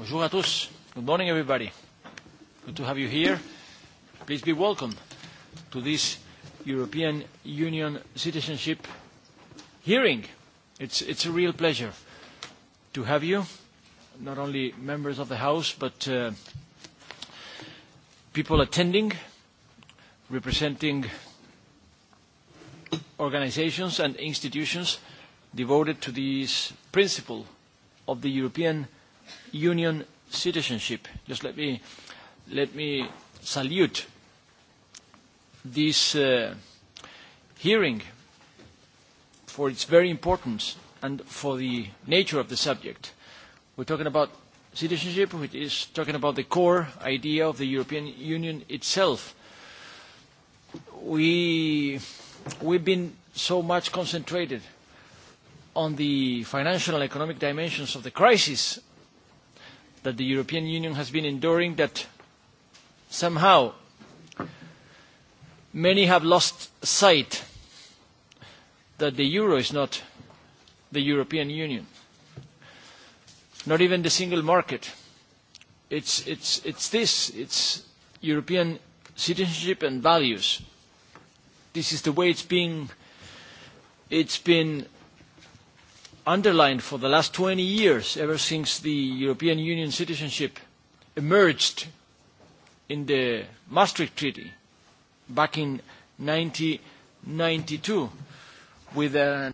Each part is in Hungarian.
Bonjour à tous. Good morning, everybody. Good to have you here. Please be welcome to this European Union citizenship hearing. It's, it's a real pleasure to have you, not only members of the House, but uh, people attending, representing organizations and institutions devoted to this principle of the European Union union citizenship. Just let me, let me salute this uh, hearing for its very importance and for the nature of the subject. We're talking about citizenship, which is talking about the core idea of the European Union itself. We, we've been so much concentrated on the financial and economic dimensions of the crisis that the European Union has been enduring that somehow many have lost sight that the euro is not the European Union, not even the single market. It's, it's, it's this, it's European citizenship and values. This is the way it's being, it's been underlined for the last 20 years, ever since the European Union citizenship emerged in the Maastricht Treaty back in 1992 with a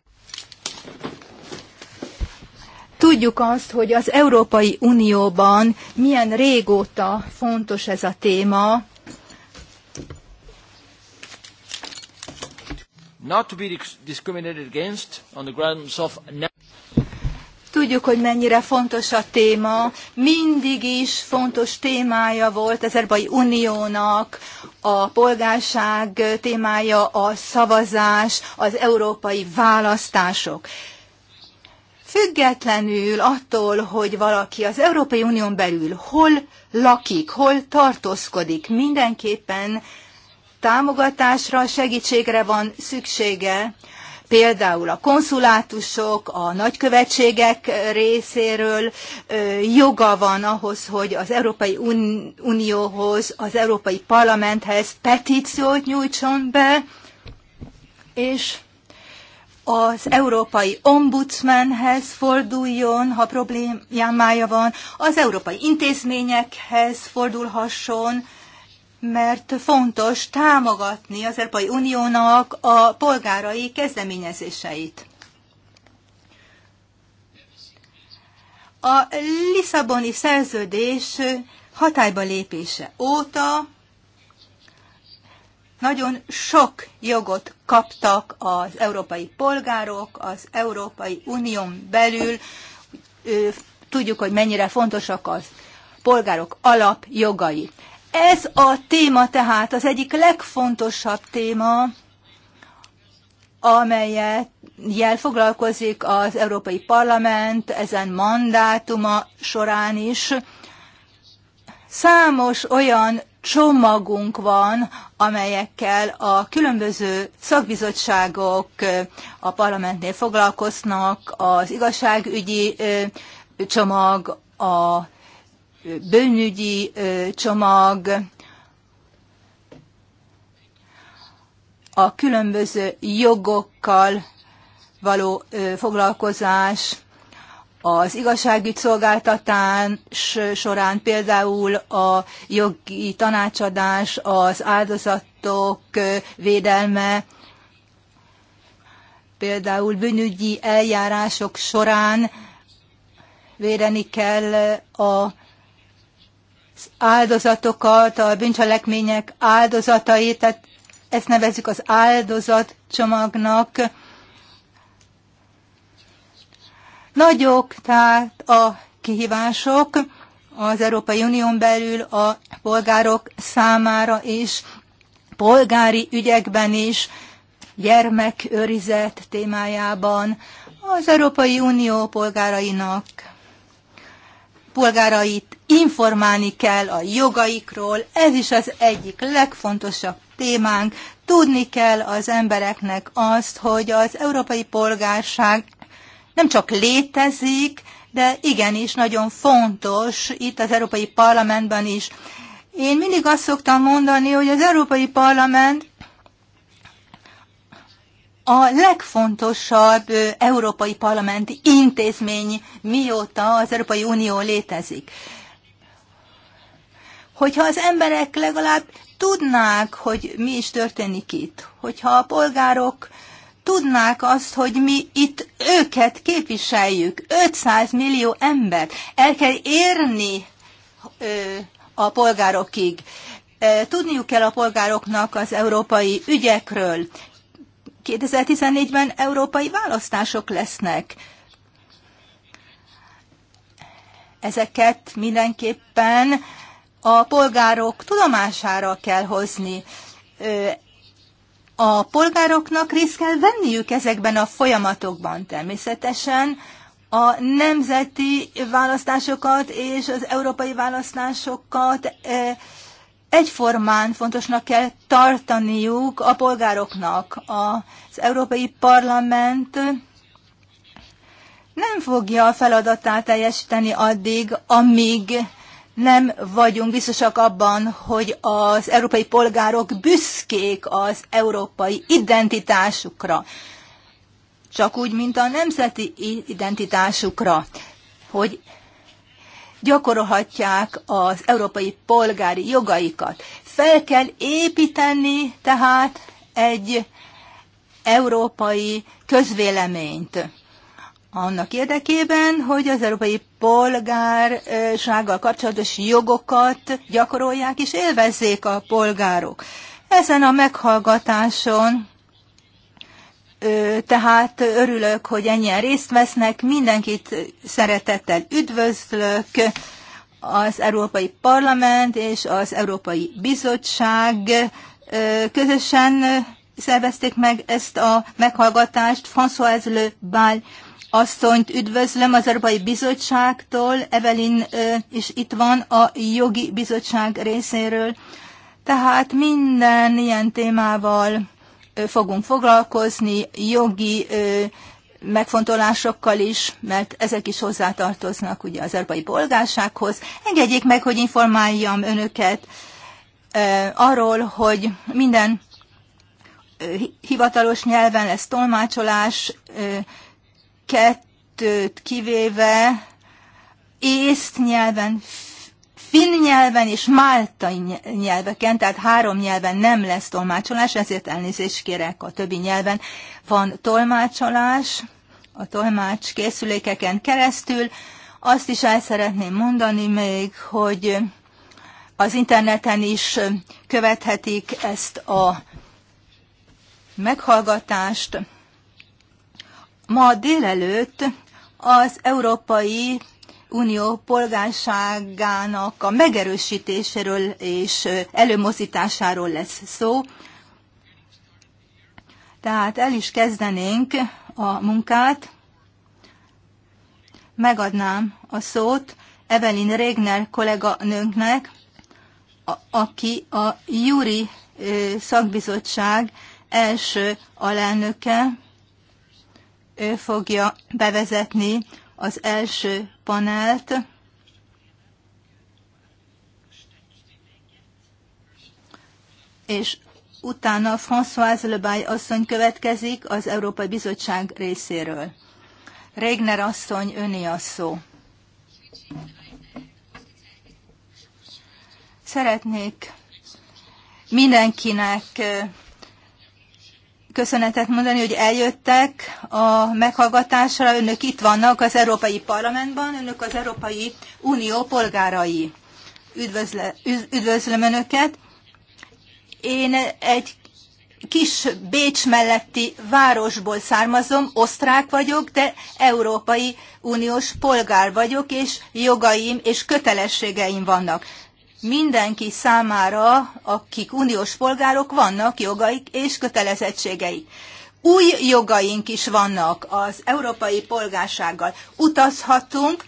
Tudjuk azt, hogy az Európai Unióban milyen régóta fontos ez a téma. Not to be discriminated against on the grounds of Tudjuk, hogy mennyire fontos a téma. Mindig is fontos témája volt az Európai Uniónak, a polgárság témája, a szavazás, az európai választások. Függetlenül attól, hogy valaki az Európai Unión belül hol lakik, hol tartózkodik, mindenképpen támogatásra, segítségre van szüksége például a konszulátusok, a nagykövetségek részéről joga van ahhoz, hogy az Európai Unióhoz, az Európai Parlamenthez petíciót nyújtson be, és az Európai Ombudsmanhez forduljon, ha problémája van, az európai intézményekhez fordulhasson, mert fontos támogatni az Európai Uniónak a polgárai kezdeményezéseit. A Lisszaboni szerződés hatályba lépése óta nagyon sok jogot kaptak az európai polgárok, az Európai Unión belül. Tudjuk, hogy mennyire fontosak az polgárok alapjogai. Ez a téma tehát az egyik legfontosabb téma, amelyet jel foglalkozik az Európai Parlament ezen mandátuma során is. Számos olyan csomagunk van, amelyekkel a különböző szakbizottságok a parlamentnél foglalkoznak, az igazságügyi csomag, a bőnügyi csomag, a különböző jogokkal való foglalkozás, az igazságügy szolgáltatás során például a jogi tanácsadás, az áldozatok védelme, például bűnügyi eljárások során védeni kell a áldozatokat, a bűncselekmények áldozatait, tehát ezt nevezzük az áldozat csomagnak. Nagyok tehát a kihívások az Európai Unión belül a polgárok számára is, polgári ügyekben is, gyermekőrizet témájában az Európai Unió polgárainak polgárait informálni kell a jogaikról, ez is az egyik legfontosabb témánk. Tudni kell az embereknek azt, hogy az európai polgárság nem csak létezik, de igenis nagyon fontos itt az Európai Parlamentben is. Én mindig azt szoktam mondani, hogy az Európai Parlament a legfontosabb európai parlamenti intézmény, mióta az Európai Unió létezik. Hogyha az emberek legalább tudnák, hogy mi is történik itt, hogyha a polgárok tudnák azt, hogy mi itt őket képviseljük, 500 millió embert, el kell érni ö, a polgárokig. Tudniuk kell a polgároknak az európai ügyekről. 2014-ben európai választások lesznek. Ezeket mindenképpen a polgárok tudomására kell hozni. A polgároknak részt kell venniük ezekben a folyamatokban természetesen, a nemzeti választásokat és az európai választásokat egyformán fontosnak kell tartaniuk a polgároknak. Az Európai Parlament nem fogja a feladatát teljesíteni addig, amíg nem vagyunk biztosak abban, hogy az európai polgárok büszkék az európai identitásukra. Csak úgy, mint a nemzeti identitásukra, hogy gyakorolhatják az európai polgári jogaikat. Fel kell építeni tehát egy európai közvéleményt annak érdekében, hogy az európai polgársággal kapcsolatos jogokat gyakorolják és élvezzék a polgárok. Ezen a meghallgatáson tehát örülök, hogy ennyien részt vesznek, mindenkit szeretettel üdvözlök, az Európai Parlament és az Európai Bizottság közösen szervezték meg ezt a meghallgatást. François Le Bal asszonyt üdvözlöm az Európai Bizottságtól, Evelyn is itt van a jogi bizottság részéről. Tehát minden ilyen témával fogunk foglalkozni, jogi megfontolásokkal is, mert ezek is hozzátartoznak ugye az erbai polgársághoz. Engedjék meg, hogy informáljam önöket arról, hogy minden hivatalos nyelven lesz tolmácsolás, kettőt kivéve észt nyelven, finn nyelven és máltai nyelveken, tehát három nyelven nem lesz tolmácsolás, ezért elnézést kérek, a többi nyelven van tolmácsolás, a tolmács készülékeken keresztül. Azt is el szeretném mondani még, hogy az interneten is követhetik ezt a meghallgatást. Ma délelőtt az Európai Unió polgárságának a megerősítéséről és előmozításáról lesz szó. Tehát el is kezdenénk a munkát. Megadnám a szót Evelyn Régner kolléganőnknek, aki a Júri szakbizottság első alelnöke. Ő fogja bevezetni az első panelt. És utána François Lebay asszony következik az Európai Bizottság részéről. Régner asszony, öné a szó. Szeretnék mindenkinek köszönetet mondani, hogy eljöttek a meghallgatásra. Önök itt vannak az Európai parlamentben, önök az Európai Unió polgárai. Üdvözle, üdvözlöm önöket. Én egy kis Bécs melletti városból származom, osztrák vagyok, de Európai Uniós polgár vagyok, és jogaim és kötelességeim vannak mindenki számára, akik uniós polgárok, vannak jogaik és kötelezettségeik. Új jogaink is vannak az európai polgársággal. Utazhatunk,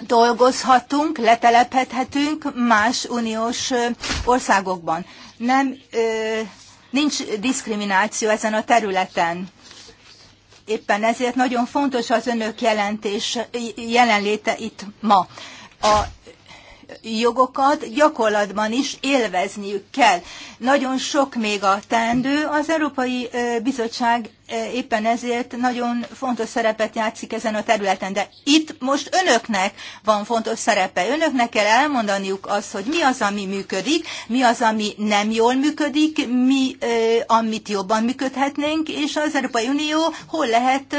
dolgozhatunk, letelepedhetünk más uniós országokban. Nem, nincs diszkrimináció ezen a területen. Éppen ezért nagyon fontos az önök jelentés, jelenléte itt ma. A jogokat gyakorlatban is élvezniük kell. Nagyon sok még a teendő. Az Európai Bizottság éppen ezért nagyon fontos szerepet játszik ezen a területen, de itt most önöknek van fontos szerepe. Önöknek kell elmondaniuk azt, hogy mi az, ami működik, mi az, ami nem jól működik, mi, amit jobban működhetnénk, és az Európai Unió hol lehet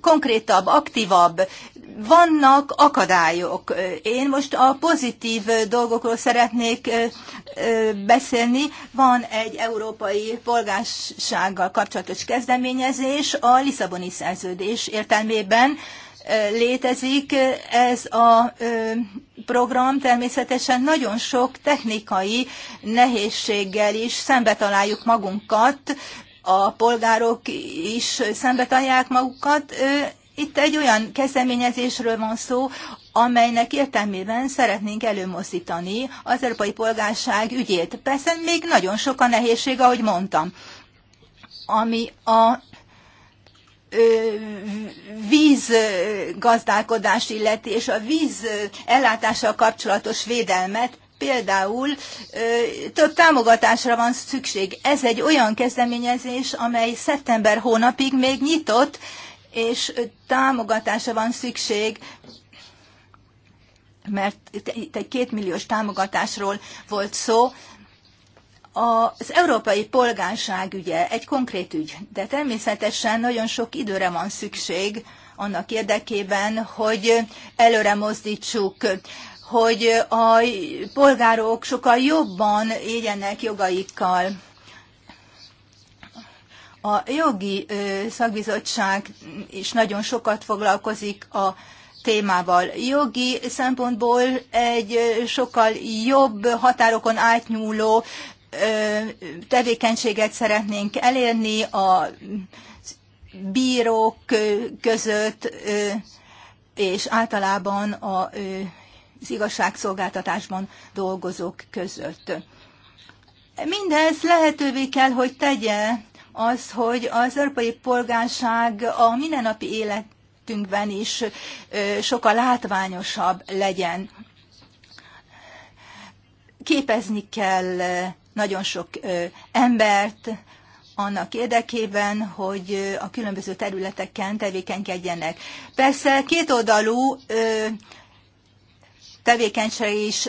konkrétabb, aktívabb, vannak akadályok. Én most a pozitív dolgokról szeretnék beszélni. Van egy európai polgársággal kapcsolatos kezdeményezés a Lisszaboni szerződés értelmében, létezik ez a program, természetesen nagyon sok technikai nehézséggel is szembe találjuk magunkat, a polgárok is szembe találják magukat, itt egy olyan kezdeményezésről van szó, amelynek értelmében szeretnénk előmozdítani az európai polgárság ügyét. Persze még nagyon sok a nehézség, ahogy mondtam, ami a vízgazdálkodást illeti, és a víz ellátással kapcsolatos védelmet, például több támogatásra van szükség. Ez egy olyan kezdeményezés, amely szeptember hónapig még nyitott, és támogatásra van szükség, mert itt egy kétmilliós támogatásról volt szó. Az európai polgárság ügye egy konkrét ügy, de természetesen nagyon sok időre van szükség annak érdekében, hogy előre mozdítsuk hogy a polgárok sokkal jobban éljenek jogaikkal. A jogi szakbizottság is nagyon sokat foglalkozik a témával. Jogi szempontból egy sokkal jobb határokon átnyúló tevékenységet szeretnénk elérni a bírók között, és általában az igazságszolgáltatásban dolgozók között. Mindez lehetővé kell, hogy tegye az, hogy az európai polgárság a mindennapi életünkben is sokkal látványosabb legyen. Képezni kell nagyon sok embert, annak érdekében, hogy a különböző területeken tevékenykedjenek. Persze kétoldalú tevékenység is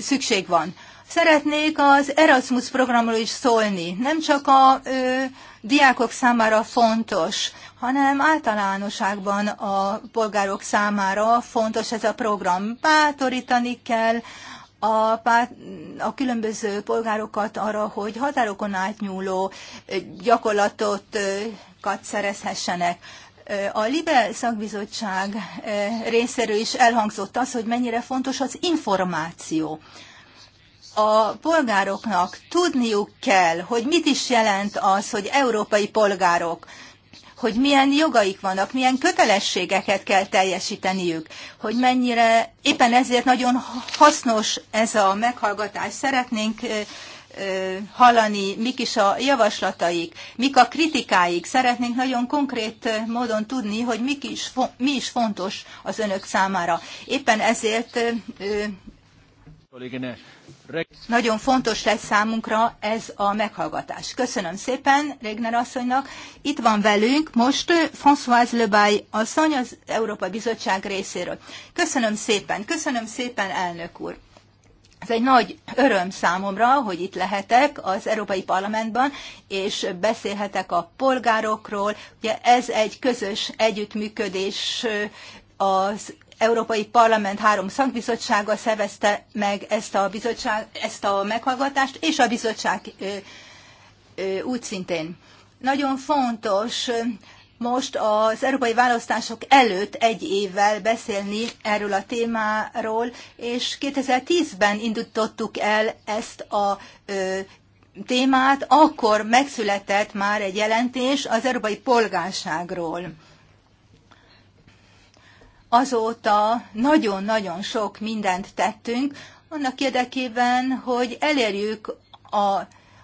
szükség van. Szeretnék az Erasmus programról is szólni. Nem csak a ö, diákok számára fontos, hanem általánosságban a polgárok számára fontos ez a program. Bátorítani kell a, a különböző polgárokat arra, hogy határokon átnyúló gyakorlatot szerezhessenek. A LIBE szakbizottság részéről is elhangzott az, hogy mennyire fontos az információ a polgároknak tudniuk kell, hogy mit is jelent az, hogy európai polgárok, hogy milyen jogaik vannak, milyen kötelességeket kell teljesíteniük, hogy mennyire éppen ezért nagyon hasznos ez a meghallgatás. Szeretnénk hallani, mik is a javaslataik, mik a kritikáik. Szeretnénk nagyon konkrét módon tudni, hogy mik is, mi is fontos az önök számára. Éppen ezért nagyon fontos lesz számunkra ez a meghallgatás. Köszönöm szépen Régner asszonynak. Itt van velünk most François Lebay asszony az Európa Bizottság részéről. Köszönöm szépen, köszönöm szépen elnök úr. Ez egy nagy öröm számomra, hogy itt lehetek az Európai Parlamentben, és beszélhetek a polgárokról. Ugye ez egy közös együttműködés az Európai Parlament három szakbizottsága szervezte meg ezt a, bizottság, ezt a meghallgatást, és a bizottság úgy szintén. Nagyon fontos most az európai választások előtt egy évvel beszélni erről a témáról, és 2010-ben indítottuk el ezt a ö, témát, akkor megszületett már egy jelentés az európai polgárságról. Azóta nagyon-nagyon sok mindent tettünk, annak érdekében, hogy elérjük a,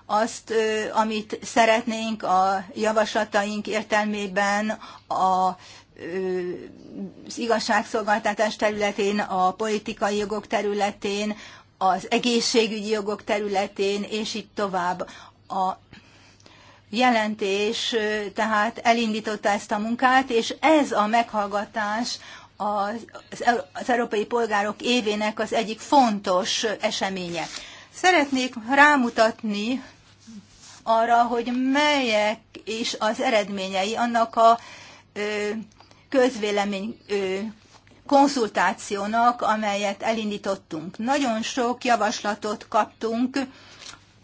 azt, amit szeretnénk a javaslataink értelmében a az igazságszolgáltatás területén, a politikai jogok területén, az egészségügyi jogok területén, és itt tovább. A jelentés tehát elindította ezt a munkát, és ez a meghallgatás az, az európai polgárok évének az egyik fontos eseménye. Szeretnék rámutatni arra, hogy melyek is az eredményei annak a ö, közvélemény ö, konszultációnak, amelyet elindítottunk. Nagyon sok javaslatot kaptunk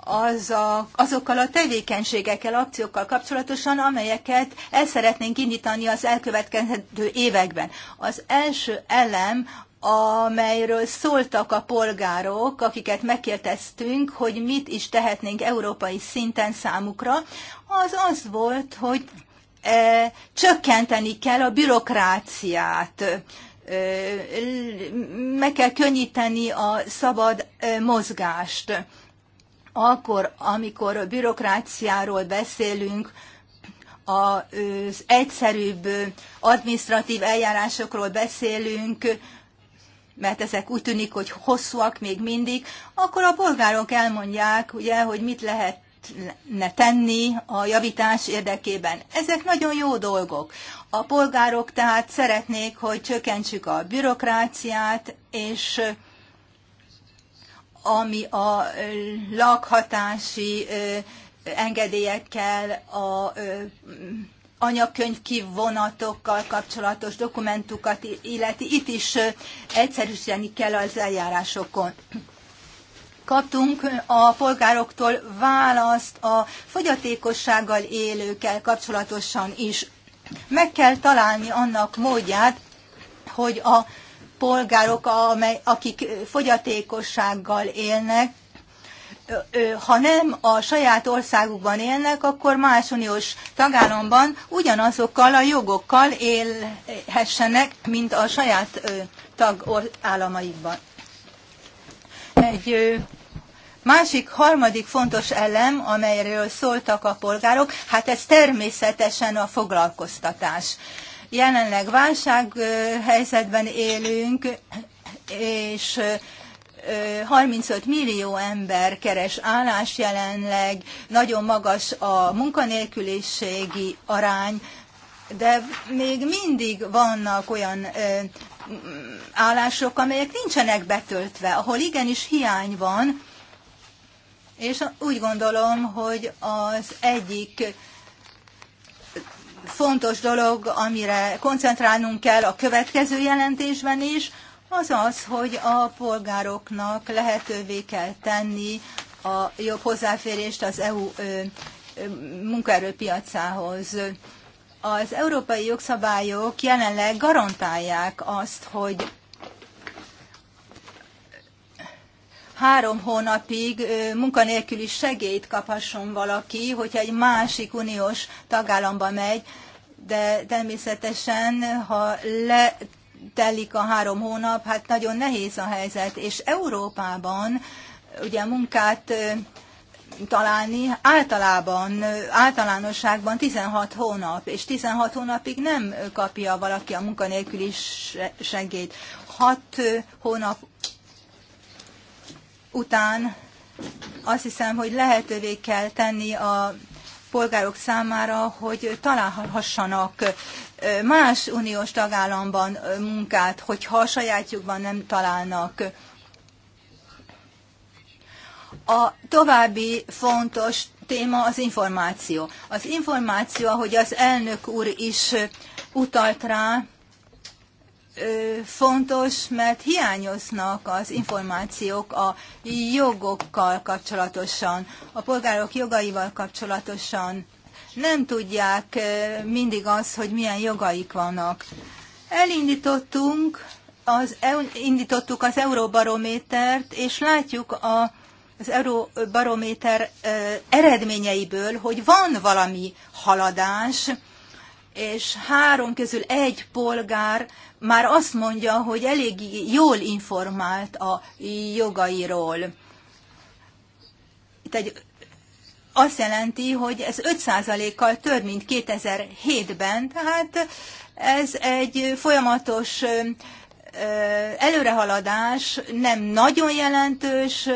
az a, azokkal a tevékenységekkel, akciókkal kapcsolatosan, amelyeket el szeretnénk indítani az elkövetkező években. Az első elem amelyről szóltak a polgárok, akiket megkérdeztünk, hogy mit is tehetnénk európai szinten számukra, az az volt, hogy e, csökkenteni kell a bürokráciát, e, meg kell könnyíteni a szabad e, mozgást akkor, amikor a bürokráciáról beszélünk, az egyszerűbb administratív eljárásokról beszélünk, mert ezek úgy tűnik, hogy hosszúak még mindig, akkor a polgárok elmondják, ugye, hogy mit lehet ne tenni a javítás érdekében. Ezek nagyon jó dolgok. A polgárok tehát szeretnék, hogy csökkentsük a bürokráciát, és ami a lakhatási engedélyekkel, a anyakönyv kivonatokkal kapcsolatos dokumentumokat illeti. Itt is egyszerűsíteni kell az eljárásokon. Kaptunk a polgároktól választ a fogyatékossággal élőkkel kapcsolatosan is. Meg kell találni annak módját, hogy a polgárok, amely, akik fogyatékossággal élnek, ha nem a saját országukban élnek, akkor más uniós tagállamban ugyanazokkal a jogokkal élhessenek, mint a saját tagállamaikban. Egy másik, harmadik fontos elem, amelyről szóltak a polgárok, hát ez természetesen a foglalkoztatás. Jelenleg válsághelyzetben élünk, és 35 millió ember keres állás jelenleg, nagyon magas a munkanélküliségi arány, de még mindig vannak olyan állások, amelyek nincsenek betöltve, ahol igenis hiány van, és úgy gondolom, hogy az egyik fontos dolog, amire koncentrálnunk kell a következő jelentésben is, az az, hogy a polgároknak lehetővé kell tenni a jobb hozzáférést az EU munkaerőpiacához. Az európai jogszabályok jelenleg garantálják azt, hogy három hónapig munkanélküli segélyt kaphasson valaki, hogyha egy másik uniós tagállamba megy, de természetesen, ha le telik a három hónap, hát nagyon nehéz a helyzet, és Európában ugye munkát találni általában, általánosságban 16 hónap, és 16 hónapig nem kapja valaki a munkanélküli segélyt. 6 hónap után azt hiszem, hogy lehetővé kell tenni a polgárok számára, hogy találhassanak más uniós tagállamban munkát, hogyha a sajátjukban nem találnak. A további fontos téma az információ. Az információ, ahogy az elnök úr is utalt rá, fontos, mert hiányoznak az információk a jogokkal kapcsolatosan, a polgárok jogaival kapcsolatosan. Nem tudják mindig az, hogy milyen jogaik vannak. Elindítottunk az, indítottuk az Euróbarométert, és látjuk a, az Euróbarométer eredményeiből, hogy van valami haladás, és három közül egy polgár már azt mondja, hogy elég jól informált a jogairól. Itt egy, azt jelenti, hogy ez 5%-kal több, mint 2007-ben, tehát ez egy folyamatos előrehaladás, nem nagyon jelentős,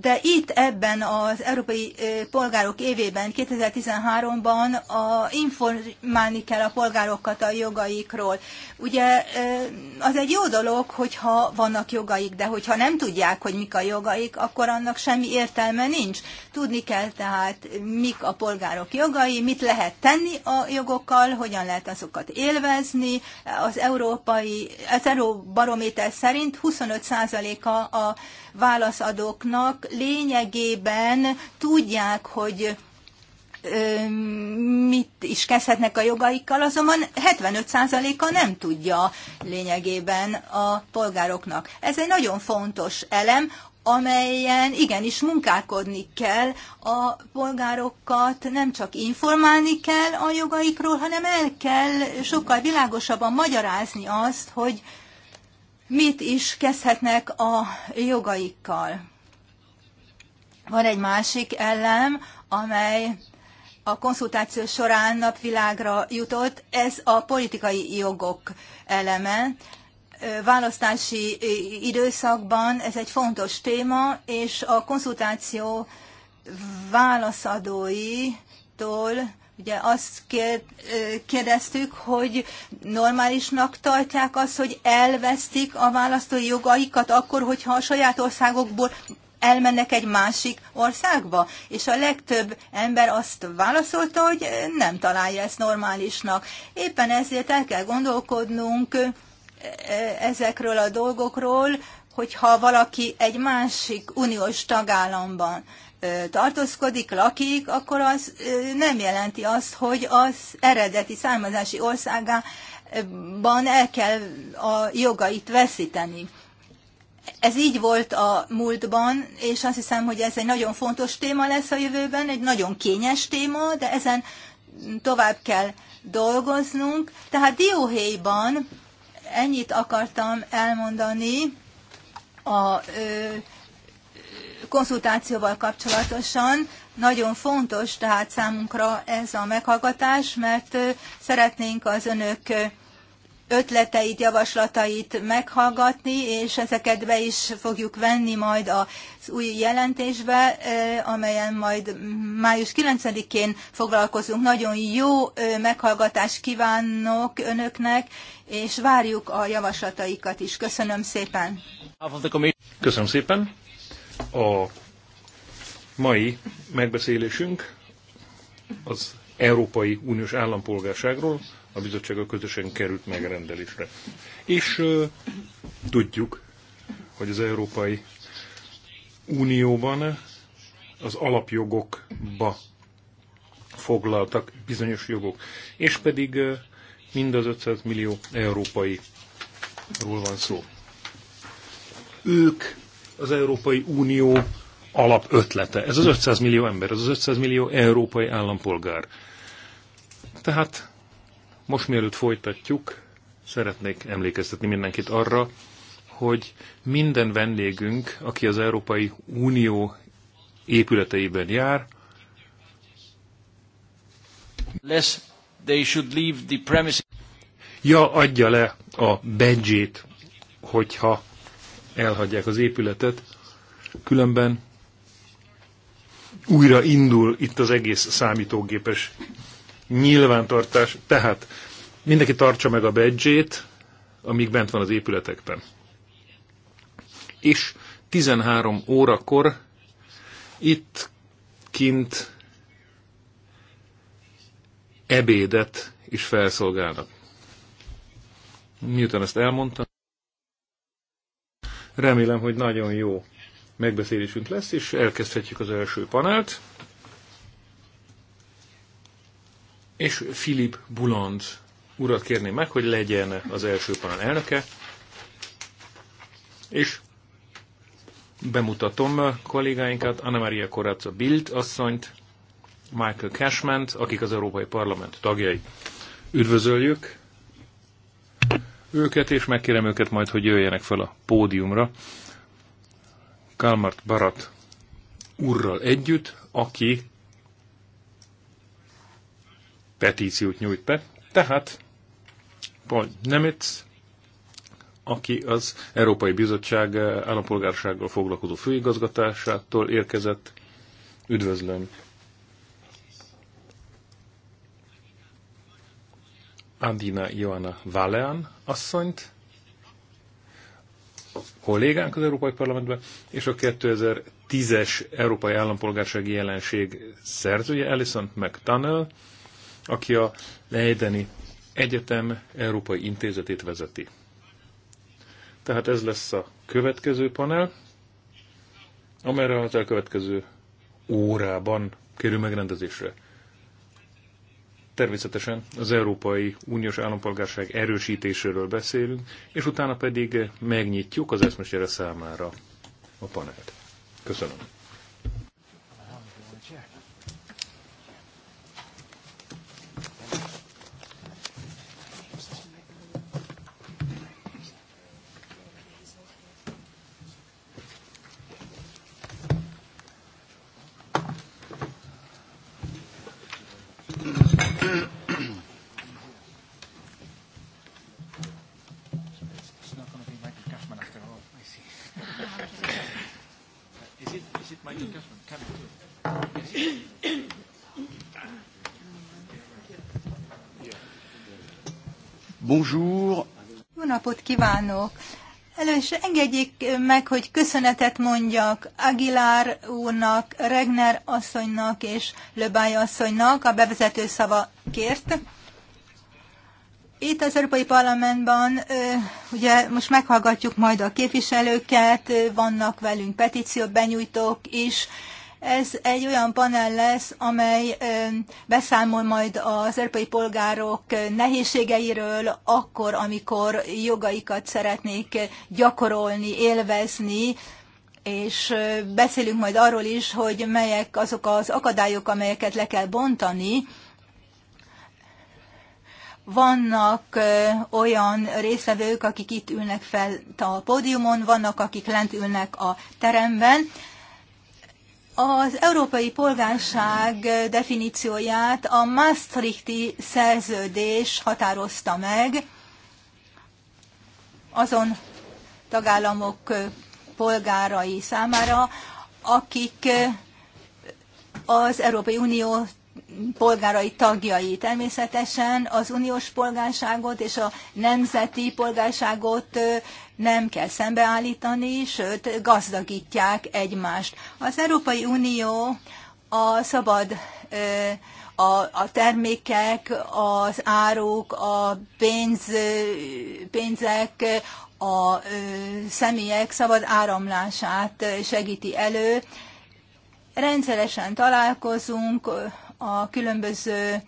de itt ebben az Európai Polgárok évében, 2013-ban a, informálni kell a polgárokat a jogaikról. Ugye az egy jó dolog, hogyha vannak jogaik, de hogyha nem tudják, hogy mik a jogaik, akkor annak semmi értelme nincs. Tudni kell tehát, mik a polgárok jogai, mit lehet tenni a jogokkal, hogyan lehet azokat élvezni. Az európai, az Euróbarométer szerint 25%-a a, a válaszadóknak lényegében tudják, hogy mit is kezdhetnek a jogaikkal, azonban 75%-a nem tudja lényegében a polgároknak. Ez egy nagyon fontos elem, amelyen igenis munkálkodni kell, a polgárokat nem csak informálni kell a jogaikról, hanem el kell sokkal világosabban magyarázni azt, hogy mit is kezdhetnek a jogaikkal. Van egy másik ellem, amely a konszultáció során napvilágra jutott, ez a politikai jogok eleme. Választási időszakban ez egy fontos téma, és a konszultáció válaszadóitól Ugye azt kérdeztük, hogy normálisnak tartják azt, hogy elvesztik a választói jogaikat akkor, hogyha a saját országokból elmennek egy másik országba, és a legtöbb ember azt válaszolta, hogy nem találja ezt normálisnak. Éppen ezért el kell gondolkodnunk e, e, ezekről a dolgokról, hogyha valaki egy másik uniós tagállamban tartózkodik, lakik, akkor az nem jelenti azt, hogy az eredeti származási országában el kell a jogait veszíteni. Ez így volt a múltban, és azt hiszem, hogy ez egy nagyon fontos téma lesz a jövőben, egy nagyon kényes téma, de ezen tovább kell dolgoznunk. Tehát dióhéjban ennyit akartam elmondani a ö, konzultációval kapcsolatosan. Nagyon fontos tehát számunkra ez a meghallgatás, mert szeretnénk az önök ötleteit, javaslatait meghallgatni, és ezeket be is fogjuk venni majd az új jelentésbe, amelyen majd május 9-én foglalkozunk. Nagyon jó meghallgatást kívánok önöknek, és várjuk a javaslataikat is. Köszönöm szépen! Köszönöm szépen! A mai megbeszélésünk az Európai Uniós állampolgárságról a bizottság a közösen került megrendelésre. És ö, tudjuk, hogy az Európai Unióban az alapjogokba foglaltak bizonyos jogok, és pedig ö, mind az 500 millió európai ról van szó. Ők az Európai Unió alapötlete. Ez az 500 millió ember, ez az 500 millió európai állampolgár. Tehát most mielőtt folytatjuk, szeretnék emlékeztetni mindenkit arra, hogy minden vendégünk, aki az Európai Unió épületeiben jár, less they should leave the premises. Ja, adja le a badge hogyha elhagyják az épületet, különben újra indul itt az egész számítógépes nyilvántartás. Tehát mindenki tartsa meg a bedzsét, amíg bent van az épületekben. És 13 órakor itt kint ebédet is felszolgálnak. Miután ezt elmondtam, Remélem, hogy nagyon jó megbeszélésünk lesz, és elkezdhetjük az első panelt. És Filip Buland urat kérném meg, hogy legyen az első panel elnöke, és bemutatom a kollégáinkat, Anna Maria Corazza Bild asszonyt, Michael Cashman, akik az Európai Parlament tagjai. Üdvözöljük őket, és megkérem őket majd, hogy jöjjenek fel a pódiumra. Kalmart Barat urral együtt, aki petíciót nyújt be. Tehát Paul Nemitz, aki az Európai Bizottság állampolgársággal foglalkozó főigazgatásától érkezett. Üdvözlöm Andina Joana Valean asszonyt, kollégánk az Európai Parlamentben, és a 2010-es Európai Állampolgársági Jelenség szerzője, Alison McTunnell, aki a Leideni Egyetem Európai Intézetét vezeti. Tehát ez lesz a következő panel, amelyre az elkövetkező órában kerül megrendezésre. Természetesen az Európai Uniós állampolgárság erősítéséről beszélünk, és utána pedig megnyitjuk az eszmesére számára a panelt. Köszönöm. kívánok! Először engedjék meg, hogy köszönetet mondjak Aguilar úrnak, Regner asszonynak és Löbály asszonynak a bevezető szava kért. Itt az Európai Parlamentban ugye most meghallgatjuk majd a képviselőket, vannak velünk petíciót benyújtók is, ez egy olyan panel lesz, amely beszámol majd az európai polgárok nehézségeiről, akkor, amikor jogaikat szeretnék gyakorolni, élvezni, és beszélünk majd arról is, hogy melyek azok az akadályok, amelyeket le kell bontani, vannak olyan részvevők, akik itt ülnek fel a pódiumon, vannak, akik lent ülnek a teremben az európai polgárság definícióját a Maastrichti szerződés határozta meg azon tagállamok polgárai számára, akik az Európai Unió polgárai tagjai. Természetesen az uniós polgárságot és a nemzeti polgárságot nem kell szembeállítani, sőt gazdagítják egymást. Az Európai Unió a szabad a, a termékek, az áruk, a pénz, pénzek, a személyek szabad áramlását segíti elő. Rendszeresen találkozunk a különböző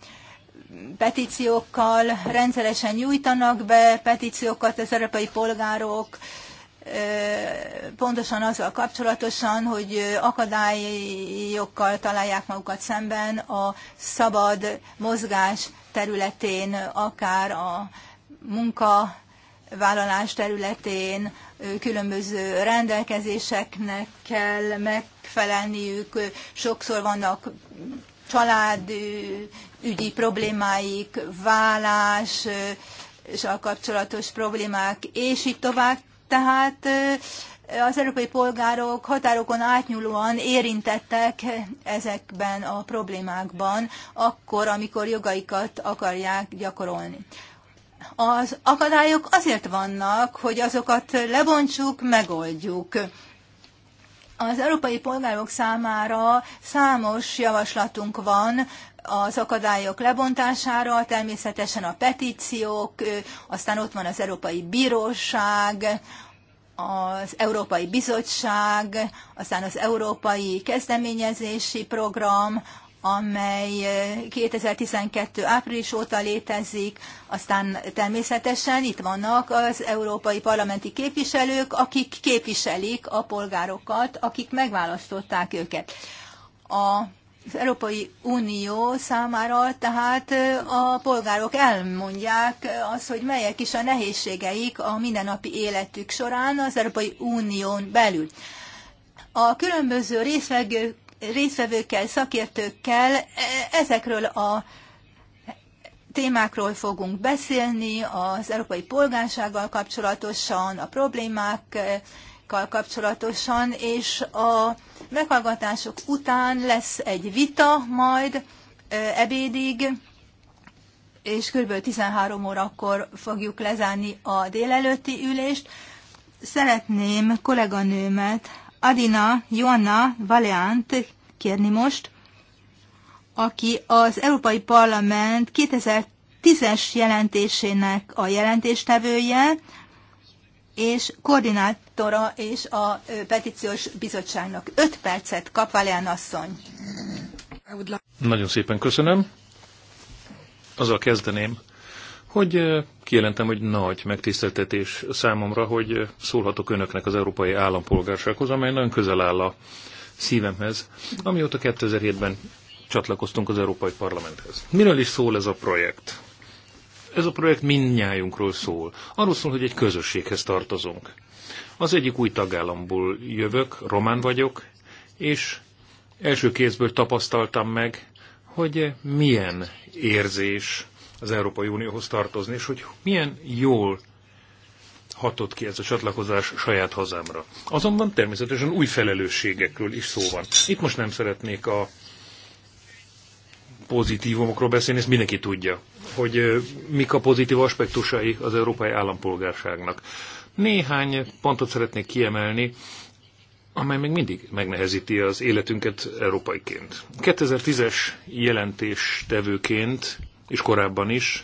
petíciókkal, rendszeresen nyújtanak be petíciókat az európai polgárok, pontosan azzal kapcsolatosan, hogy akadályokkal találják magukat szemben a szabad mozgás területén, akár a munka vállalás területén különböző rendelkezéseknek kell megfelelniük. Sokszor vannak családügyi problémáik, vállás, és a kapcsolatos problémák, és így tovább. Tehát az európai polgárok határokon átnyúlóan érintettek ezekben a problémákban, akkor, amikor jogaikat akarják gyakorolni. Az akadályok azért vannak, hogy azokat lebontsuk, megoldjuk. Az európai polgárok számára számos javaslatunk van az akadályok lebontására, természetesen a petíciók, aztán ott van az Európai Bíróság, az Európai Bizottság, aztán az Európai Kezdeményezési Program, amely 2012. Eh, április óta létezik, aztán természetesen itt vannak az európai parlamenti képviselők, akik képviselik a polgárokat, akik megválasztották őket. A az Európai Unió számára tehát eh, a polgárok elmondják az, hogy melyek is a nehézségeik a mindennapi életük során az Európai Unión belül. A különböző részleg résztvevőkkel, szakértőkkel e, ezekről a témákról fogunk beszélni, az európai polgársággal kapcsolatosan, a problémákkal kapcsolatosan, és a meghallgatások után lesz egy vita majd e, ebédig, és kb. 13 órakor fogjuk lezárni a délelőtti ülést. Szeretném kolléganőmet, Adina Joanna Valeant kérni most, aki az Európai Parlament 2010-es jelentésének a jelentéstevője, és koordinátora és a petíciós bizottságnak. Öt percet kap Valeán asszony. Nagyon szépen köszönöm. Azzal kezdeném, hogy kijelentem, hogy nagy megtiszteltetés számomra, hogy szólhatok önöknek az európai állampolgársághoz, amely nagyon közel áll a szívemhez, amióta 2007-ben csatlakoztunk az Európai Parlamenthez. Miről is szól ez a projekt? Ez a projekt mindnyájunkról szól. Arról szól, hogy egy közösséghez tartozunk. Az egyik új tagállamból jövök, román vagyok, és első kézből tapasztaltam meg, hogy milyen érzés az Európai Unióhoz tartozni, és hogy milyen jól hatott ki ez a csatlakozás saját hazámra. Azonban természetesen új felelősségekről is szó van. Itt most nem szeretnék a pozitívumokról beszélni, ezt mindenki tudja, hogy mik a pozitív aspektusai az európai állampolgárságnak. Néhány pontot szeretnék kiemelni, amely még mindig megnehezíti az életünket európaiként. 2010-es jelentéstevőként és korábban is,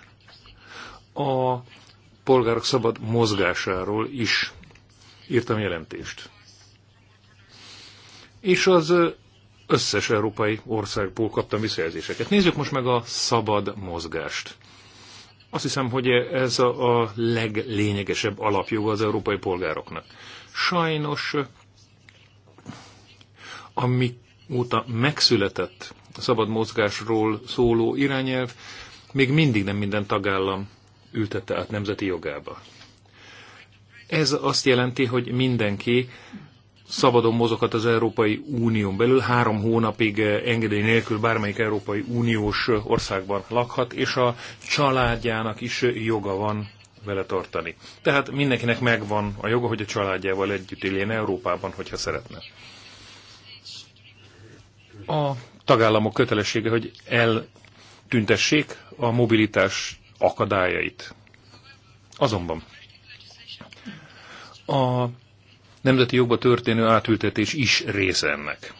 a polgárok szabad mozgásáról is írtam jelentést. És az összes európai országból kaptam visszajelzéseket. Nézzük most meg a szabad mozgást. Azt hiszem, hogy ez a, leglényegesebb alapjoga az európai polgároknak. Sajnos, amióta megszületett a szabad mozgásról szóló irányelv, még mindig nem minden tagállam ültette át nemzeti jogába. Ez azt jelenti, hogy mindenki szabadon mozoghat az Európai Unión belül, három hónapig eh, engedély nélkül bármelyik Európai Uniós országban lakhat, és a családjának is joga van vele tartani. Tehát mindenkinek megvan a joga, hogy a családjával együtt éljen Európában, hogyha szeretne. A tagállamok kötelessége, hogy eltüntessék a mobilitás akadályait. Azonban a nemzeti jogba történő átültetés is része ennek.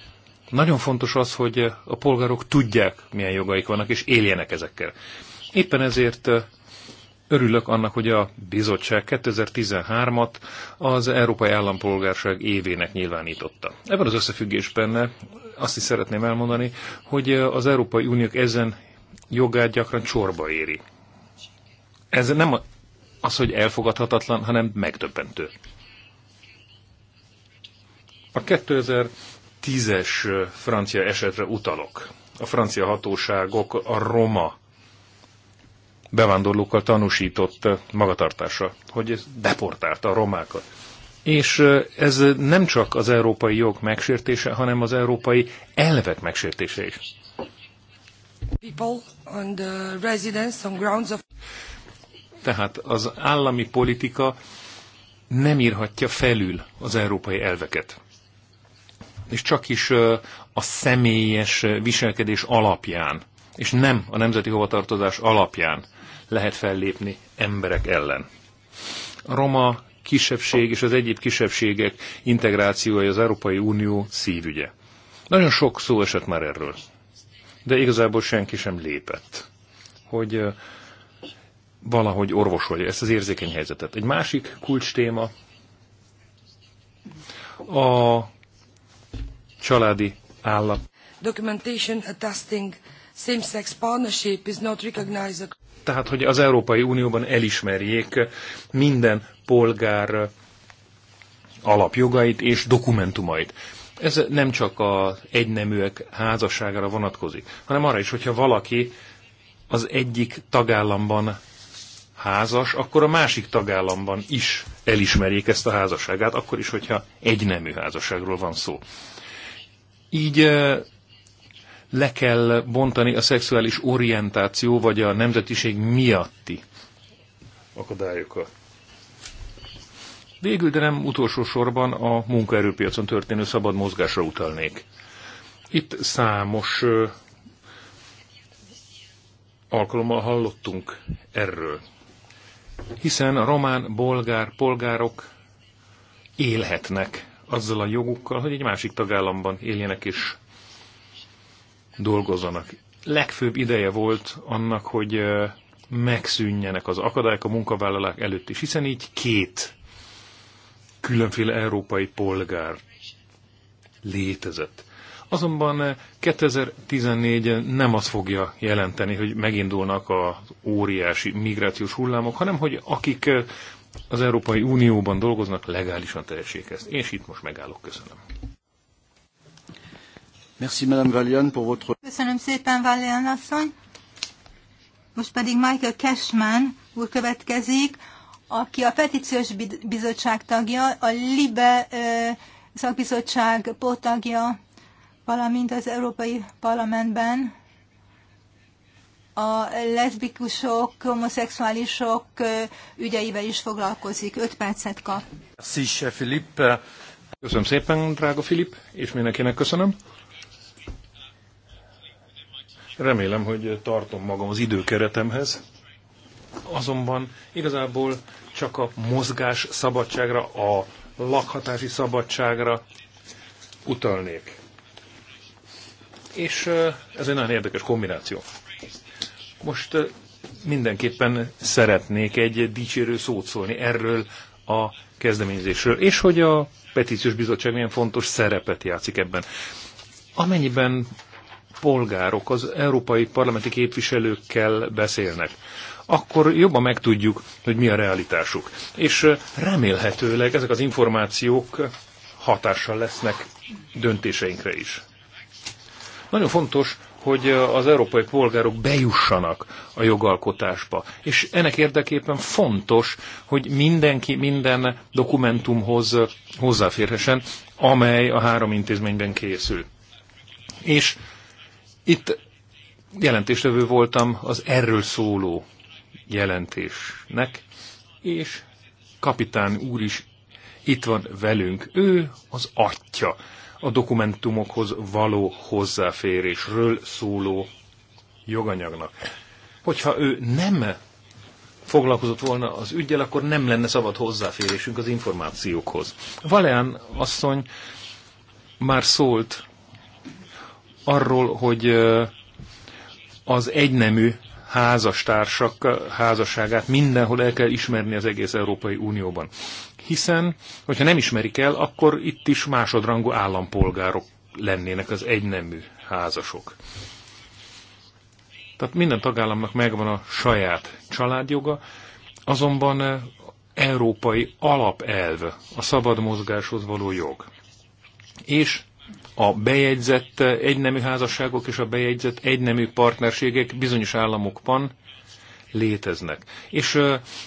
Nagyon fontos az, hogy a polgárok tudják, milyen jogaik vannak, és éljenek ezekkel. Éppen ezért örülök annak, hogy a bizottság 2013-at az Európai Állampolgárság évének nyilvánította. Ebben az összefüggésben azt is szeretném elmondani, hogy az Európai Uniók ezen jogát gyakran csorba éri. Ez nem az, hogy elfogadhatatlan, hanem megdöbbentő. A 2010-es francia esetre utalok. A francia hatóságok a roma bevándorlókkal tanúsított magatartása, hogy deportálta a romákat. És ez nem csak az európai jog megsértése, hanem az európai elvek megsértése is. Tehát az állami politika nem írhatja felül az európai elveket. És csak is a személyes viselkedés alapján, és nem a nemzeti hovatartozás alapján lehet fellépni emberek ellen. A roma kisebbség és az egyéb kisebbségek integrációja az Európai Unió szívügye. Nagyon sok szó esett már erről de igazából senki sem lépett, hogy valahogy orvosolja ezt az érzékeny helyzetet. Egy másik kulcs téma a családi állap. Documentation attesting same-sex partnership is not recognized. Tehát, hogy az Európai Unióban elismerjék minden polgár alapjogait és dokumentumait. Ez nem csak az egyneműek házasságára vonatkozik, hanem arra is, hogyha valaki az egyik tagállamban házas, akkor a másik tagállamban is elismerjék ezt a házasságát, akkor is, hogyha egynemű házasságról van szó. Így le kell bontani a szexuális orientáció vagy a nemzetiség miatti akadályokat. Végül, de nem utolsó sorban a munkaerőpiacon történő szabad mozgásra utalnék. Itt számos alkalommal hallottunk erről. Hiszen a román, bolgár polgárok élhetnek azzal a jogukkal, hogy egy másik tagállamban éljenek és dolgozzanak. Legfőbb ideje volt annak, hogy megszűnjenek az akadályok a munkavállalák előtt is, hiszen így két különféle európai polgár létezett. Azonban 2014 nem azt fogja jelenteni, hogy megindulnak az óriási migrációs hullámok, hanem hogy akik az Európai Unióban dolgoznak, legálisan tehessék ezt. És itt most megállok. Köszönöm. Merci, Madame Valian, pour votre... Köszönöm szépen, Valian asszony. Most pedig Michael Cashman úr következik, aki a petíciós bizottság tagja, a LIBE szakbizottság pótagja, valamint az Európai Parlamentben a leszbikusok, homoszexuálisok ügyeivel is foglalkozik. Öt percet kap. Köszönöm szépen, drága Filip, és mindenkinek köszönöm. Remélem, hogy tartom magam az időkeretemhez azonban igazából csak a mozgás szabadságra, a lakhatási szabadságra utalnék. És ez egy nagyon érdekes kombináció. Most mindenképpen szeretnék egy dicsérő szót szólni erről a kezdeményezésről, és hogy a petíciós bizottság milyen fontos szerepet játszik ebben. Amennyiben polgárok az európai parlamenti képviselőkkel beszélnek, akkor jobban megtudjuk, hogy mi a realitásuk. És remélhetőleg ezek az információk hatással lesznek döntéseinkre is. Nagyon fontos, hogy az európai polgárok bejussanak a jogalkotásba. És ennek érdekében fontos, hogy mindenki minden dokumentumhoz hozzáférhessen, amely a három intézményben készül. És itt jelentéstevő voltam az erről szóló jelentésnek, és kapitán úr is itt van velünk. Ő az atya a dokumentumokhoz való hozzáférésről szóló joganyagnak. Hogyha ő nem foglalkozott volna az ügyel, akkor nem lenne szabad hozzáférésünk az információkhoz. Valeán asszony már szólt arról, hogy az egynemű házastársak házasságát mindenhol el kell ismerni az egész Európai Unióban. Hiszen, hogyha nem ismerik el, akkor itt is másodrangú állampolgárok lennének az egynemű házasok. Tehát minden tagállamnak megvan a saját családjoga, azonban európai alapelv a szabad mozgáshoz való jog. És a bejegyzett egynemű házasságok és a bejegyzett egynemű partnerségek bizonyos államokban léteznek. És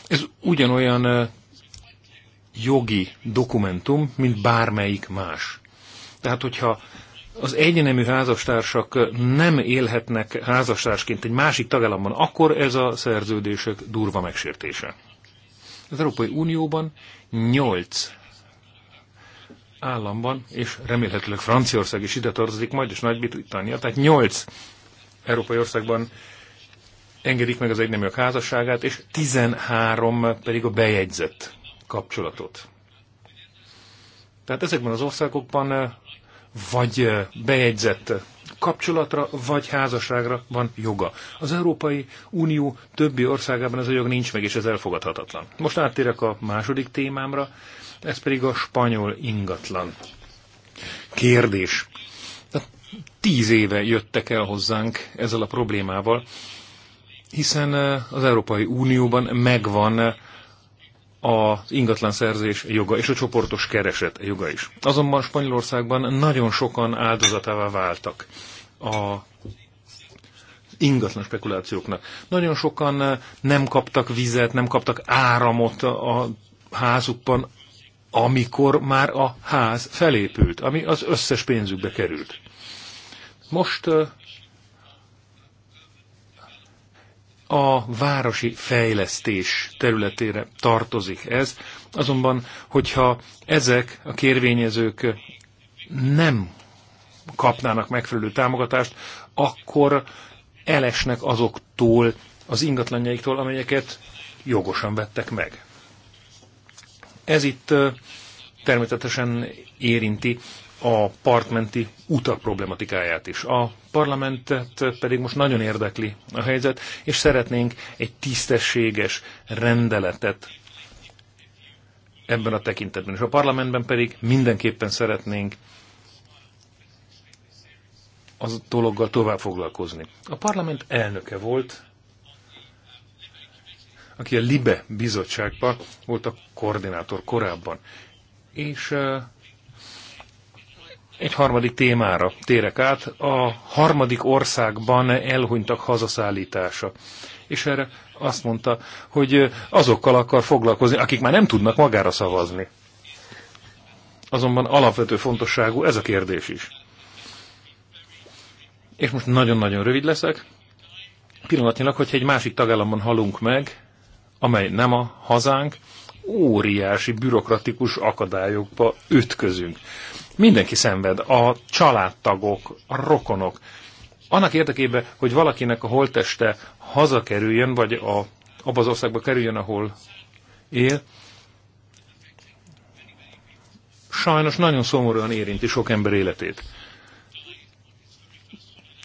ez ugyanolyan jogi dokumentum, mint bármelyik más. Tehát, hogyha az egynemű házastársak nem élhetnek házastársként egy másik tagállamban, akkor ez a szerződések durva megsértése. Az Európai Unióban nyolc államban, és remélhetőleg Franciaország is ide tartozik majd, és Nagy-Britannia, tehát nyolc európai országban engedik meg az egyneműek házasságát, és 13 pedig a bejegyzett kapcsolatot. Tehát ezekben az országokban eh, vagy eh, bejegyzett kapcsolatra, vagy házasságra van joga. Az Európai Unió többi országában ez a jog nincs meg, és ez elfogadhatatlan. Most áttérek a második témámra, ez pedig a spanyol ingatlan. Kérdés. Tíz éve jöttek el hozzánk ezzel a problémával, hiszen eh, az Európai Unióban megvan eh, az szerzés joga és a csoportos kereset joga is. Azonban Spanyolországban nagyon sokan áldozatává váltak a ingatlan spekulációknak. Nagyon sokan eh, nem kaptak vizet, nem kaptak áramot a házukban amikor már a ház felépült, ami az összes pénzükbe került. Most a városi fejlesztés területére tartozik ez, azonban, hogyha ezek a kérvényezők nem kapnának megfelelő támogatást, akkor elesnek azoktól az ingatlanjaiktól, amelyeket jogosan vettek meg. Ez itt természetesen érinti a partmenti utak problematikáját is. A parlamentet pedig most nagyon érdekli a helyzet, és szeretnénk egy tisztességes rendeletet ebben a tekintetben. És a parlamentben pedig mindenképpen szeretnénk az dologgal tovább foglalkozni. A parlament elnöke volt aki a LIBE bizottságban volt a koordinátor korábban. És egy harmadik témára térek át, a harmadik országban elhunytak hazaszállítása. És erre azt mondta, hogy azokkal akar foglalkozni, akik már nem tudnak magára szavazni. Azonban alapvető fontosságú ez a kérdés is. És most nagyon-nagyon rövid leszek. Pillanatnyilag, hogyha egy másik tagállamban halunk meg, amely nem a hazánk, óriási bürokratikus akadályokba ütközünk. Mindenki szenved, a családtagok, a rokonok. Annak érdekében, hogy valakinek a holteste hazakerüljön, vagy a, abba az országba kerüljön, ahol él, sajnos nagyon szomorúan érinti sok ember életét.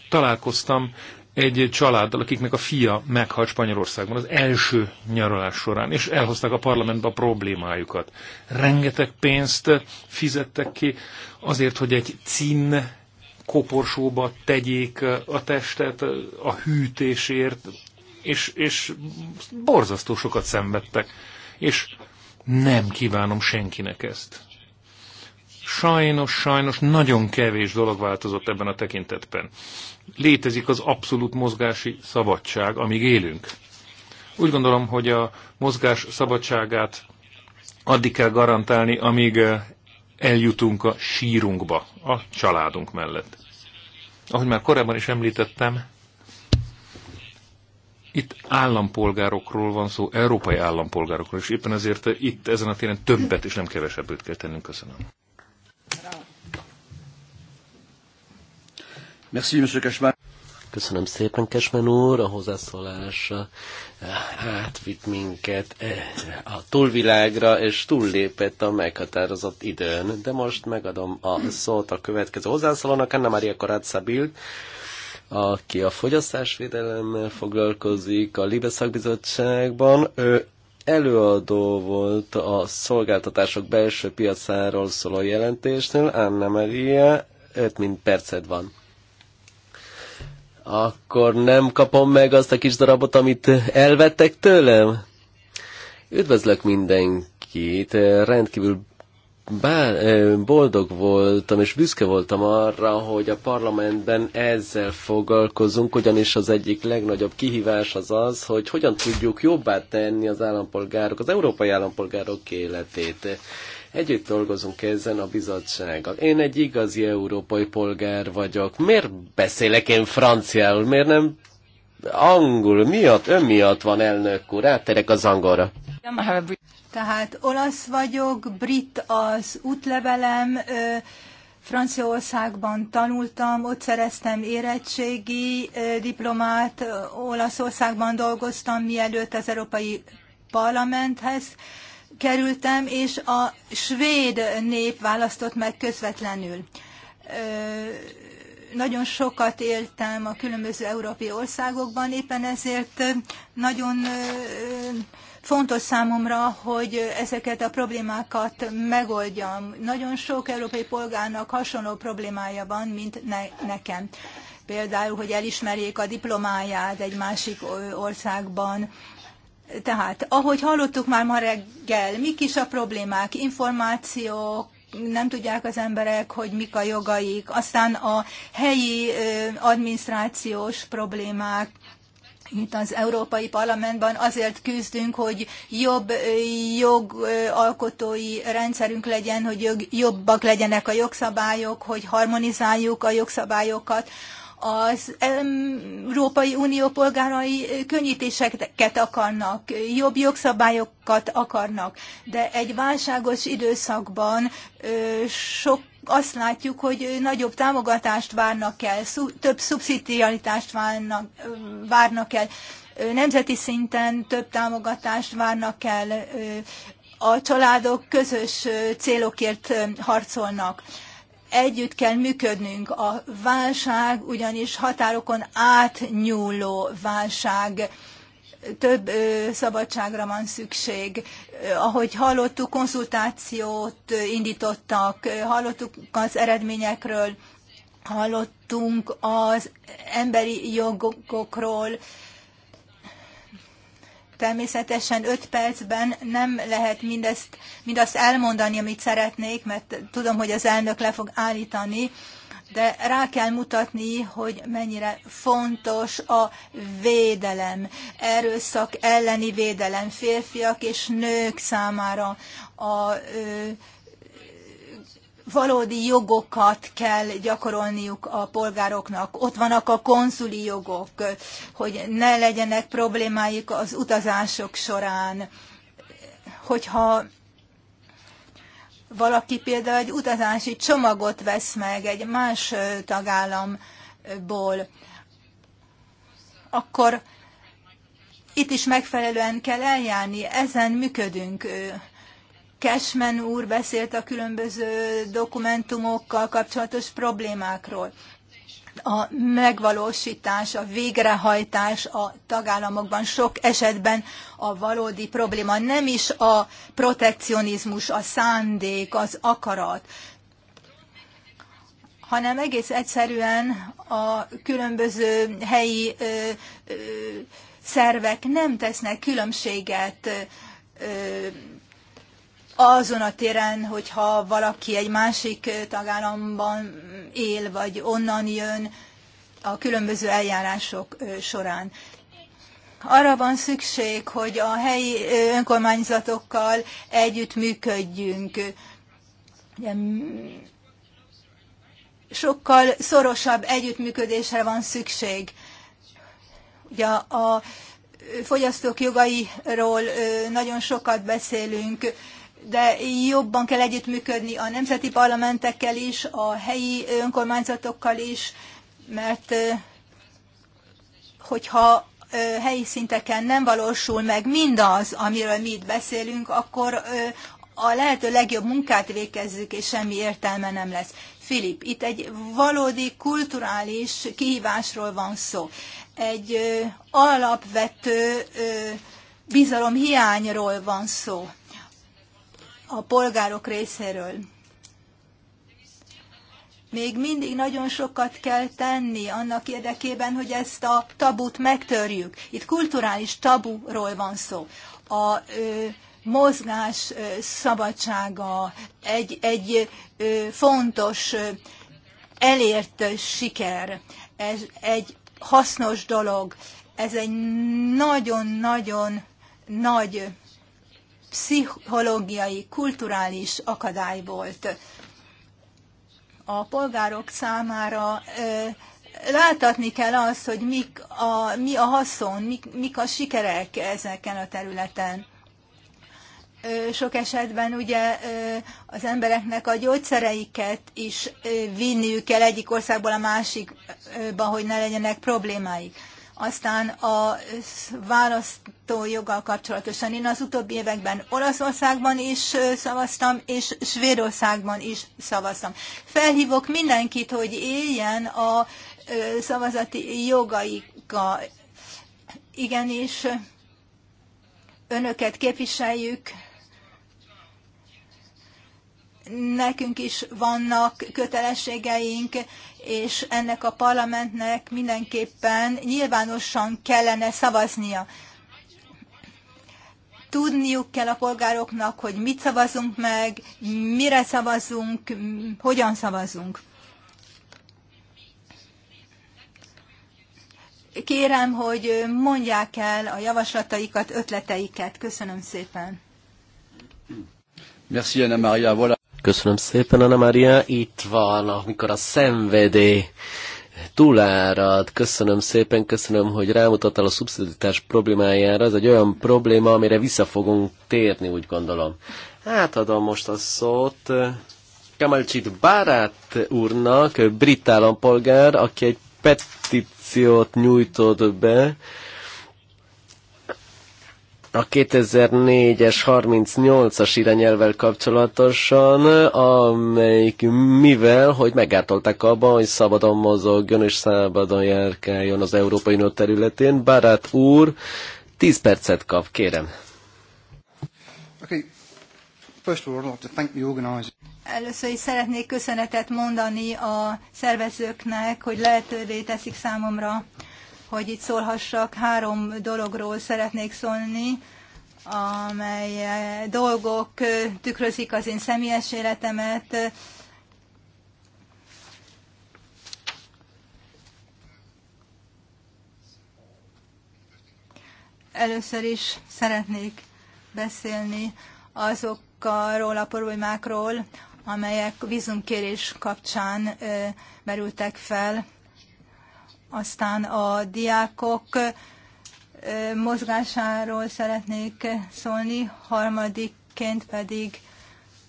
Találkoztam egy családdal, akiknek a fia meghalt Spanyolországban az első nyaralás során, és elhozták a parlamentbe a problémájukat. Rengeteg pénzt fizettek ki azért, hogy egy cinn koporsóba tegyék a testet a hűtésért, és, és borzasztó sokat szenvedtek. És nem kívánom senkinek ezt. Sajnos, sajnos nagyon kevés dolog változott ebben a tekintetben létezik az abszolút mozgási szabadság, amíg élünk. Úgy gondolom, hogy a mozgás szabadságát addig kell garantálni, amíg eh, eljutunk a sírunkba, a családunk mellett. Ahogy már korábban is említettem, itt állampolgárokról van szó, európai állampolgárokról, és éppen ezért eh, itt ezen a téren többet és nem kevesebbet kell tennünk. Köszönöm. Merci, Monsieur Köszönöm szépen, Kesmen úr, a hozzászólás eh, átvitt minket eh, a túlvilágra, és túllépett a meghatározott időn. De most megadom a szót a következő hozzászólónak, Anna Maria Corazza Bild, aki a fogyasztásvédelemmel foglalkozik a Libe szakbizottságban. Ő előadó volt a szolgáltatások belső piacáról szóló jelentésnél. Anna Maria, 5 mint perced van akkor nem kapom meg azt a kis darabot, amit elvettek tőlem? Üdvözlök mindenkit, rendkívül bár, boldog voltam, és büszke voltam arra, hogy a parlamentben ezzel foglalkozunk, ugyanis az egyik legnagyobb kihívás az az, hogy hogyan tudjuk jobbá tenni az állampolgárok, az európai állampolgárok életét. Együtt dolgozunk ezen a bizottsággal. Én egy igazi európai polgár vagyok. Miért beszélek én franciául? Miért nem angol? Miatt, ön miatt van elnök úr. Átterek az angolra. Tehát olasz vagyok, brit az útlevelem, ö, Franciaországban tanultam, ott szereztem érettségi diplomát, Olaszországban dolgoztam, mielőtt az Európai Parlamenthez kerültem, és a svéd nép választott meg közvetlenül. Nagyon sokat éltem a különböző európai országokban, éppen ezért nagyon fontos számomra, hogy ezeket a problémákat megoldjam. Nagyon sok európai polgárnak hasonló problémája van, mint ne- nekem. Például, hogy elismerjék a diplomáját egy másik országban, tehát, ahogy hallottuk már ma reggel, mik is a problémák, információk, nem tudják az emberek, hogy mik a jogaik, aztán a helyi adminisztrációs problémák, itt az Európai Parlamentben azért küzdünk, hogy jobb jogalkotói rendszerünk legyen, hogy jobbak legyenek a jogszabályok, hogy harmonizáljuk a jogszabályokat az Európai Unió polgárai könnyítéseket akarnak, jobb jogszabályokat akarnak, de egy válságos időszakban sok azt látjuk, hogy nagyobb támogatást várnak el, több szubszidiaritást várnak, várnak el, nemzeti szinten több támogatást várnak el, a családok közös célokért harcolnak együtt kell működnünk. A válság ugyanis határokon átnyúló válság több ö, szabadságra van szükség. Ahogy hallottuk, konzultációt indítottak, hallottuk az eredményekről, hallottunk az emberi jogokról, Természetesen öt percben nem lehet mindezt, mindazt elmondani, amit szeretnék, mert tudom, hogy az elnök le fog állítani, de rá kell mutatni, hogy mennyire fontos a védelem, erőszak elleni védelem férfiak és nők számára, a valódi jogokat kell gyakorolniuk a polgároknak. Ott vannak a konszuli jogok, hogy ne legyenek problémáik az utazások során. Hogyha valaki például egy utazási csomagot vesz meg egy más tagállamból, akkor itt is megfelelően kell eljárni, ezen működünk Cashman úr beszélt a különböző dokumentumokkal kapcsolatos problémákról. A megvalósítás, a végrehajtás a tagállamokban sok esetben a valódi probléma. Nem is a protekcionizmus, a szándék, az akarat, hanem egész egyszerűen a különböző helyi ö, ö, szervek nem tesznek különbséget ö, azon a téren, hogyha valaki egy másik tagállamban mm, él, vagy onnan jön a különböző eljárások során. Arra van szükség, hogy a helyi önkormányzatokkal együtt működjünk. Sokkal szorosabb együttműködésre van szükség. Ugye a fogyasztók jogairól nagyon sokat beszélünk, de jobban kell együttműködni a nemzeti parlamentekkel is, a helyi önkormányzatokkal is, mert hogyha helyi szinteken nem valósul meg mindaz, amiről mi itt beszélünk, akkor a lehető legjobb munkát végezzük, és semmi értelme nem lesz. Filip, itt egy valódi kulturális kihívásról van szó. Egy alapvető bizalomhiányról van szó a polgárok részéről. Még mindig nagyon sokat kell tenni annak érdekében, hogy ezt a tabut megtörjük. Itt kulturális taburól van szó. A ö, mozgás ö, szabadsága egy, egy ö, fontos ö, elért siker, ez egy hasznos dolog, ez egy nagyon-nagyon nagy pszichológiai, kulturális akadály volt. A polgárok számára láthatni kell azt, hogy mik a, mi a haszon, mik, mik a sikerek ezeken a területen sok esetben ugye az embereknek a gyógyszereiket is vinniük kell egyik országból a másikba, hogy ne legyenek problémáik. Aztán a választ joggal kapcsolatosan. Én az utóbbi években Olaszországban is szavaztam, és Svédországban is szavaztam. Felhívok mindenkit, hogy éljen a szavazati jogaikkal. Igenis, önöket képviseljük, nekünk is vannak kötelességeink, és ennek a parlamentnek mindenképpen nyilvánosan kellene szavaznia. Tudniuk kell a polgároknak, hogy mit szavazunk meg, mire szavazunk, hogyan szavazunk. Kérem, hogy mondják el a javaslataikat, ötleteiket. Köszönöm szépen. Merci, Anna Maria. Voilà. Köszönöm szépen, Anna Maria. Itt van, amikor a szenvedély túlárad. Köszönöm szépen, köszönöm, hogy rámutattál a szubszidiaritás problémájára. Ez egy olyan probléma, amire vissza fogunk térni, úgy gondolom. Átadom most a szót eh, Kamalcsit Bárát úrnak, brit állampolgár, aki egy petíciót nyújtott be a 2004-es 38-as irányelvel kapcsolatosan, amelyik mivel, hogy megártolták abban, hogy szabadon mozogjon és szabadon járkáljon az Európai Unió területén. Barát úr, 10 percet kap, kérem. Okay. First of all, to thank the organizers. Először is szeretnék köszönetet mondani a szervezőknek, hogy lehetővé teszik számomra hogy itt szólhassak. Három dologról szeretnék szólni, amely eh, dolgok eh, tükrözik az én személyes életemet. Először is szeretnék beszélni azokról a problémákról, amelyek vízumkérés kapcsán eh, merültek fel aztán a diákok mozgásáról szeretnék szólni, harmadikként pedig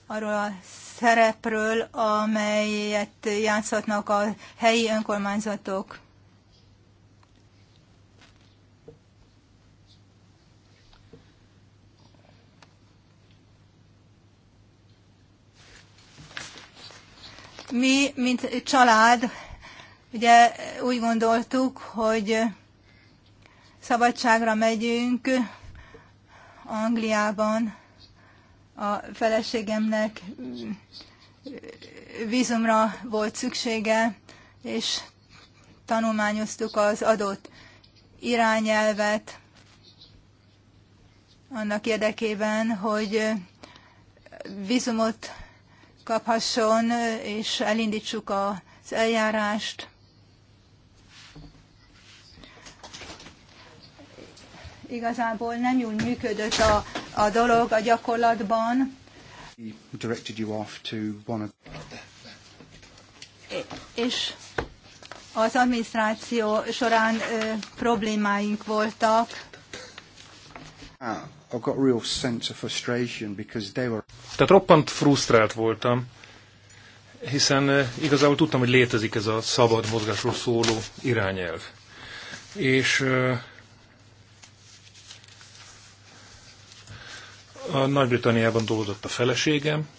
arról a szerepről, amelyet játszhatnak a helyi önkormányzatok. Mi, mint család, Ugye úgy gondoltuk, hogy szabadságra megyünk Angliában a feleségemnek vízumra volt szüksége, és tanulmányoztuk az adott irányelvet annak érdekében, hogy vízumot kaphasson, és elindítsuk az eljárást. igazából nem jól működött a, a dolog a gyakorlatban. És az adminisztráció során ö, problémáink voltak. Ah, I got real sense of frustration because they were... Tehát roppant frusztrált voltam, hiszen igazából tudtam, hogy létezik ez a szabad mozgásról szóló irányelv. És a Nagy-Britanniában dolgozott a feleségem,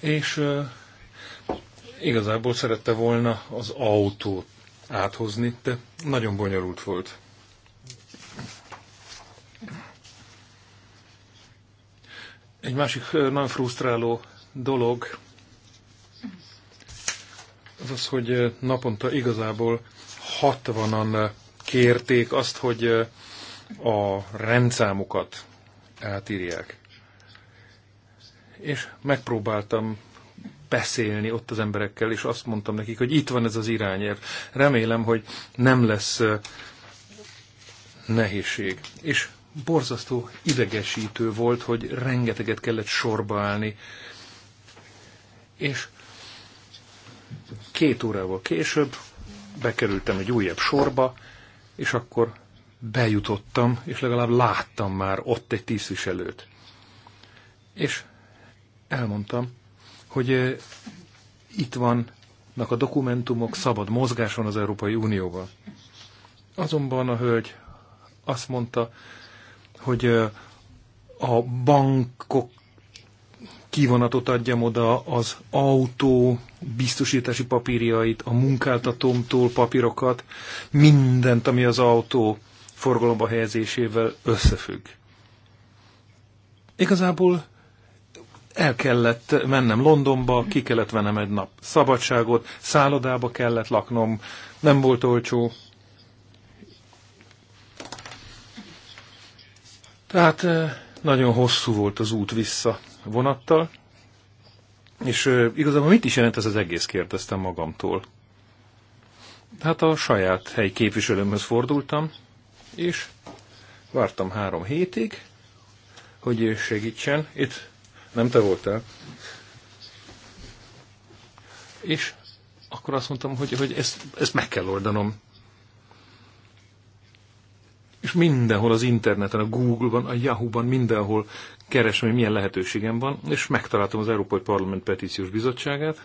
és uh, igazából szerette volna az autót áthozni, de nagyon bonyolult volt. Egy másik uh, nagyon frusztráló dolog az az, hogy uh, naponta igazából 60-an kérték azt, hogy a rendszámukat átírják. És megpróbáltam beszélni ott az emberekkel, és azt mondtam nekik, hogy itt van ez az irányelv. Remélem, hogy nem lesz nehézség. És borzasztó idegesítő volt, hogy rengeteget kellett sorba állni. És két órával később bekerültem egy újabb sorba, és akkor bejutottam, és legalább láttam már ott egy tisztviselőt. És elmondtam, hogy itt vannak a dokumentumok, szabad mozgás van az Európai Unióban. Azonban a hölgy azt mondta, hogy a bankok kivonatot adjam oda az autó biztosítási papírjait, a munkáltatómtól papírokat, mindent, ami az autó forgalomba helyezésével összefügg. Igazából el kellett mennem Londonba, ki kellett vennem egy nap szabadságot, szállodába kellett laknom, nem volt olcsó. Tehát eh, nagyon hosszú volt az út vissza vonattal, és eh, igazából mit is jelent ez az egész, kérdeztem magamtól. Hát a saját helyi képviselőmhöz fordultam, és vártam három hétig, hogy ő segítsen. Itt nem te voltál. És akkor azt mondtam, hogy, hogy ezt, ezt meg kell oldanom. És mindenhol az interneten, a Google-ban, a Yahoo-ban, mindenhol keresem, hogy milyen lehetőségem van, és megtaláltam az Európai Parlament Petíciós Bizottságát.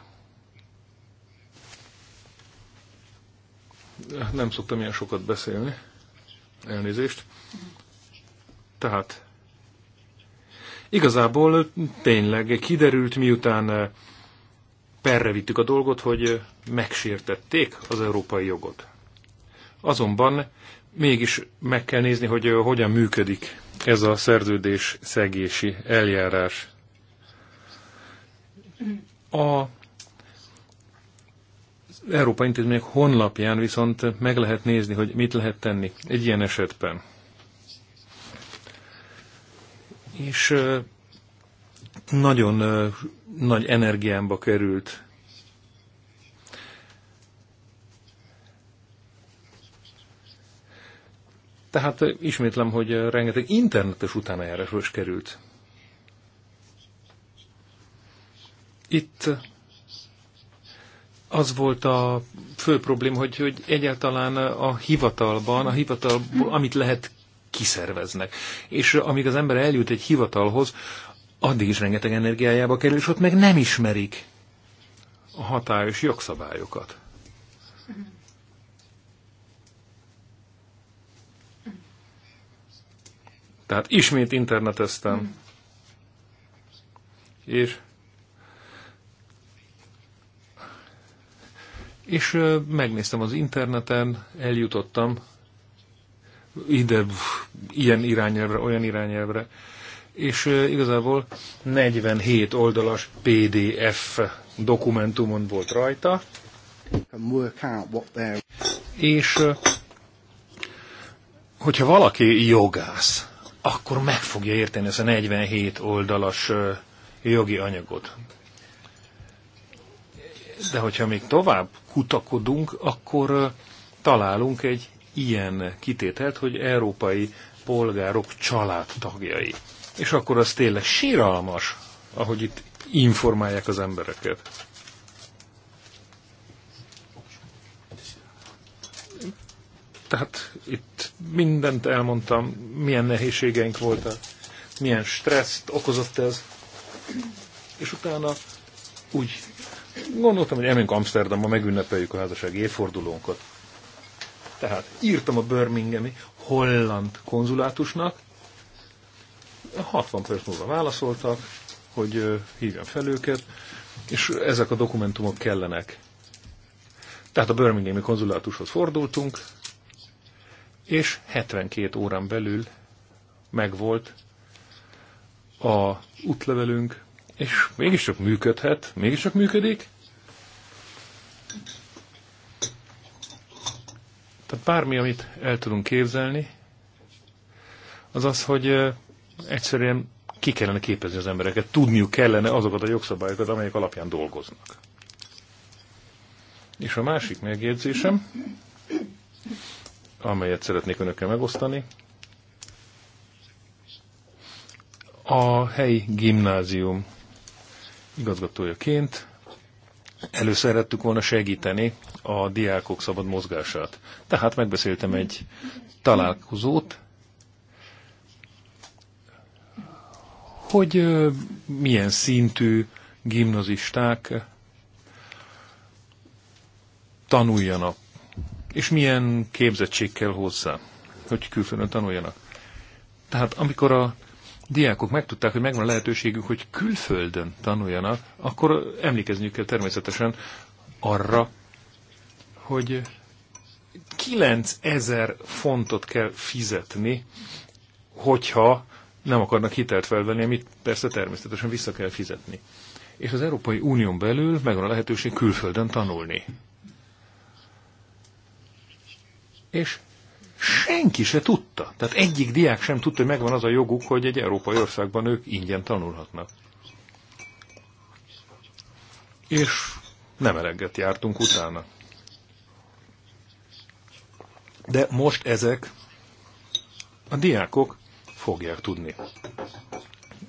Nem szoktam ilyen sokat beszélni elnézést. Tehát igazából tényleg kiderült, miután eh, perre vittük a dolgot, hogy eh, megsértették az európai jogot. Azonban mégis meg kell nézni, hogy eh, hogyan működik ez a szerződés szegési eljárás. A Európa Intézmények honlapján viszont meg lehet nézni, hogy mit lehet tenni egy ilyen esetben. És nagyon nagy energiámba került Tehát ismétlem, hogy rengeteg internetes utánajárásról is került. Itt az volt a fő probléma, hogy, hogy egyáltalán a hivatalban, a hivatalból, amit lehet, kiszerveznek. És amíg az ember eljut egy hivatalhoz, addig is rengeteg energiájába kerül, és ott meg nem ismerik a hatályos jogszabályokat. Tehát ismét interneteztem. Mm. És és megnéztem az interneten, eljutottam ide, ilyen irányelvre, olyan irányelvre, és igazából 47 oldalas PDF dokumentumon volt rajta, és hogyha valaki jogász, akkor meg fogja érteni ezt a 47 oldalas jogi anyagot de hogyha még tovább kutakodunk, akkor találunk egy ilyen kitételt, hogy európai polgárok családtagjai. És akkor az tényleg síralmas, ahogy itt informálják az embereket. Tehát itt mindent elmondtam, milyen nehézségeink voltak, milyen stresszt okozott ez, és utána úgy gondoltam, hogy emlünk Amsterdamba, megünnepeljük a házassági évfordulónkat. Tehát írtam a Birminghami holland konzulátusnak, 60 perc múlva válaszoltak, hogy hívjam fel őket, és ezek a dokumentumok kellenek. Tehát a Birminghami konzulátushoz fordultunk, és 72 órán belül megvolt a útlevelünk, és mégiscsak működhet, mégiscsak működik. Tehát bármi, amit el tudunk képzelni, az az, hogy egyszerűen ki kellene képezni az embereket, tudniuk kellene azokat a jogszabályokat, amelyek alapján dolgoznak. És a másik megjegyzésem, amelyet szeretnék önökkel megosztani, a helyi gimnázium igazgatójaként először szerettük volna segíteni a diákok szabad mozgását. Tehát megbeszéltem egy találkozót, hogy milyen szintű gimnazisták tanuljanak, és milyen képzettség kell hozzá, hogy külföldön tanuljanak. Tehát amikor a diákok megtudták, hogy megvan a lehetőségük, hogy külföldön tanuljanak, akkor emlékezniük kell természetesen arra, hogy 9000 fontot kell fizetni, hogyha nem akarnak hitelt felvenni, amit persze természetesen vissza kell fizetni. És az Európai Unión belül megvan a lehetőség külföldön tanulni. És senki se tudta. Tehát egyik diák sem tudta, hogy megvan az a joguk, hogy egy európai országban ők ingyen tanulhatnak. És nem eleget jártunk utána. De most ezek a diákok fogják tudni.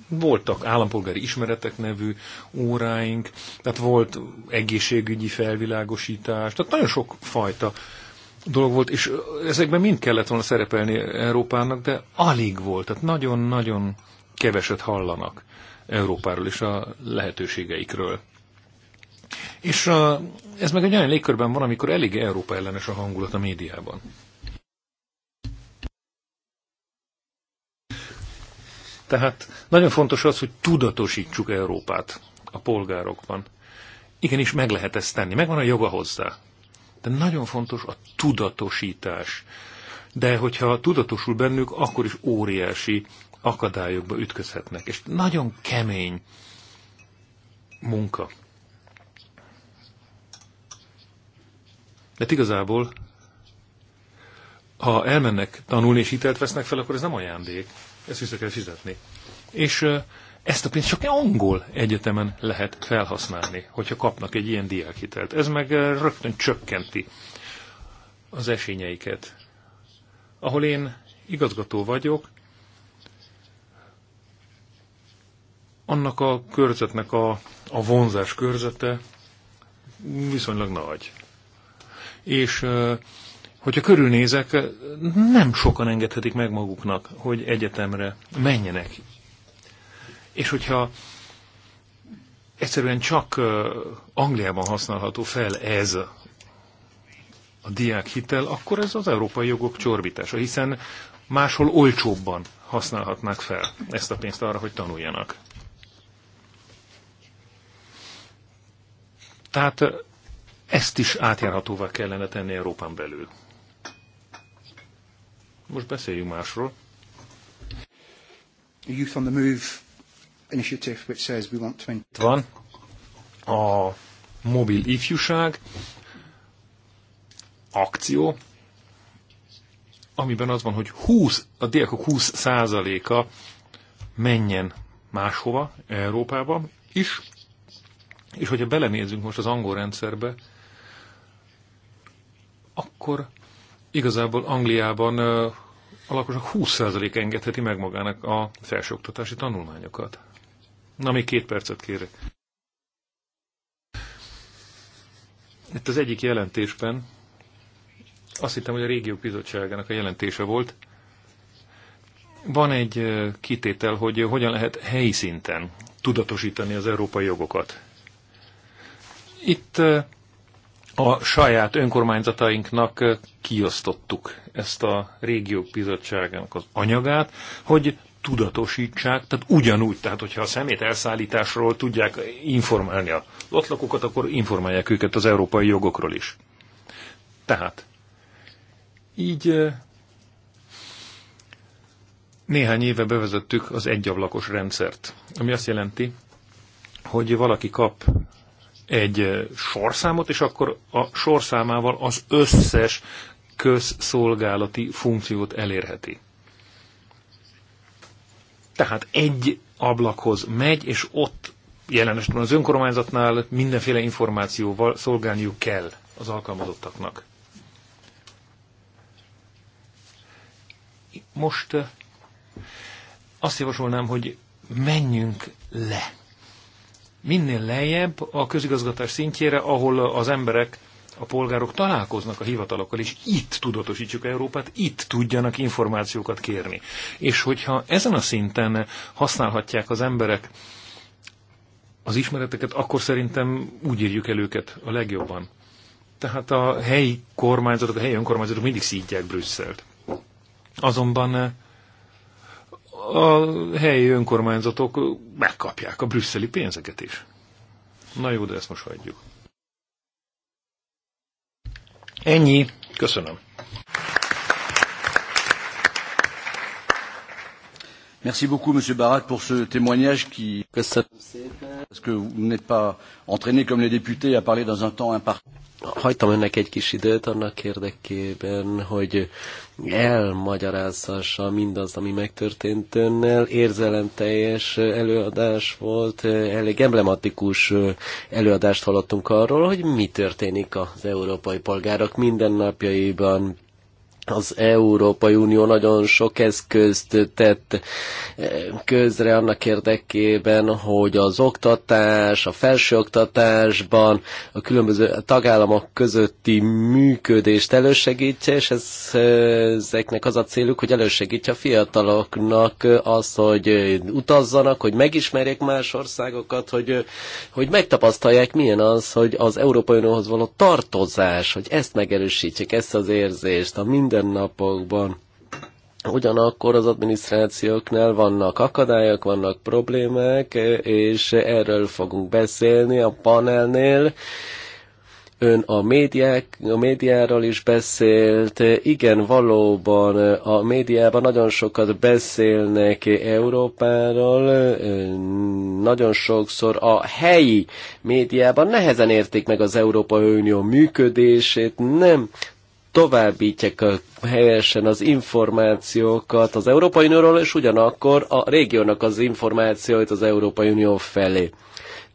Voltak állampolgári ismeretek nevű óráink, tehát volt egészségügyi felvilágosítás, tehát nagyon sok fajta dolog volt, és ezekben mind kellett volna szerepelni Európának, de alig volt, tehát nagyon-nagyon keveset hallanak Európáról és a lehetőségeikről. És a, ez meg egy olyan légkörben van, amikor elég Európa ellenes a hangulat a médiában. Tehát nagyon fontos az, hogy tudatosítsuk Európát a polgárokban. Igenis, meg lehet ezt tenni, megvan a joga hozzá. De nagyon fontos a tudatosítás. De hogyha tudatosul bennük, akkor is óriási akadályokba ütközhetnek. És nagyon kemény munka. De hát igazából, ha elmennek tanulni és hitelt vesznek fel, akkor ez nem ajándék. Ezt vissza kell fizetni. És ezt a pénzt csak angol egyetemen lehet felhasználni, hogyha kapnak egy ilyen diákhitelt. Ez meg eh, rögtön csökkenti az esényeiket. Ahol én igazgató vagyok, annak a körzetnek a, a vonzás körzete viszonylag nagy. És eh, hogyha körülnézek, eh, nem sokan engedhetik meg maguknak, hogy egyetemre menjenek és hogyha egyszerűen csak Angliában használható fel ez a diák hitel, akkor ez az európai jogok csorbítása, hiszen máshol olcsóbban használhatnák fel ezt a pénzt arra, hogy tanuljanak. Tehát ezt is átjárhatóvá kellene tenni Európán belül. Most beszéljünk másról. Youth on the Move initiative which says we want Itt van a mobil ifjúság akció, amiben az van, hogy 20, a diákok 20%-a menjen máshova, Európába is, és hogyha belenézzünk most az angol rendszerbe, akkor igazából Angliában a lakosok 20% engedheti meg magának a felsőoktatási tanulmányokat. Na, még két percet kérek. Itt az egyik jelentésben azt hittem, hogy a régió bizottságának a jelentése volt. Van egy kitétel, hogy hogyan lehet helyi szinten tudatosítani az európai jogokat. Itt a saját önkormányzatainknak kiosztottuk ezt a régió bizottságának az anyagát, hogy tudatosítsák, tehát ugyanúgy, tehát hogyha a szemét elszállításról tudják informálni a ott lakókat, akkor informálják őket az európai jogokról is. Tehát, így néhány éve bevezettük az egyablakos rendszert, ami azt jelenti, hogy valaki kap egy sorszámot, és akkor a sorszámával az összes közszolgálati funkciót elérheti. Tehát egy ablakhoz megy, és ott jelen esetben az önkormányzatnál mindenféle információval szolgálniuk kell az alkalmazottaknak. Most eh, azt javasolnám, hogy menjünk le. Minél lejjebb a közigazgatás szintjére, ahol az emberek a polgárok találkoznak a hivatalokkal, és itt tudatosítjuk Európát, itt tudjanak információkat kérni. És hogyha ezen a szinten használhatják az emberek az ismereteket, akkor szerintem úgy írjuk el őket a legjobban. Tehát a helyi kormányzatok, a helyi önkormányzatok mindig szítják Brüsszelt. Azonban a helyi önkormányzatok megkapják a brüsszeli pénzeket is. Na jó, de ezt most hagyjuk. Ennyi. Köszönöm. Merci beaucoup, Monsieur Barat, pour ce témoignage qui... Parce que vous n'êtes pas entraîné comme les députés à parler dans un temps imparti. Hagytam önnek egy kis időt annak érdekében, hogy elmagyarázhassa mindaz, ami megtörtént önnel. Érzelemteljes előadás volt, elég emblematikus előadást hallottunk arról, hogy mi történik az európai polgárok mindennapjaiban, az Európai Unió nagyon sok eszközt tett eh, közre annak érdekében, hogy az oktatás, a felsőoktatásban a különböző tagállamok közötti működést elősegítse, és ez, eh, ezeknek az a céljuk, hogy elősegítse a fiataloknak eh, azt, hogy utazzanak, hogy megismerjék más országokat, hogy, hogy megtapasztalják, milyen az, hogy az Európai Unióhoz való tartozás, hogy ezt megerősítsék, ezt az érzést, a minden mindennapokban. Ugyanakkor az adminisztrációknál vannak akadályok, vannak problémák, és erről fogunk beszélni a panelnél. Ön a, médiák, a médiáról is beszélt. Igen, valóban a médiában nagyon sokat beszélnek Európáról. Nagyon sokszor a helyi médiában nehezen értik meg az Európa Unió működését. Nem továbbítják helyesen az információkat az Európai Unióról, és ugyanakkor a régiónak az információit az Európai Unió felé.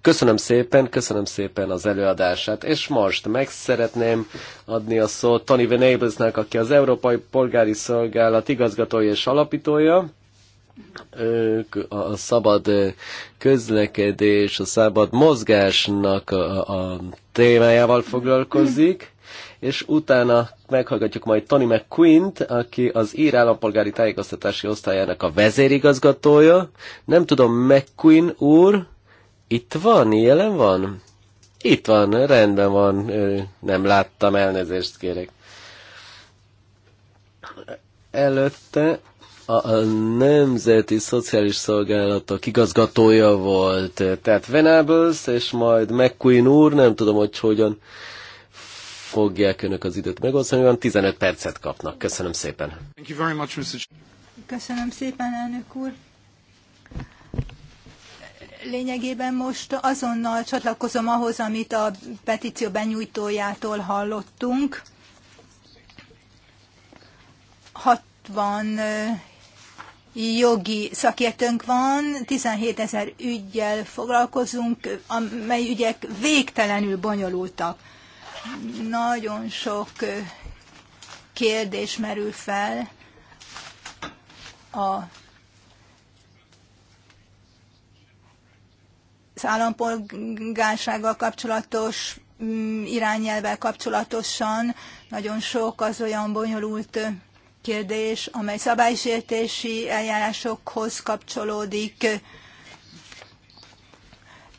Köszönöm szépen, köszönöm szépen az előadását, és most meg szeretném adni a szót Tony Venablesnek, aki az Európai Polgári Szolgálat igazgatója és alapítója. Ők a szabad közlekedés, a szabad mozgásnak a, a témájával foglalkozik és utána meghallgatjuk majd Tony McQuint, aki az ír állampolgári tájékoztatási osztályának a vezérigazgatója. Nem tudom, McQueen úr itt van, jelen van? Itt van, rendben van, nem láttam, elnézést kérek. Előtte a, a Nemzeti Szociális Szolgálatok igazgatója volt, tehát Venables, és majd McQueen úr, nem tudom, hogy hogyan fogják önök az időt megosztani, olyan 15 percet kapnak. Köszönöm szépen. Köszönöm szépen, elnök úr. Lényegében most azonnal csatlakozom ahhoz, amit a petíció benyújtójától hallottunk. 60 jogi szakértőnk van, 17 ezer ügyjel foglalkozunk, amely ügyek végtelenül bonyolultak nagyon sok kérdés merül fel a az állampolgársággal kapcsolatos mm, irányelvvel kapcsolatosan nagyon sok az olyan bonyolult kérdés, amely szabálysértési eljárásokhoz kapcsolódik.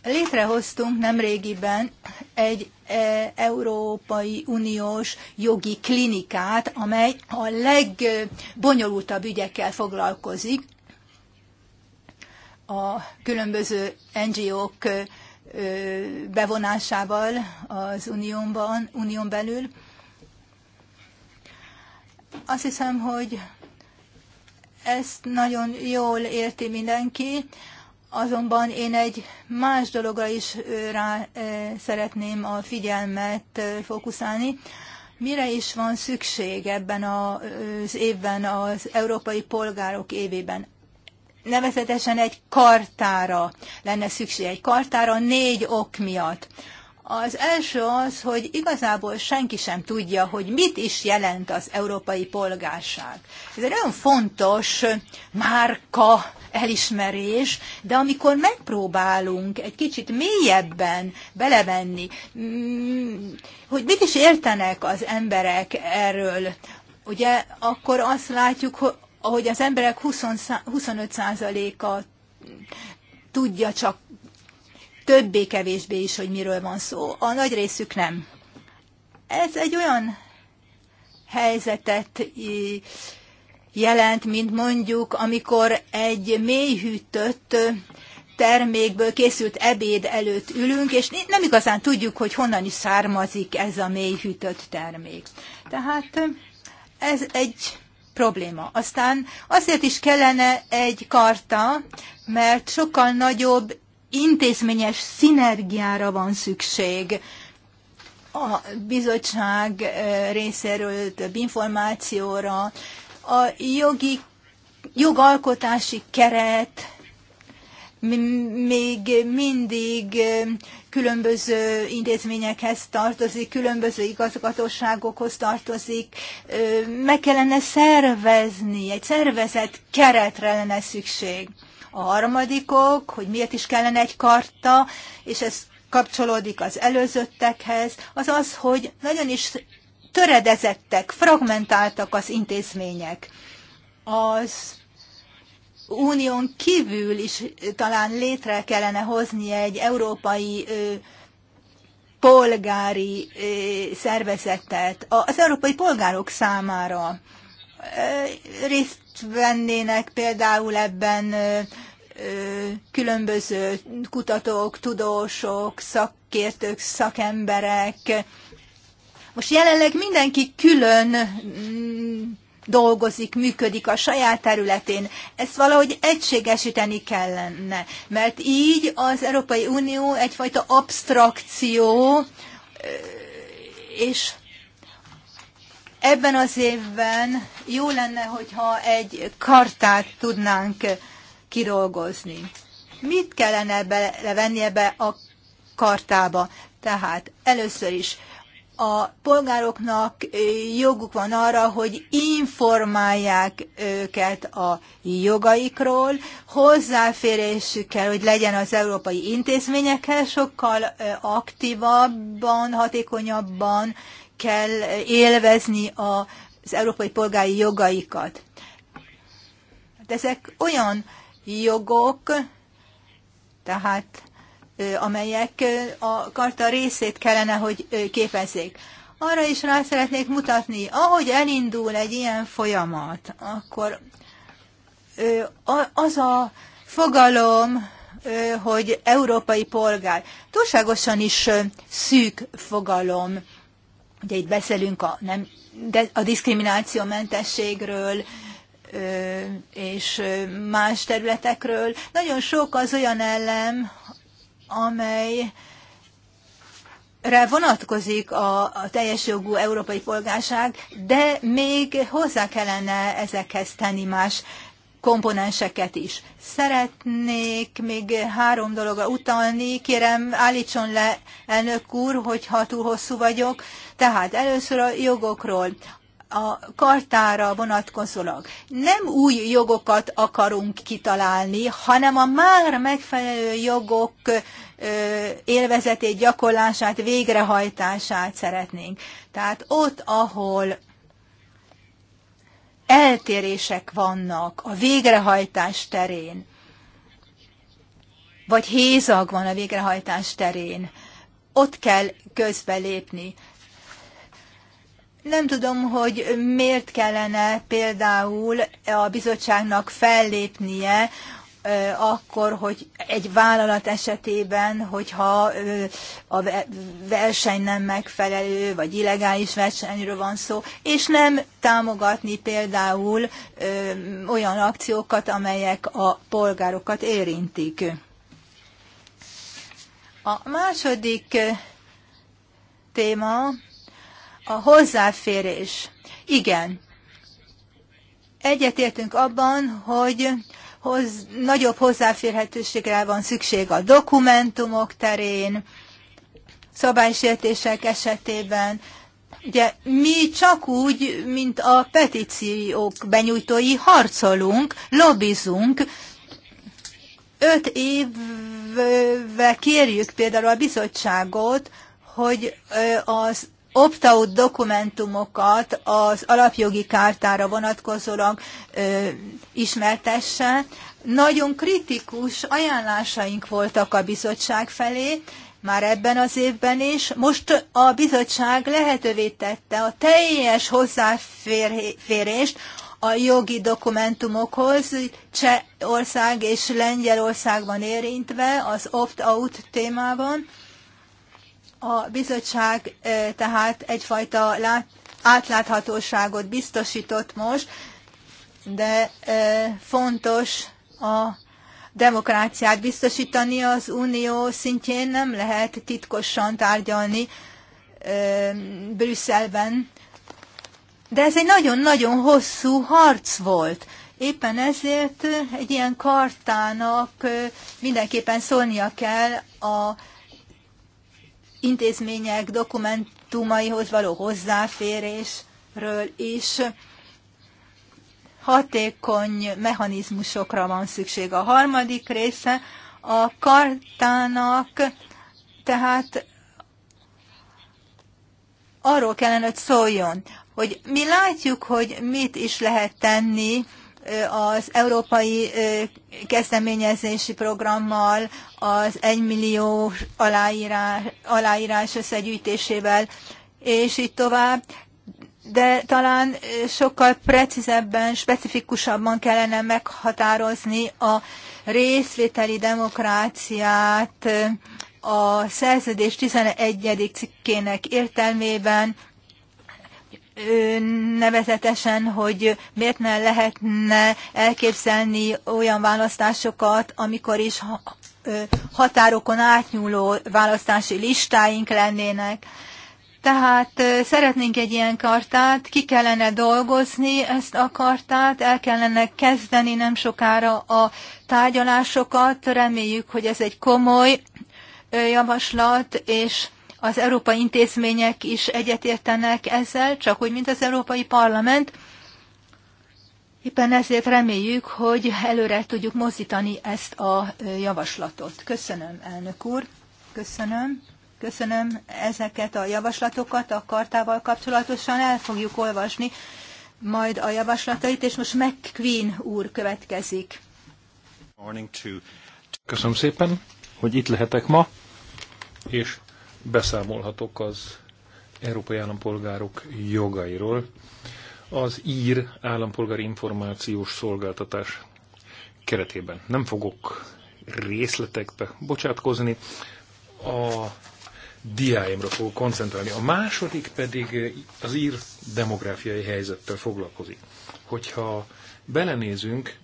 Létrehoztunk nemrégiben egy E, Európai Uniós jogi klinikát, amely a legbonyolultabb ügyekkel foglalkozik. A különböző NGO-k e, bevonásával az unióban, unión belül. Azt hiszem, hogy ezt nagyon jól érti mindenki. Azonban én egy más dologra is rá szeretném a figyelmet fókuszálni. Mire is van szükség ebben az évben, az európai polgárok évében? Nevezetesen egy kartára lenne szükség. Egy kartára négy ok miatt. Az első az, hogy igazából senki sem tudja, hogy mit is jelent az európai polgárság. Ez egy nagyon fontos márka elismerés, de amikor megpróbálunk egy kicsit mélyebben belevenni, mm, hogy mit is értenek az emberek erről, ugye akkor azt látjuk, hogy az emberek 20, 25%-a tudja csak többé-kevésbé is, hogy miről van szó. A nagy részük nem. Ez egy olyan helyzetet jelent, mint mondjuk, amikor egy mélyhűtött termékből készült ebéd előtt ülünk, és nem igazán tudjuk, hogy honnan is származik ez a mélyhűtött termék. Tehát ez egy probléma. Aztán azért is kellene egy karta, mert sokkal nagyobb intézményes szinergiára van szükség. A bizottság eh, részéről több információra, a jogi, jogalkotási keret még mindig eh, különböző intézményekhez tartozik, különböző igazgatóságokhoz tartozik. Eh, meg kellene szervezni, egy szervezet keretre lenne szükség a harmadikok, hogy miért is kellene egy karta, és ez kapcsolódik az előzöttekhez, az az, hogy nagyon is töredezettek, fragmentáltak az intézmények. Az unión kívül is talán létre kellene hozni egy európai ö, polgári ö, szervezetet az európai polgárok számára. Ö, részt vennének például ebben különböző kutatók, tudósok, szakértők, szakemberek. Most jelenleg mindenki külön mm, dolgozik, működik a saját területén. Ezt valahogy egységesíteni kellene, mert így az Európai Unió egyfajta abstrakció, és Ebben az évben jó lenne, hogyha egy kartát tudnánk kidolgozni. Mit kellene belevenni ebbe a kartába? Tehát először is a polgároknak joguk van arra, hogy informálják őket a jogaikról, hozzáférésük kell, hogy legyen az európai intézményekkel sokkal aktívabban, hatékonyabban kell élvezni az európai polgári jogaikat. De hát ezek olyan jogok, tehát amelyek a karta részét kellene, hogy képezzék. Arra is rá szeretnék mutatni, ahogy elindul egy ilyen folyamat, akkor az a fogalom, hogy európai polgár túlságosan is szűk fogalom. Ugye itt beszélünk a, nem, de a diszkriminációmentességről, és más területekről. Nagyon sok az olyan elem, amely vonatkozik a, a teljes jogú európai polgárság, de még hozzá kellene ezekhez tenni más komponenseket is. Szeretnék még három dologra utalni. Kérem, állítson le, elnök úr, hogyha túl hosszú vagyok. Tehát először a jogokról a kartára vonatkozólag. Nem új jogokat akarunk kitalálni, hanem a már megfelelő jogok élvezetét, gyakorlását, végrehajtását szeretnénk. Tehát ott, ahol eltérések vannak a végrehajtás terén, vagy hézag van a végrehajtás terén, ott kell közbelépni. Nem tudom, hogy miért kellene például a bizottságnak fellépnie akkor, hogy egy vállalat esetében, hogyha a verseny nem megfelelő, vagy illegális versenyről van szó, és nem támogatni például olyan akciókat, amelyek a polgárokat érintik. A második téma a hozzáférés. Igen. Egyetértünk abban, hogy hoz, nagyobb hozzáférhetőségre van szükség a dokumentumok terén, szabálysértések esetében. Ugye mi csak úgy, mint a petíciók benyújtói harcolunk, lobbizunk, öt évvel kérjük például a bizottságot, hogy az opt-out dokumentumokat az alapjogi kártára vonatkozólag ö, ismertesse. Nagyon kritikus ajánlásaink voltak a bizottság felé, már ebben az évben is. Most a bizottság lehetővé tette a teljes hozzáférést a jogi dokumentumokhoz, Csehország és Lengyelországban érintve az opt-out témában. A bizottság e, tehát egyfajta lát, átláthatóságot biztosított most, de e, fontos a demokráciát biztosítani az unió szintjén, nem lehet titkosan tárgyalni e, Brüsszelben. De ez egy nagyon-nagyon hosszú harc volt. Éppen ezért egy ilyen kartának mindenképpen szólnia kell a intézmények dokumentumaihoz való hozzáférésről is hatékony mechanizmusokra van szükség. A harmadik része a kartának, tehát arról kellene, hogy szóljon, hogy mi látjuk, hogy mit is lehet tenni az európai kezdeményezési programmal, az 1 millió aláírás, aláírás összegyűjtésével, és így tovább de talán sokkal precízebben, specifikusabban kellene meghatározni a részvételi demokráciát a szerződés 11. cikkének értelmében, nevezetesen, hogy miért ne lehetne elképzelni olyan választásokat, amikor is határokon átnyúló választási listáink lennének. Tehát szeretnénk egy ilyen kartát, ki kellene dolgozni ezt a kartát, el kellene kezdeni nem sokára a tárgyalásokat. Reméljük, hogy ez egy komoly javaslat, és az európai intézmények is egyetértenek ezzel, csak úgy, mint az Európai Parlament. Éppen ezért reméljük, hogy előre tudjuk mozdítani ezt a javaslatot. Köszönöm, elnök úr. Köszönöm. Köszönöm ezeket a javaslatokat a kartával kapcsolatosan. El fogjuk olvasni majd a javaslatait, és most McQueen úr következik. Köszönöm szépen, hogy itt lehetek ma, és beszámolhatok az európai állampolgárok jogairól. Az ír állampolgári információs szolgáltatás keretében. Nem fogok részletekbe bocsátkozni, a diáimra fogok koncentrálni. A második pedig az ír demográfiai helyzettel foglalkozik. Hogyha belenézünk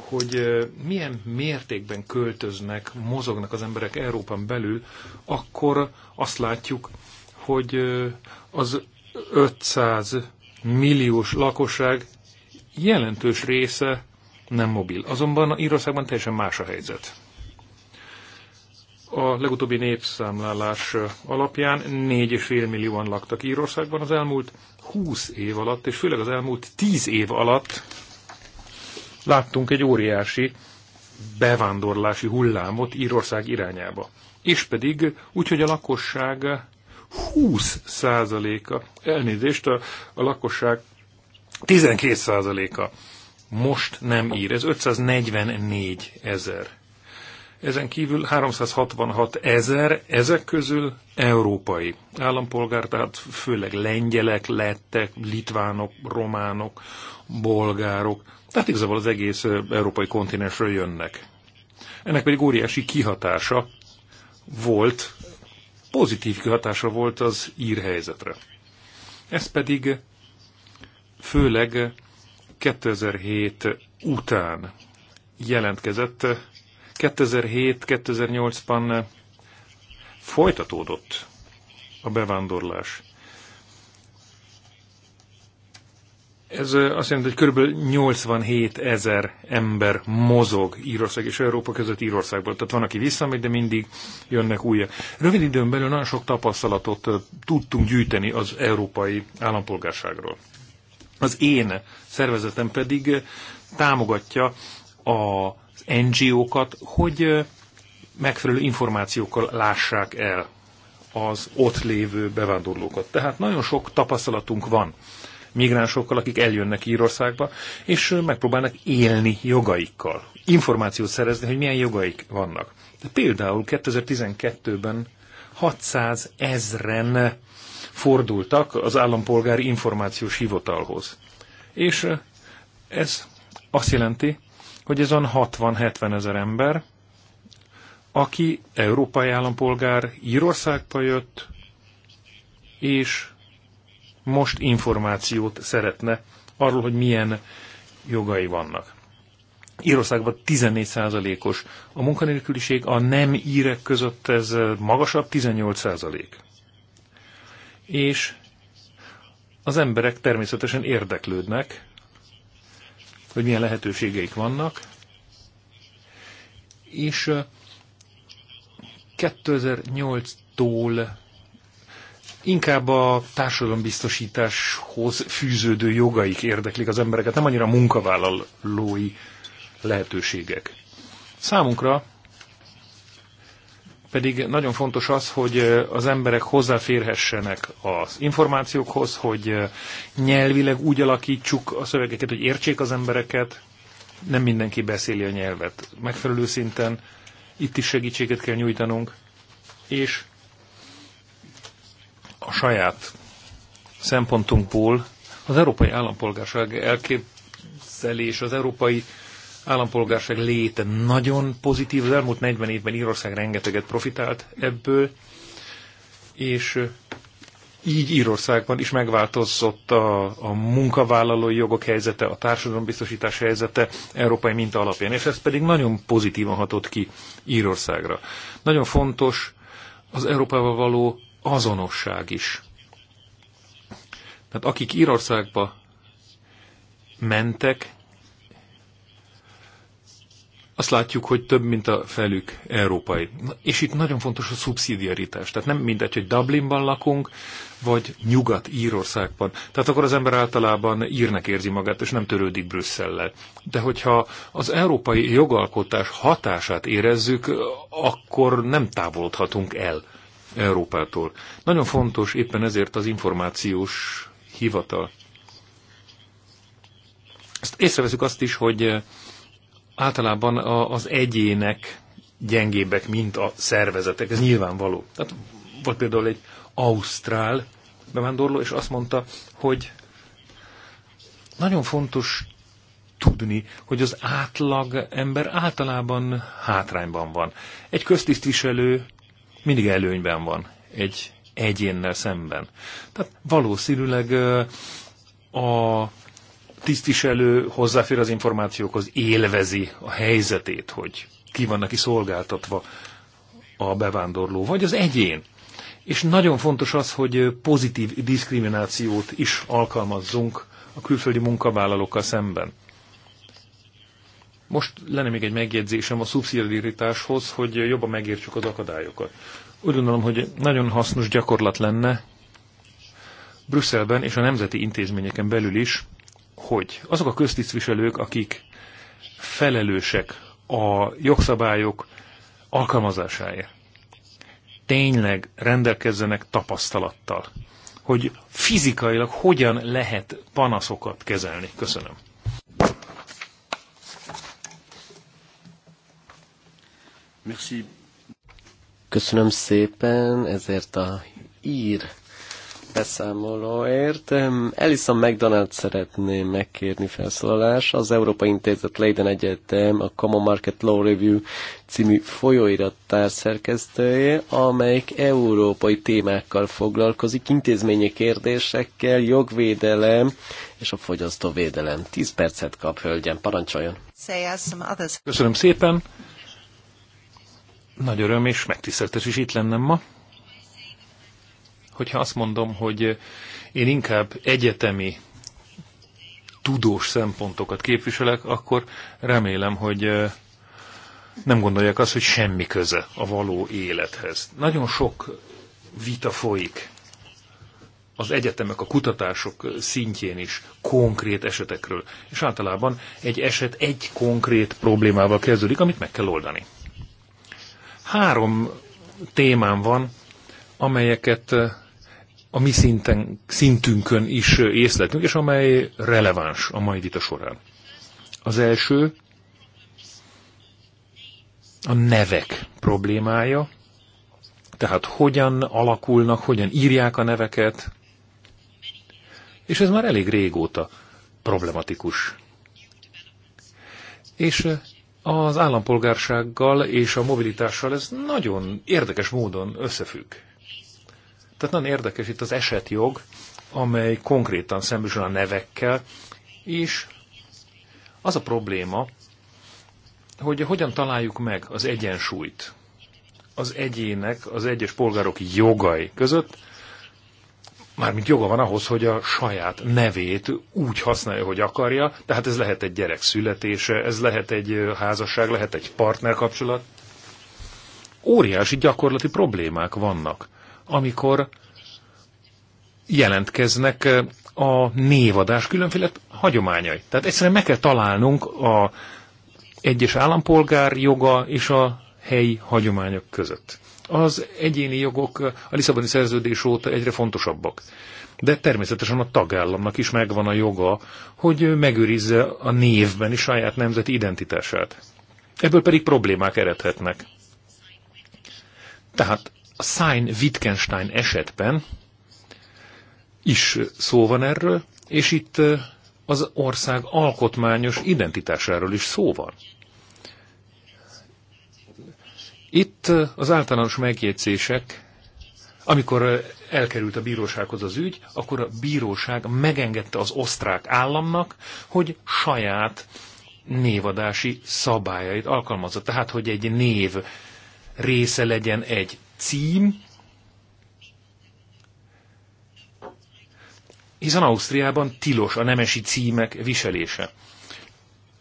hogy milyen mértékben költöznek, mozognak az emberek Európán belül, akkor azt látjuk, hogy az 500 milliós lakosság jelentős része nem mobil. Azonban Írországban teljesen más a helyzet. A legutóbbi népszámlálás alapján 4,5 millióan laktak Írországban az elmúlt 20 év alatt, és főleg az elmúlt 10 év alatt láttunk egy óriási bevándorlási hullámot Írország irányába. És pedig úgy, hogy a lakosság 20%-a, elnézést, a, a lakosság 12%-a most nem ír. Ez 544 ezer. Ezen kívül 366 ezer, ezek közül európai állampolgár, tehát főleg lengyelek, lettek, litvánok, románok, bolgárok, tehát igazából az egész európai kontinensről jönnek. Ennek pedig óriási kihatása volt, pozitív kihatása volt az ír helyzetre. Ez pedig főleg 2007 után jelentkezett. 2007-2008-ban folytatódott a bevándorlás. Ez azt jelenti, hogy kb. 87 ezer ember mozog Írország és Európa között Írországból. Tehát van, aki visszamegy, de mindig jönnek újak. Rövid időn belül nagyon sok tapasztalatot tudtunk gyűjteni az európai állampolgárságról. Az én szervezetem pedig támogatja az NGO-kat, hogy megfelelő információkkal lássák el az ott lévő bevándorlókat. Tehát nagyon sok tapasztalatunk van migránsokkal, akik eljönnek Írországba, és megpróbálnak élni jogaikkal. Információt szerezni, hogy milyen jogaik vannak. De például 2012-ben 600 ezren fordultak az állampolgári információs hivatalhoz. És ez azt jelenti, hogy ez van 60-70 ezer ember, aki európai állampolgár Írországba jött, és most információt szeretne arról, hogy milyen jogai vannak. Írországban 14%-os a munkanélküliség, a nem írek között ez magasabb, 18%. És az emberek természetesen érdeklődnek, hogy milyen lehetőségeik vannak, és 2008-tól inkább a társadalombiztosításhoz fűződő jogaik érdeklik az embereket, nem annyira munkavállalói lehetőségek. Számunkra pedig nagyon fontos az, hogy az emberek hozzáférhessenek az információkhoz, hogy nyelvileg úgy alakítsuk a szövegeket, hogy értsék az embereket, nem mindenki beszéli a nyelvet megfelelő szinten, itt is segítséget kell nyújtanunk, és a saját szempontunkból az európai állampolgárság elképzelés, az európai állampolgárság léte nagyon pozitív. Az elmúlt 40 évben Írország rengeteget profitált ebből, és így Írországban is megváltozott a, a munkavállalói jogok helyzete, a társadalombiztosítás helyzete európai minta alapján, és ez pedig nagyon pozitívan hatott ki Írországra. Nagyon fontos az Európával való azonosság is. Tehát akik Írországba mentek, azt látjuk, hogy több, mint a felük európai. És itt nagyon fontos a szubszidiaritás. Tehát nem mindegy, hogy Dublinban lakunk, vagy Nyugat-Írországban. Tehát akkor az ember általában írnek érzi magát, és nem törődik Brüsszellel. De hogyha az európai jogalkotás hatását érezzük, akkor nem távolodhatunk el Európától. Nagyon fontos éppen ezért az információs hivatal. Ezt észreveszük azt is, hogy eh, általában az egyének gyengébbek, mint a szervezetek. Ez nyilvánvaló. Tehát volt például egy ausztrál bevándorló, és azt mondta, hogy nagyon fontos tudni, hogy az átlag ember általában hátrányban van. Egy köztisztviselő mindig előnyben van egy egyénnel szemben. Tehát valószínűleg a tisztviselő hozzáfér az információkhoz, élvezi a helyzetét, hogy ki van neki szolgáltatva a bevándorló, vagy az egyén. És nagyon fontos az, hogy pozitív diszkriminációt is alkalmazzunk a külföldi munkavállalókkal szemben. Most lenne még egy megjegyzésem a szubszidiaritáshoz, hogy jobban megértsük az akadályokat. Úgy gondolom, hogy nagyon hasznos gyakorlat lenne Brüsszelben és a nemzeti intézményeken belül is, hogy azok a köztisztviselők, akik felelősek a jogszabályok alkalmazásáért, tényleg rendelkezzenek tapasztalattal, hogy fizikailag hogyan lehet panaszokat kezelni. Köszönöm. Merci. Köszönöm szépen ezért a ír beszámolóért. Alison McDonald szeretném megkérni felszólalás. Az Európai Intézet Leiden Egyetem a Common Market Law Review című folyóirattár szerkesztője, amelyik európai témákkal foglalkozik, intézményi kérdésekkel, jogvédelem és a fogyasztóvédelem. Tíz percet kap, hölgyem, parancsoljon. Köszönöm szépen. Nagy öröm és megtiszteltetés is itt lennem ma. Hogyha azt mondom, hogy én inkább egyetemi tudós szempontokat képviselek, akkor remélem, hogy nem gondolják azt, hogy semmi köze a való élethez. Nagyon sok vita folyik az egyetemek, a kutatások szintjén is konkrét esetekről. És általában egy eset egy konkrét problémával kezdődik, amit meg kell oldani. Három témám van, amelyeket a mi szinten, szintünkön is észletünk, és amely releváns a mai vita során. Az első a nevek problémája, tehát hogyan alakulnak, hogyan írják a neveket, és ez már elég régóta problematikus. És az állampolgársággal és a mobilitással ez nagyon érdekes módon összefügg. Tehát nagyon érdekes itt az esetjog, amely konkrétan szembesül a nevekkel, és az a probléma, hogy hogyan találjuk meg az egyensúlyt az egyének, az egyes polgárok jogai között, mármint joga van ahhoz, hogy a saját nevét úgy használja, hogy akarja, tehát ez lehet egy gyerek születése, ez lehet egy házasság, lehet egy partnerkapcsolat. Óriási gyakorlati problémák vannak, amikor jelentkeznek a névadás különféle hagyományai. Tehát egyszerűen meg kell találnunk a egyes állampolgár joga és a helyi hagyományok között az egyéni jogok a Lisszaboni szerződés óta egyre fontosabbak. De természetesen a tagállamnak is megvan a joga, hogy megőrizze a névben is saját nemzeti identitását. Ebből pedig problémák eredhetnek. Tehát a Sein-Wittgenstein esetben is szó van erről, és itt az ország alkotmányos identitásáról is szó van. Itt az általános megjegyzések, amikor elkerült a bírósághoz az ügy, akkor a bíróság megengedte az osztrák államnak, hogy saját névadási szabályait alkalmazza. Tehát, hogy egy név része legyen egy cím, hiszen Ausztriában tilos a nemesi címek viselése.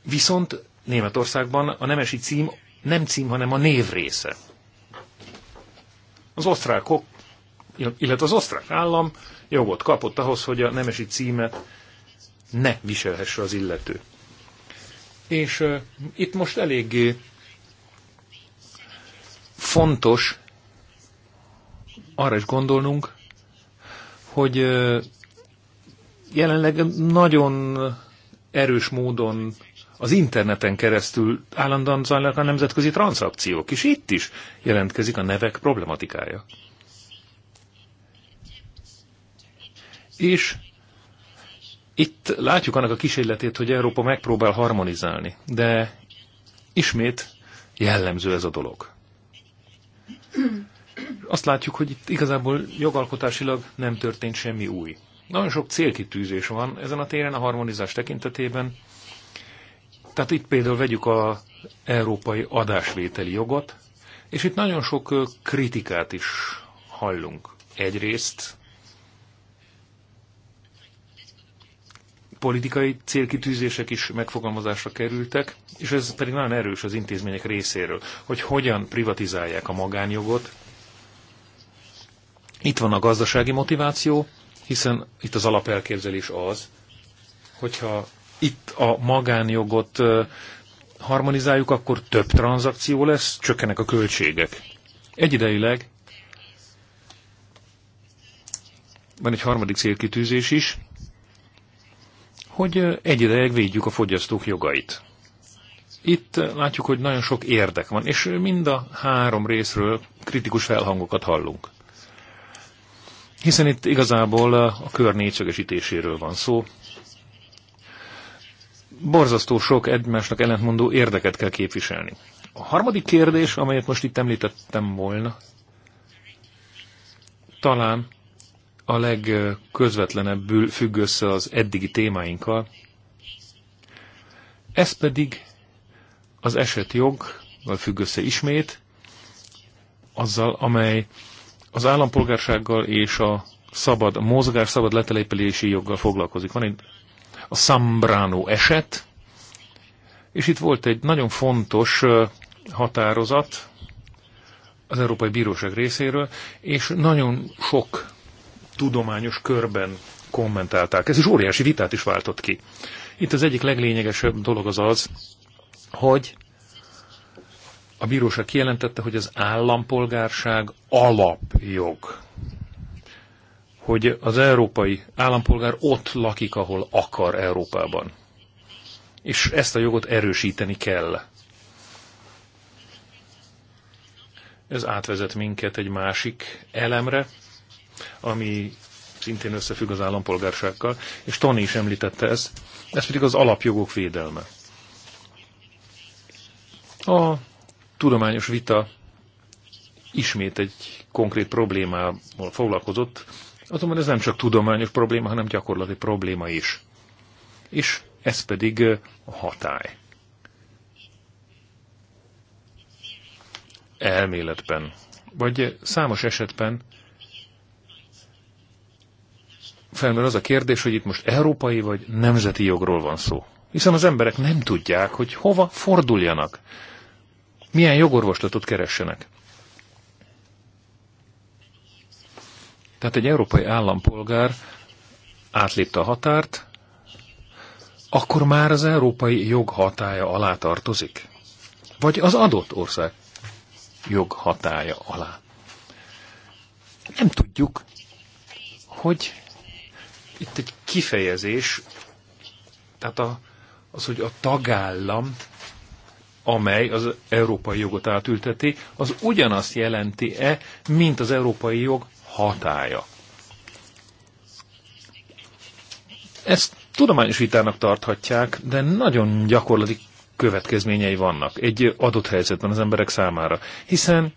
Viszont Németországban a nemesi cím nem cím, hanem a név része. Az osztrákok, illetve az osztrák állam jogot kapott ahhoz, hogy a nemesi címet ne viselhesse az illető. És uh, itt most eléggé fontos arra is gondolnunk, hogy uh, jelenleg nagyon erős módon az interneten keresztül állandóan zajlanak a nemzetközi tranzakciók, és itt is jelentkezik a nevek problematikája. És itt látjuk annak a kísérletét, hogy Európa megpróbál harmonizálni, de ismét jellemző ez a dolog. Azt látjuk, hogy itt igazából jogalkotásilag nem történt semmi új. Nagyon sok célkitűzés van ezen a téren a harmonizás tekintetében, tehát itt például vegyük az európai adásvételi jogot, és itt nagyon sok kritikát is hallunk. Egyrészt politikai célkitűzések is megfogalmazásra kerültek, és ez pedig nagyon erős az intézmények részéről, hogy hogyan privatizálják a magánjogot. Itt van a gazdasági motiváció, hiszen itt az alapelképzelés az, hogyha itt a magánjogot harmonizáljuk, akkor több tranzakció lesz, csökkenek a költségek. Egyidejileg van egy harmadik célkitűzés is, hogy egyidejileg védjük a fogyasztók jogait. Itt látjuk, hogy nagyon sok érdek van, és mind a három részről kritikus felhangokat hallunk. Hiszen itt igazából a kör négyszögesítéséről van szó, borzasztó sok egymásnak ellentmondó érdeket kell képviselni. A harmadik kérdés, amelyet most itt említettem volna, talán a legközvetlenebbül függ össze az eddigi témáinkkal. Ez pedig az vagy függ össze ismét, azzal, amely az állampolgársággal és a szabad mozgás, szabad letelepülési joggal foglalkozik. Van egy a Sambrano eset, és itt volt egy nagyon fontos határozat az Európai Bíróság részéről, és nagyon sok tudományos körben kommentálták. Ez is óriási vitát is váltott ki. Itt az egyik leglényegesebb dolog az az, hogy a bíróság kijelentette, hogy az állampolgárság alapjog hogy az európai állampolgár ott lakik, ahol akar Európában. És ezt a jogot erősíteni kell. Ez átvezet minket egy másik elemre, ami szintén összefügg az állampolgársággal, és Tony is említette ezt, ez pedig az alapjogok védelme. A tudományos vita ismét egy konkrét problémával foglalkozott, Azonban ez nem csak tudományos probléma, hanem gyakorlati probléma is. És ez pedig a hatály. Elméletben, vagy számos esetben felmerül az a kérdés, hogy itt most európai vagy nemzeti jogról van szó. Hiszen az emberek nem tudják, hogy hova forduljanak, milyen jogorvoslatot keressenek. Tehát egy európai állampolgár átlépte a határt, akkor már az európai jog hatája alá tartozik. Vagy az adott ország jog hatája alá. Nem tudjuk, hogy itt egy kifejezés, tehát a, az, hogy a tagállam, amely az európai jogot átülteti, az ugyanazt jelenti-e, mint az európai jog hatája. Ezt tudományos vitának tarthatják, de nagyon gyakorlati következményei vannak egy adott helyzetben az emberek számára, hiszen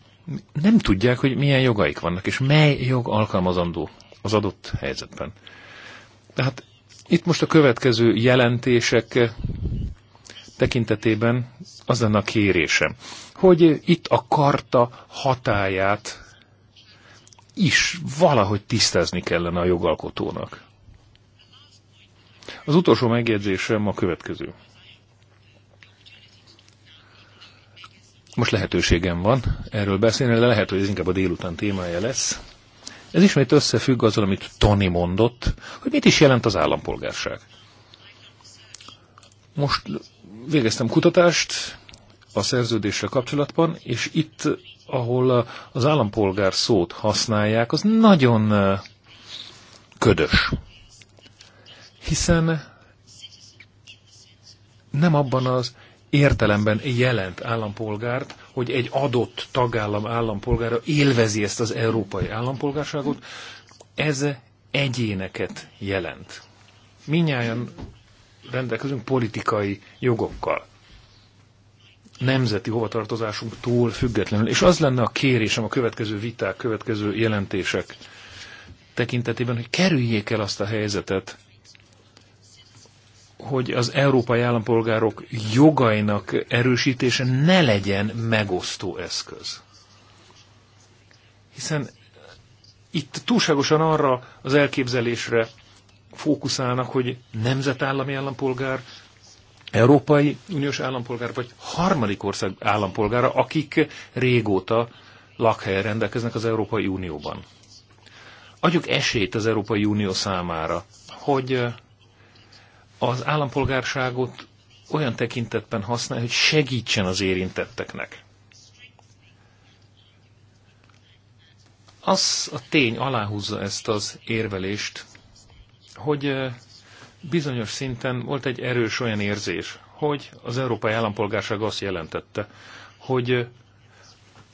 nem tudják, hogy milyen jogaik vannak, és mely jog alkalmazandó az adott helyzetben. Tehát itt most a következő jelentések tekintetében az lenne a kérésem, hogy itt a karta hatáját is valahogy tisztázni kellene a jogalkotónak. Az utolsó megjegyzésem a következő. Most lehetőségem van erről beszélni, de lehet, hogy ez inkább a délután témája lesz. Ez ismét összefügg azzal, amit Tony mondott, hogy mit is jelent az állampolgárság. Most végeztem kutatást, a szerződésre kapcsolatban, és itt, ahol az állampolgár szót használják, az nagyon ködös. Hiszen nem abban az értelemben jelent állampolgárt, hogy egy adott tagállam állampolgára élvezi ezt az európai állampolgárságot, ez egyéneket jelent. Minnyáján rendelkezünk politikai jogokkal nemzeti hovatartozásunktól függetlenül. És az lenne a kérésem a következő viták, következő jelentések tekintetében, hogy kerüljék el azt a helyzetet, hogy az európai állampolgárok jogainak erősítése ne legyen megosztó eszköz. Hiszen itt túlságosan arra az elképzelésre fókuszálnak, hogy nemzetállami állampolgár, Európai Uniós állampolgár, vagy harmadik ország állampolgára, akik régóta lakhelyen rendelkeznek az Európai Unióban. Adjuk esélyt az Európai Unió számára, hogy az állampolgárságot olyan tekintetben használja, hogy segítsen az érintetteknek. Az a tény aláhúzza ezt az érvelést, hogy bizonyos szinten volt egy erős olyan érzés, hogy az európai állampolgárság azt jelentette, hogy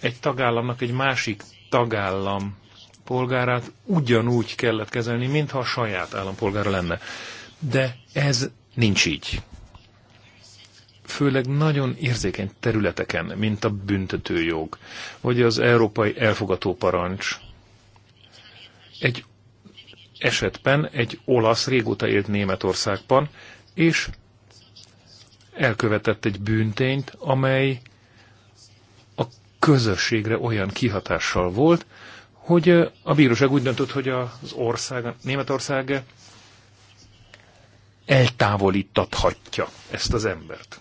egy tagállamnak egy másik tagállam polgárát ugyanúgy kellett kezelni, mintha a saját állampolgára lenne. De ez nincs így. Főleg nagyon érzékeny területeken, mint a büntetőjog, vagy az európai elfogató parancs. Egy esetben egy olasz régóta élt Németországban, és elkövetett egy bűntényt, amely a közösségre olyan kihatással volt, hogy a bíróság úgy döntött, hogy az ország, Németország eltávolítathatja ezt az embert.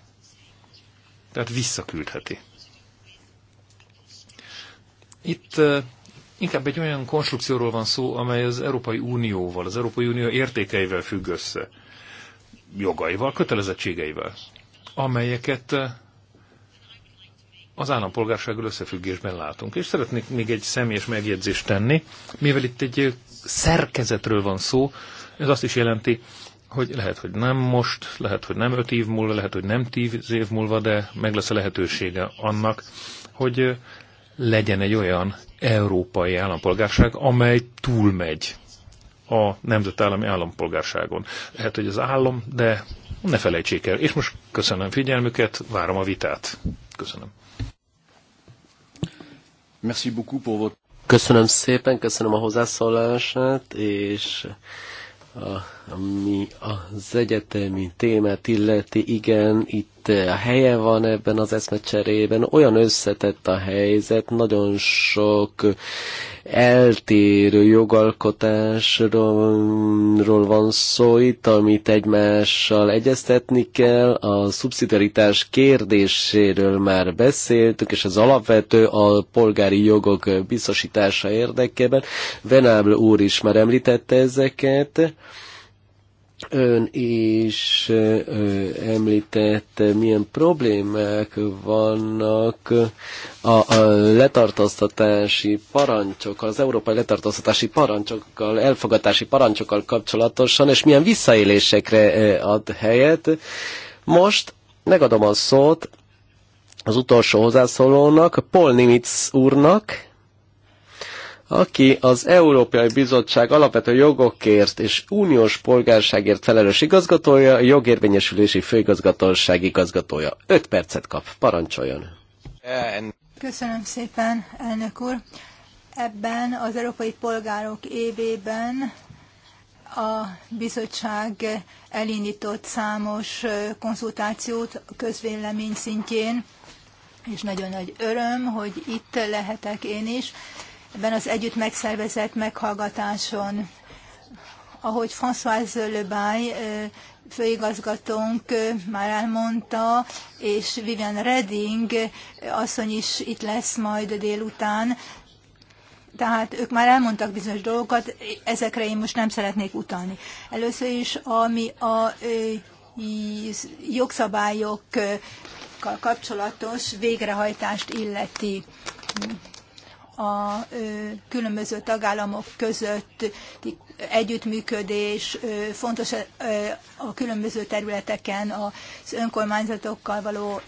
Tehát visszaküldheti. Itt Inkább egy olyan konstrukcióról van szó, amely az Európai Unióval, az Európai Unió értékeivel függ össze, jogaival, kötelezettségeivel, amelyeket eh, az állampolgársággal összefüggésben látunk. És szeretnék még egy személyes megjegyzést tenni, mivel itt egy eh, szerkezetről van szó, ez azt is jelenti, hogy lehet, hogy nem most, lehet, hogy nem öt év múlva, lehet, hogy nem tíz év múlva, de meg lesz a lehetősége annak, hogy eh, legyen egy olyan európai állampolgárság, amely túlmegy a nemzetállami állampolgárságon. Lehet, hogy az állam, de ne felejtsék el. És most köszönöm figyelmüket, várom a vitát. Köszönöm. Merci beaucoup pour votre... Köszönöm szépen, köszönöm a hozzászólását, és a ami az egyetemi témát illeti, igen, itt a helye van ebben az eszmecserében, olyan összetett a helyzet, nagyon sok eltérő jogalkotásról van szó itt, amit egymással egyeztetni kell, a szubszidiaritás kérdéséről már beszéltük, és az alapvető a polgári jogok biztosítása érdekében. Venábl úr is már említette ezeket, Ön is említett, milyen problémák vannak a, a letartóztatási parancsokkal, az európai letartóztatási parancsokkal, elfogatási parancsokkal kapcsolatosan, és milyen visszaélésekre ad helyet. Most megadom a szót az utolsó hozzászólónak, Paul Nimitz úrnak, aki az Európai Bizottság alapvető jogokért és uniós polgárságért felelős igazgatója, jogérvényesülési főigazgatóság igazgatója. Öt percet kap, parancsoljon. Köszönöm szépen, elnök úr. Ebben az Európai Polgárok évében a bizottság elindított számos konzultációt közvélemény szintjén, és nagyon nagy öröm, hogy itt lehetek én is, ebben az együtt megszervezett meghallgatáson. Ahogy François Lebay főigazgatónk már elmondta, és Vivian Redding asszony is itt lesz majd délután, tehát ők már elmondtak bizonyos dolgokat, ezekre én most nem szeretnék utalni. Először is, ami a jogszabályokkal kapcsolatos végrehajtást illeti a különböző tagállamok között együttműködés, fontos a különböző területeken az önkormányzatokkal való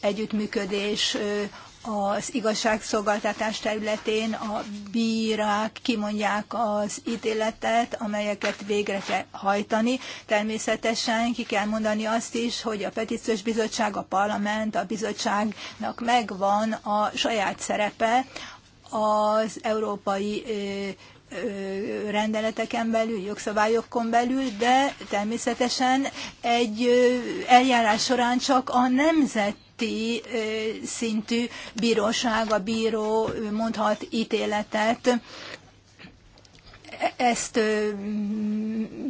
együttműködés, az igazságszolgáltatás területén a bírák kimondják az ítéletet, amelyeket végre kell hajtani. Természetesen ki kell mondani azt is, hogy a petíciós bizottság, a parlament, a bizottságnak megvan a saját szerepe az európai rendeleteken belül, jogszabályokon belül, de természetesen egy eljárás során csak a nemzet szintű bíróság, a bíró mondhat ítéletet, ezt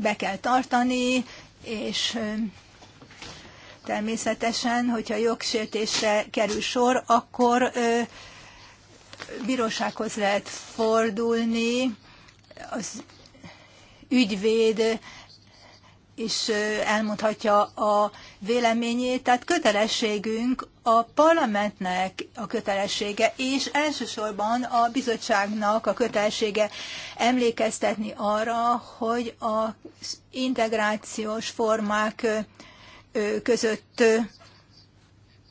be kell tartani, és természetesen, hogyha jogsértésre kerül sor, akkor bírósághoz lehet fordulni, az ügyvéd is elmondhatja a véleményét, tehát kötelességünk a parlamentnek a kötelessége, és elsősorban a bizottságnak a kötelessége emlékeztetni arra, hogy az integrációs formák között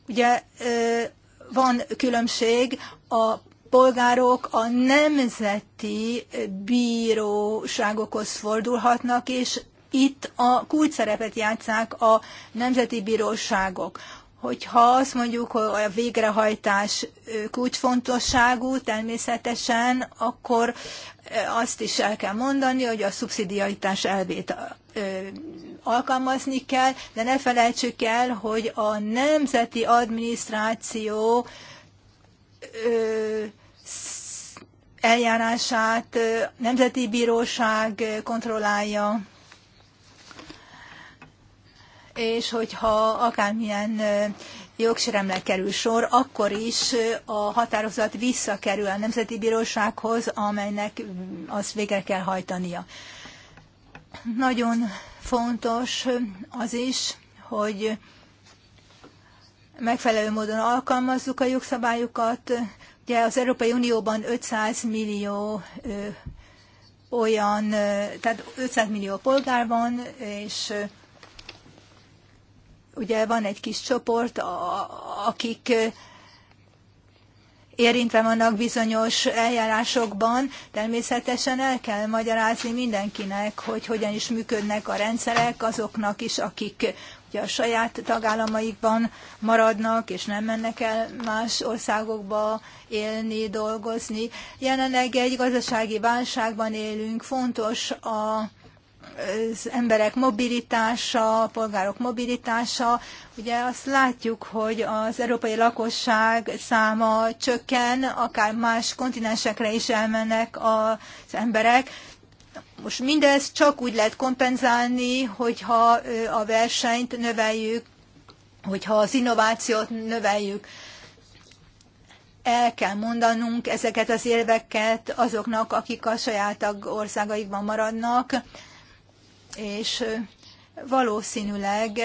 ugye van különbség a polgárok a nemzeti bíróságokhoz fordulhatnak, és itt a kulcsszerepet játszák a nemzeti bíróságok. Hogyha azt mondjuk, hogy a végrehajtás kulcsfontosságú természetesen, akkor azt is el kell mondani, hogy a szubszidiaitás elvét alkalmazni kell, de ne felejtsük el, hogy a nemzeti adminisztráció eljárását nemzeti bíróság kontrollálja, és hogyha akármilyen jogsérelemre kerül sor, akkor is a határozat visszakerül a Nemzeti Bírósághoz, amelynek azt végre kell hajtania. Nagyon fontos az is, hogy megfelelő módon alkalmazzuk a jogszabályokat, Ugye az Európai Unióban 500 millió ö, olyan, tehát 500 millió polgár van, és ugye van egy kis csoport, a, akik érintve vannak bizonyos eljárásokban, természetesen el kell magyarázni mindenkinek, hogy hogyan is működnek a rendszerek azoknak is, akik hogy a saját tagállamaikban maradnak, és nem mennek el más országokba élni, dolgozni. Jelenleg egy gazdasági válságban élünk, fontos a az emberek mobilitása, a polgárok mobilitása. Ugye azt látjuk, hogy az európai lakosság száma csökken, akár más kontinensekre is elmennek az emberek. Most mindezt csak úgy lehet kompenzálni, hogyha a versenyt növeljük, hogyha az innovációt növeljük. El kell mondanunk ezeket az érveket azoknak, akik a saját országaikban maradnak, és valószínűleg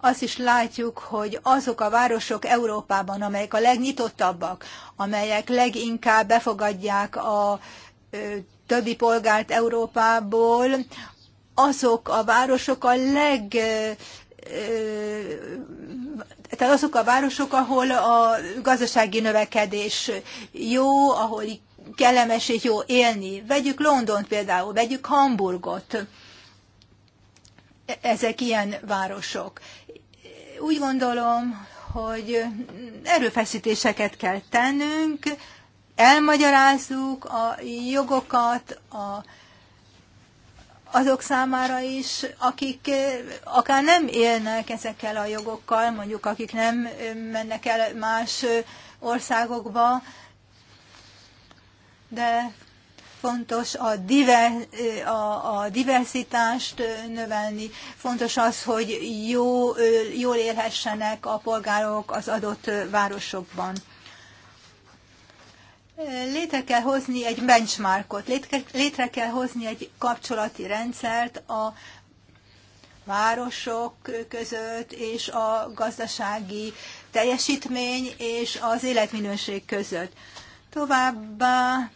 azt is látjuk, hogy azok a városok Európában, amelyek a legnyitottabbak, amelyek leginkább befogadják a többi polgárt Európából, azok a városok a leg tehát azok a városok, ahol a gazdasági növekedés jó, ahol kellemes és jó élni. Vegyük Londont például, vegyük Hamburgot. E-, ezek ilyen városok. Úgy gondolom, hogy erőfeszítéseket kell tennünk, elmagyarázzuk a jogokat a, azok számára is, akik eh, akár nem élnek ezekkel a jogokkal, mondjuk akik nem eh, mennek el más eh, országokba, de fontos a, diver, a, a diversitást növelni, fontos az, hogy jó, jól élhessenek a polgárok az adott városokban. Létre kell hozni egy benchmarkot, létre, kell hozni egy kapcsolati rendszert a városok között és a gazdasági teljesítmény és az életminőség között. Továbbá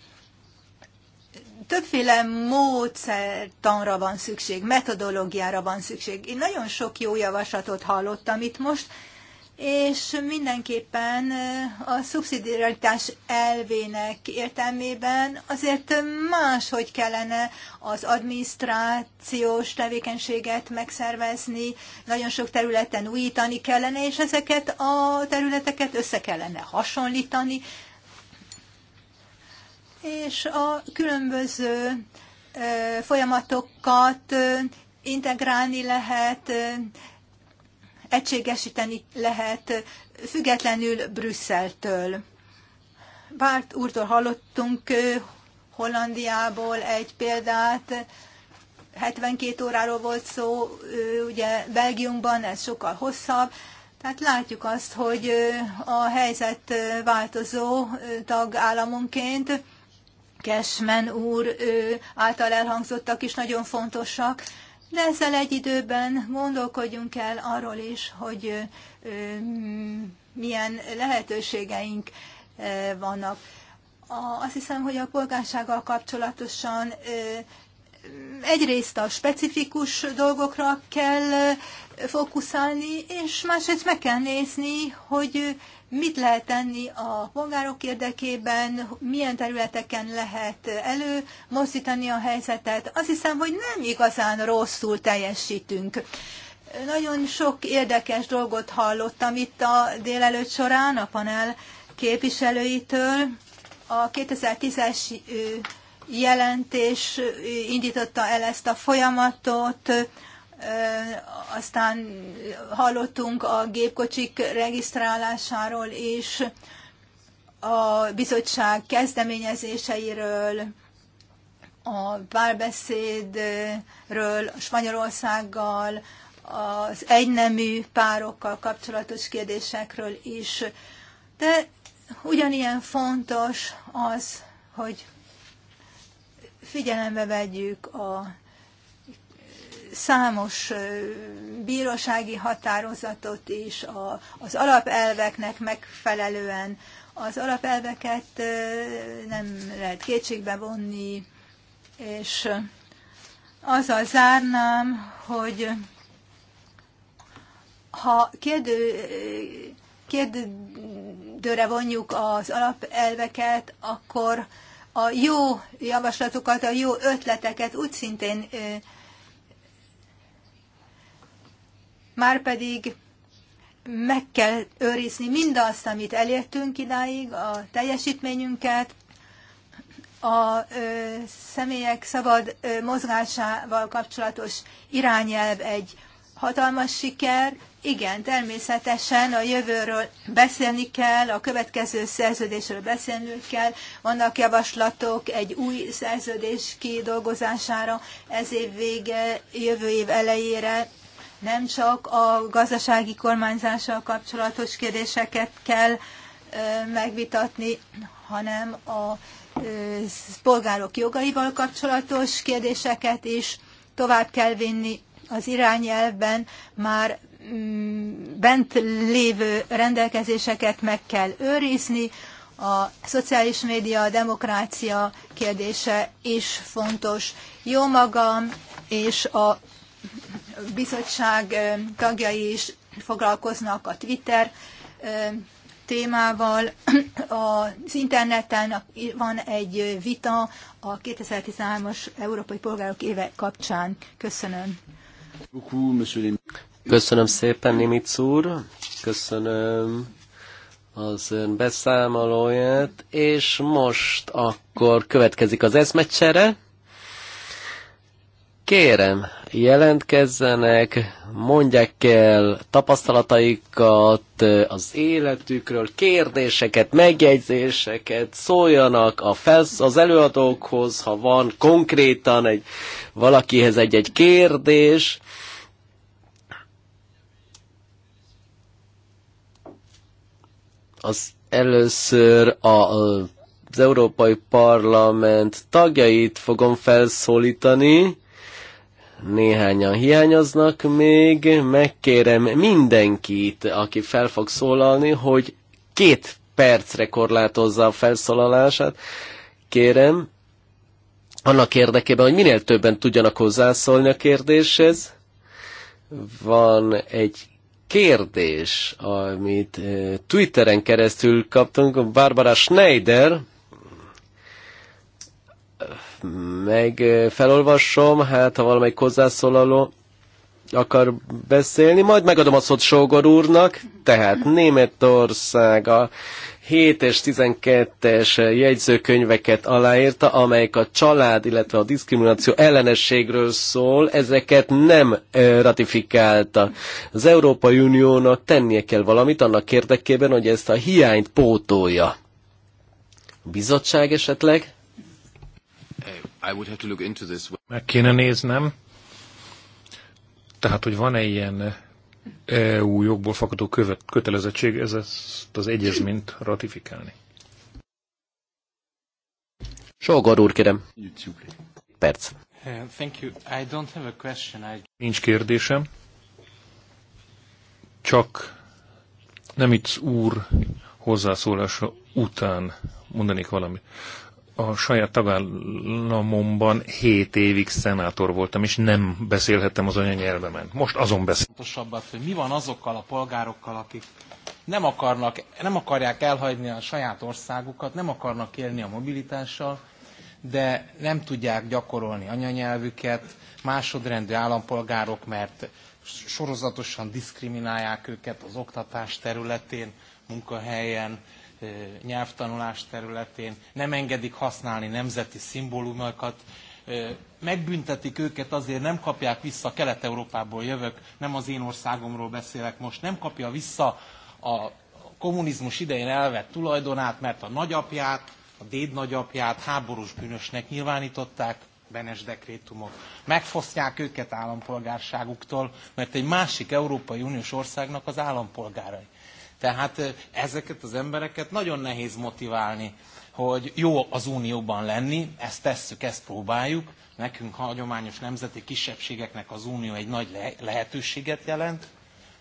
többféle módszertanra van szükség, metodológiára van szükség. Én nagyon sok jó javaslatot hallottam itt most, és mindenképpen a szubszidiaritás elvének értelmében azért máshogy kellene az adminisztrációs tevékenységet megszervezni, nagyon sok területen újítani kellene, és ezeket a területeket össze kellene hasonlítani, és a különböző folyamatokat integrálni lehet, egységesíteni lehet, függetlenül Brüsszeltől. Bárt úrtól hallottunk Hollandiából egy példát, 72 óráról volt szó, ugye Belgiumban ez sokkal hosszabb, tehát látjuk azt, hogy a helyzet változó tagállamonként, Kesmen úr által elhangzottak is nagyon fontosak, de ezzel egy időben gondolkodjunk el arról is, hogy mm, milyen lehetőségeink vannak. Azt hiszem, hogy a polgársággal kapcsolatosan egyrészt a specifikus dolgokra kell fókuszálni, és másrészt meg kell nézni, hogy mit lehet tenni a polgárok érdekében, milyen területeken lehet elő mozdítani a helyzetet. Azt hiszem, hogy nem igazán rosszul teljesítünk. Nagyon sok érdekes dolgot hallottam itt a délelőtt során a panel képviselőitől. A 2010-es jelentés indította el ezt a folyamatot, aztán hallottunk a gépkocsik regisztrálásáról is, a bizottság kezdeményezéseiről, a párbeszédről Spanyolországgal, az egynemű párokkal kapcsolatos kérdésekről is. De ugyanilyen fontos az, hogy figyelembe vegyük a számos bírósági határozatot is a, az alapelveknek megfelelően. Az alapelveket nem lehet kétségbe vonni, és azzal zárnám, hogy ha kérdő, kérdőre vonjuk az alapelveket, akkor a jó javaslatokat, a jó ötleteket úgy szintén Már pedig meg kell őrizni mindazt, amit elértünk idáig, a teljesítményünket, a ö, személyek szabad ö, mozgásával kapcsolatos irányelv egy hatalmas siker. Igen, természetesen a jövőről beszélni kell, a következő szerződésről beszélni kell, vannak javaslatok egy új szerződés kidolgozására ez év vége, jövő év elejére nem csak a gazdasági kormányzással kapcsolatos kérdéseket kell megvitatni, hanem a polgárok jogaival kapcsolatos kérdéseket is tovább kell vinni az irányelvben már mm, bent lévő rendelkezéseket meg kell őrizni, a szociális média, a demokrácia kérdése is fontos. Jó magam és a bizottság tagjai is foglalkoznak a Twitter témával. Az interneten van egy vita a 2013-as Európai Polgárok éve kapcsán. Köszönöm. Köszönöm szépen, Nimitz úr. Köszönöm az ön beszámolóját, és most akkor következik az eszmecsere. Kérem, jelentkezzenek, mondják el tapasztalataikat az életükről, kérdéseket, megjegyzéseket, szóljanak a felsz, az előadókhoz, ha van konkrétan egy, valakihez egy-egy kérdés, az először a, az Európai Parlament tagjait fogom felszólítani, néhányan hiányoznak még. Megkérem mindenkit, aki fel fog szólalni, hogy két percre korlátozza a felszólalását. Kérem, annak érdekében, hogy minél többen tudjanak hozzászólni a kérdéshez, van egy kérdés, amit eh, Twitteren keresztül kaptunk, Barbara Schneider meg felolvasom, hát ha valamelyik hozzászólaló akar beszélni, majd megadom a szót Sógor úrnak, tehát Németország a 7 és 12-es jegyzőkönyveket aláírta, amelyek a család, illetve a diszkrimináció ellenességről szól, ezeket nem ratifikálta. Az Európai Uniónak tennie kell valamit annak érdekében, hogy ezt a hiányt pótolja. A bizottság esetleg? I would have to look into this. Meg kéne néznem. Tehát, hogy van-e ilyen eh, EU jogból fakadó követ, kötelezettség ez ezt az egyezményt ratifikálni. Sógor úr, kérem. Perc. Uh, thank you. I don't have a question. I... Nincs kérdésem. Csak nem itt úr hozzászólása után mondanék valamit a saját tagállamomban 7 évig szenátor voltam, és nem beszélhettem az anyanyelvemen. Most azon beszél. hogy mi van azokkal a polgárokkal, akik nem, akarnak, nem akarják elhagyni a saját országukat, nem akarnak élni a mobilitással, de nem tudják gyakorolni anyanyelvüket, másodrendű állampolgárok, mert sorozatosan diszkriminálják őket az oktatás területén, munkahelyen, nyelvtanulás területén, nem engedik használni nemzeti szimbólumokat, megbüntetik őket azért, nem kapják vissza, Kelet-Európából jövök, nem az én országomról beszélek most, nem kapja vissza a kommunizmus idején elvett tulajdonát, mert a nagyapját, a déd nagyapját háborús bűnösnek nyilvánították, benes dekrétumok. Megfosztják őket állampolgárságuktól, mert egy másik Európai Uniós országnak az állampolgárai. Tehát ezeket az embereket nagyon nehéz motiválni, hogy jó az unióban lenni, ezt tesszük, ezt próbáljuk. Nekünk hagyományos nemzeti kisebbségeknek az unió egy nagy lehetőséget jelent.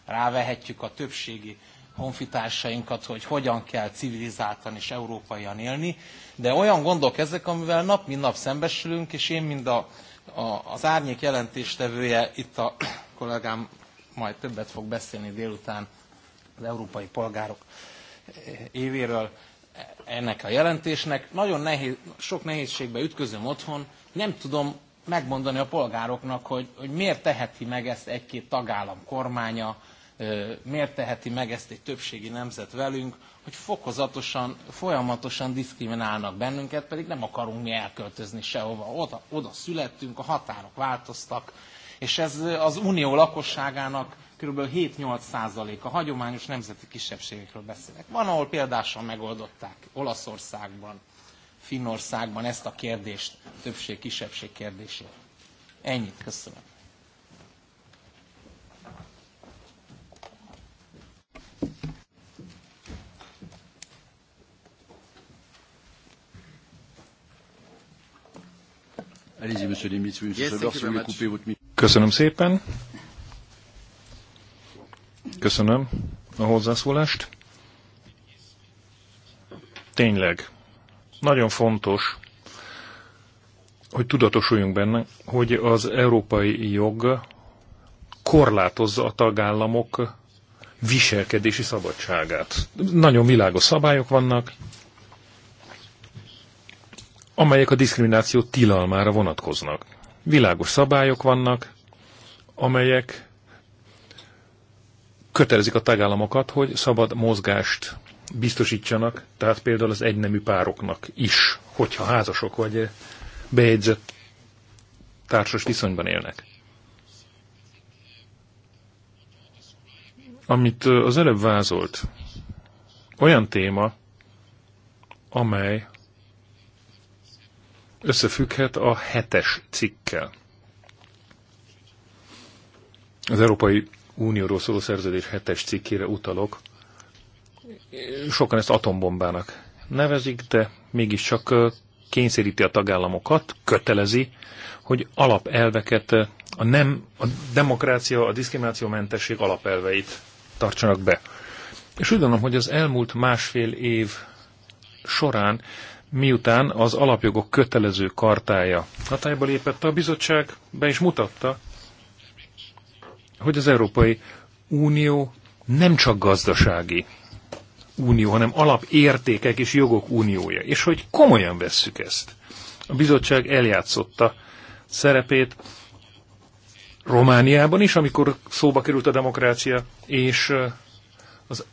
Rávehetjük a többségi honfitársainkat, hogy hogyan kell civilizáltan és európaian élni, de olyan gondok ezek, amivel nap mint nap szembesülünk, és én, mind a, a, az árnyék jelentéstevője, itt a kollégám majd többet fog beszélni délután az európai polgárok eh, évéről ennek a jelentésnek. Nagyon nehéz, sok nehézségbe ütközöm otthon, nem tudom megmondani a polgároknak, hogy, hogy miért teheti meg ezt egy-két tagállam kormánya, eh, miért teheti meg ezt egy többségi nemzet velünk, hogy fokozatosan, folyamatosan diszkriminálnak bennünket, pedig nem akarunk mi elköltözni sehova. Oda, oda születtünk, a határok változtak, és ez az unió lakosságának kb. 7-8 százalék a hagyományos nemzeti kisebbségekről beszélek. Van, ahol példással megoldották Olaszországban, Finnországban ezt a kérdést, többség-kisebbség kérdését. Ennyit, köszönöm. Köszönöm szépen. Köszönöm a hozzászólást. Tényleg, nagyon fontos, hogy tudatosuljunk benne, hogy az európai jog korlátozza a tagállamok viselkedési szabadságát. Nagyon világos szabályok vannak, amelyek a diszkrimináció tilalmára vonatkoznak. Világos szabályok vannak, amelyek kötelezik a tagállamokat, hogy szabad mozgást biztosítsanak, tehát például az egynemű pároknak is, hogyha házasok vagy bejegyzett társas viszonyban élnek. Amit az előbb vázolt, olyan téma, amely összefügghet a hetes cikkkel Az Európai Unióról szóló szerződés 7-es cikkére utalok. Sokan ezt atombombának nevezik, de mégiscsak kényszeríti a tagállamokat, kötelezi, hogy alapelveket, a, nem, a demokrácia, a diszkriminációmentesség alapelveit tartsanak be. És úgy gondolom, hogy az elmúlt másfél év során, miután az alapjogok kötelező kartája hatályba lépett, a bizottság be is mutatta, hogy az Európai Unió nem csak gazdasági unió, hanem alapértékek és jogok uniója, és hogy komolyan vesszük ezt. A bizottság eljátszotta szerepét Romániában is, amikor szóba került a demokrácia, és, az,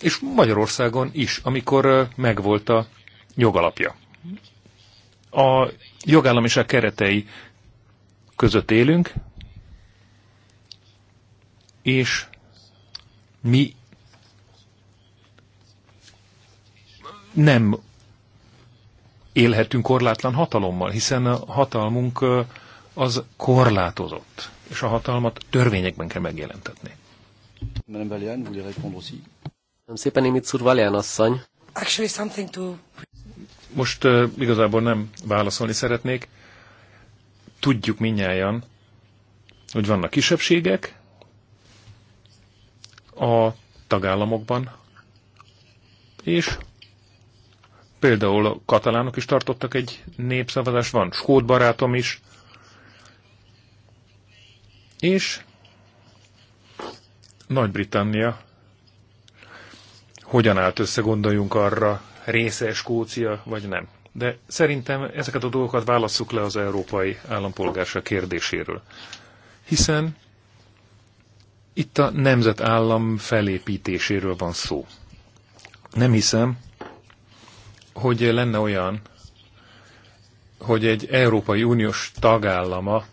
és Magyarországon is, amikor megvolt a jogalapja. A jogállamiság keretei között élünk, és mi nem élhetünk korlátlan hatalommal, hiszen a hatalmunk az korlátozott, és a hatalmat törvényekben kell megjelentetni. Madame Valian, vous voulez répondre Nem szépen, Imitsur Valian asszony. Actually something to... Most uh, igazából nem válaszolni szeretnék. Tudjuk minnyáján, hogy vannak kisebbségek, a tagállamokban, és például a katalánok is tartottak egy népszavazást, van skót barátom is, és Nagy-Britannia hogyan állt össze, gondoljunk arra, része Skócia, vagy nem. De szerintem ezeket a dolgokat válasszuk le az európai állampolgársa kérdéséről. Hiszen itt a nemzetállam felépítéséről van szó. Nem hiszem, hogy lenne olyan, hogy egy Európai Uniós tagállama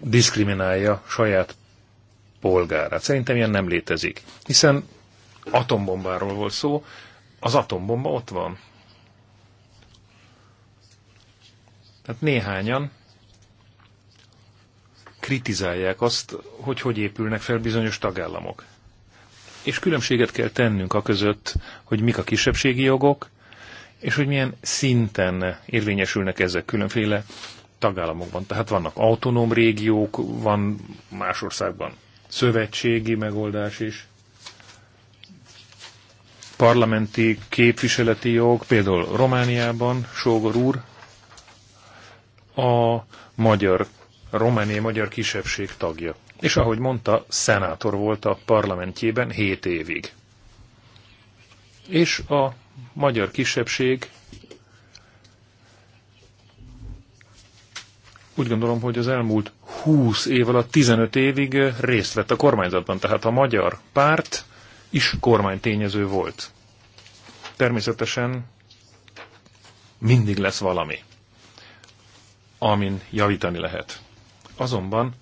diszkriminálja saját polgárát. Szerintem ilyen nem létezik. Hiszen atombombáról volt szó, az atombomba ott van. Tehát néhányan kritizálják azt, hogy hogy épülnek fel bizonyos tagállamok. És különbséget kell tennünk a között, hogy mik a kisebbségi jogok, és hogy milyen szinten érvényesülnek ezek különféle tagállamokban. Tehát vannak autonóm régiók, van más országban szövetségi megoldás is, parlamenti képviseleti jog, például Romániában, Sógor úr, a magyar romániai-magyar kisebbség tagja. És ahogy mondta, szenátor volt a parlamentjében 7 évig. És a magyar kisebbség úgy gondolom, hogy az elmúlt 20 év alatt 15 évig részt vett a kormányzatban, tehát a magyar párt is kormánytényező volt. Természetesen mindig lesz valami, amin javítani lehet. Azonban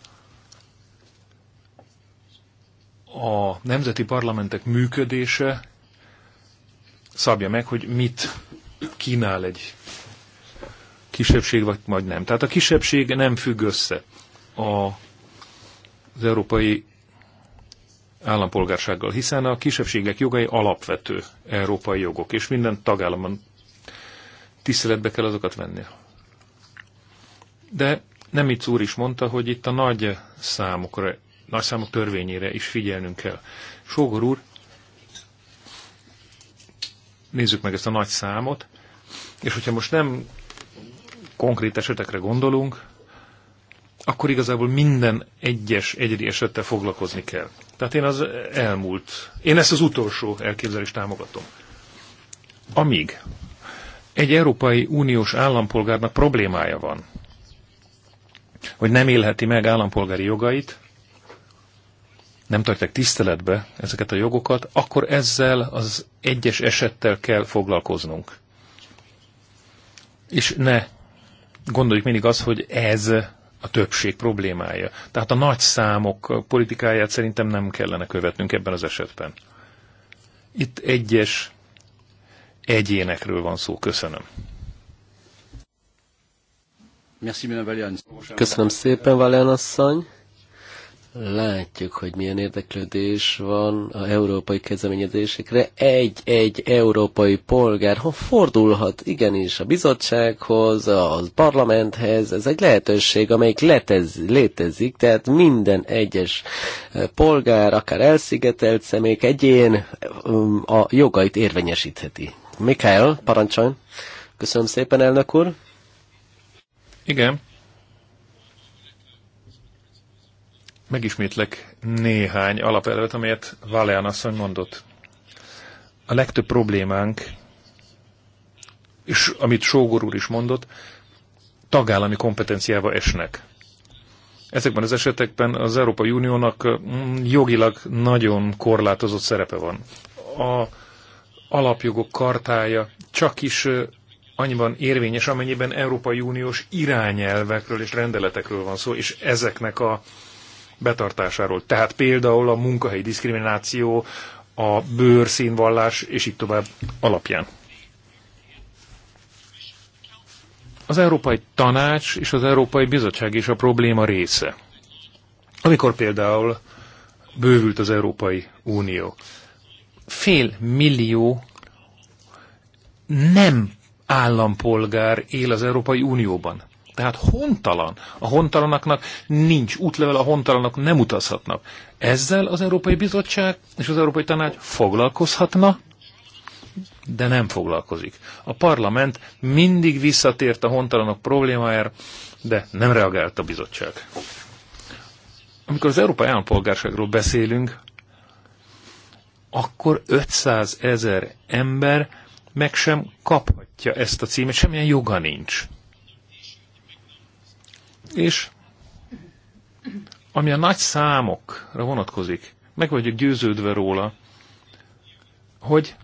a nemzeti parlamentek működése szabja meg, hogy mit kínál egy kisebbség, vagy majd nem. Tehát a kisebbség nem függ össze a, az európai állampolgársággal, hiszen a kisebbségek jogai alapvető európai jogok, és minden tagállamban tiszteletbe kell azokat venni. De Nemic úr is mondta, hogy itt a nagy számokra, nagy számok törvényére is figyelnünk kell. Sógor úr, nézzük meg ezt a nagy számot, és hogyha most nem konkrét esetekre gondolunk, akkor igazából minden egyes egyedi esettel foglalkozni kell. Tehát én az elmúlt, én ezt az utolsó elképzelést támogatom. Amíg egy Európai Uniós állampolgárnak problémája van, hogy nem élheti meg állampolgári jogait, nem tartják tiszteletbe ezeket a jogokat, akkor ezzel az egyes esettel kell foglalkoznunk. És ne gondoljuk mindig azt, hogy ez a többség problémája. Tehát a nagy számok politikáját szerintem nem kellene követnünk ebben az esetben. Itt egyes egyénekről van szó. Köszönöm. Köszönöm szépen, Valen asszony. Látjuk, hogy milyen érdeklődés van a európai kezdeményezésekre. Egy-egy európai polgár ha fordulhat igenis a bizottsághoz, a parlamenthez. Ez egy lehetőség, amelyik letez, létezik, tehát minden egyes eh, polgár, akár elszigetelt személy, egyén um, a jogait érvényesítheti. Mikael, parancsoljon! Köszönöm szépen, elnök úr! Igen. Megismétlek néhány alapelvet, amelyet Valéan asszony mondott. A legtöbb problémánk, és amit Sógor úr is mondott, tagállami kompetenciába esnek. Ezekben az esetekben az Európai Uniónak mm, jogilag nagyon korlátozott szerepe van. A alapjogok kartája csak is annyiban érvényes, amennyiben Európai Uniós irányelvekről és rendeletekről van szó, és ezeknek a betartásáról. Tehát például a munkahelyi diszkrimináció, a bőrszínvallás, és így tovább alapján. Az Európai Tanács és az Európai Bizottság is a probléma része. Amikor például bővült az Európai Unió, fél millió nem állampolgár él az Európai Unióban. Tehát hontalan. A hontalanaknak nincs útlevel, a hontalanok nem utazhatnak. Ezzel az Európai Bizottság és az Európai Tanács foglalkozhatna, de nem foglalkozik. A parlament mindig visszatért a hontalanok problémájára, de nem reagált a bizottság. Amikor az európai állampolgárságról beszélünk, akkor 500 ezer ember meg sem kaphatja ezt a címet, semmilyen joga nincs. És ami a nagy számokra vonatkozik, meg vagyok győződve róla, hogy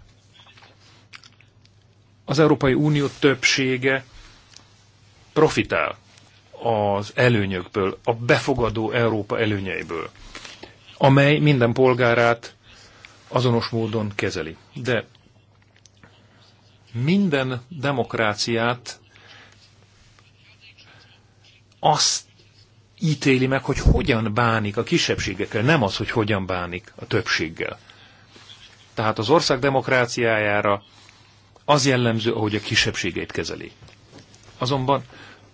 az Európai Unió többsége profitál az előnyökből, a befogadó Európa előnyeiből, amely minden polgárát azonos módon kezeli. De minden demokráciát azt ítéli meg, hogy hogyan bánik a kisebbségekkel, nem az, hogy hogyan bánik a többséggel. Tehát az ország demokráciájára az jellemző, ahogy a kisebbségeit kezeli. Azonban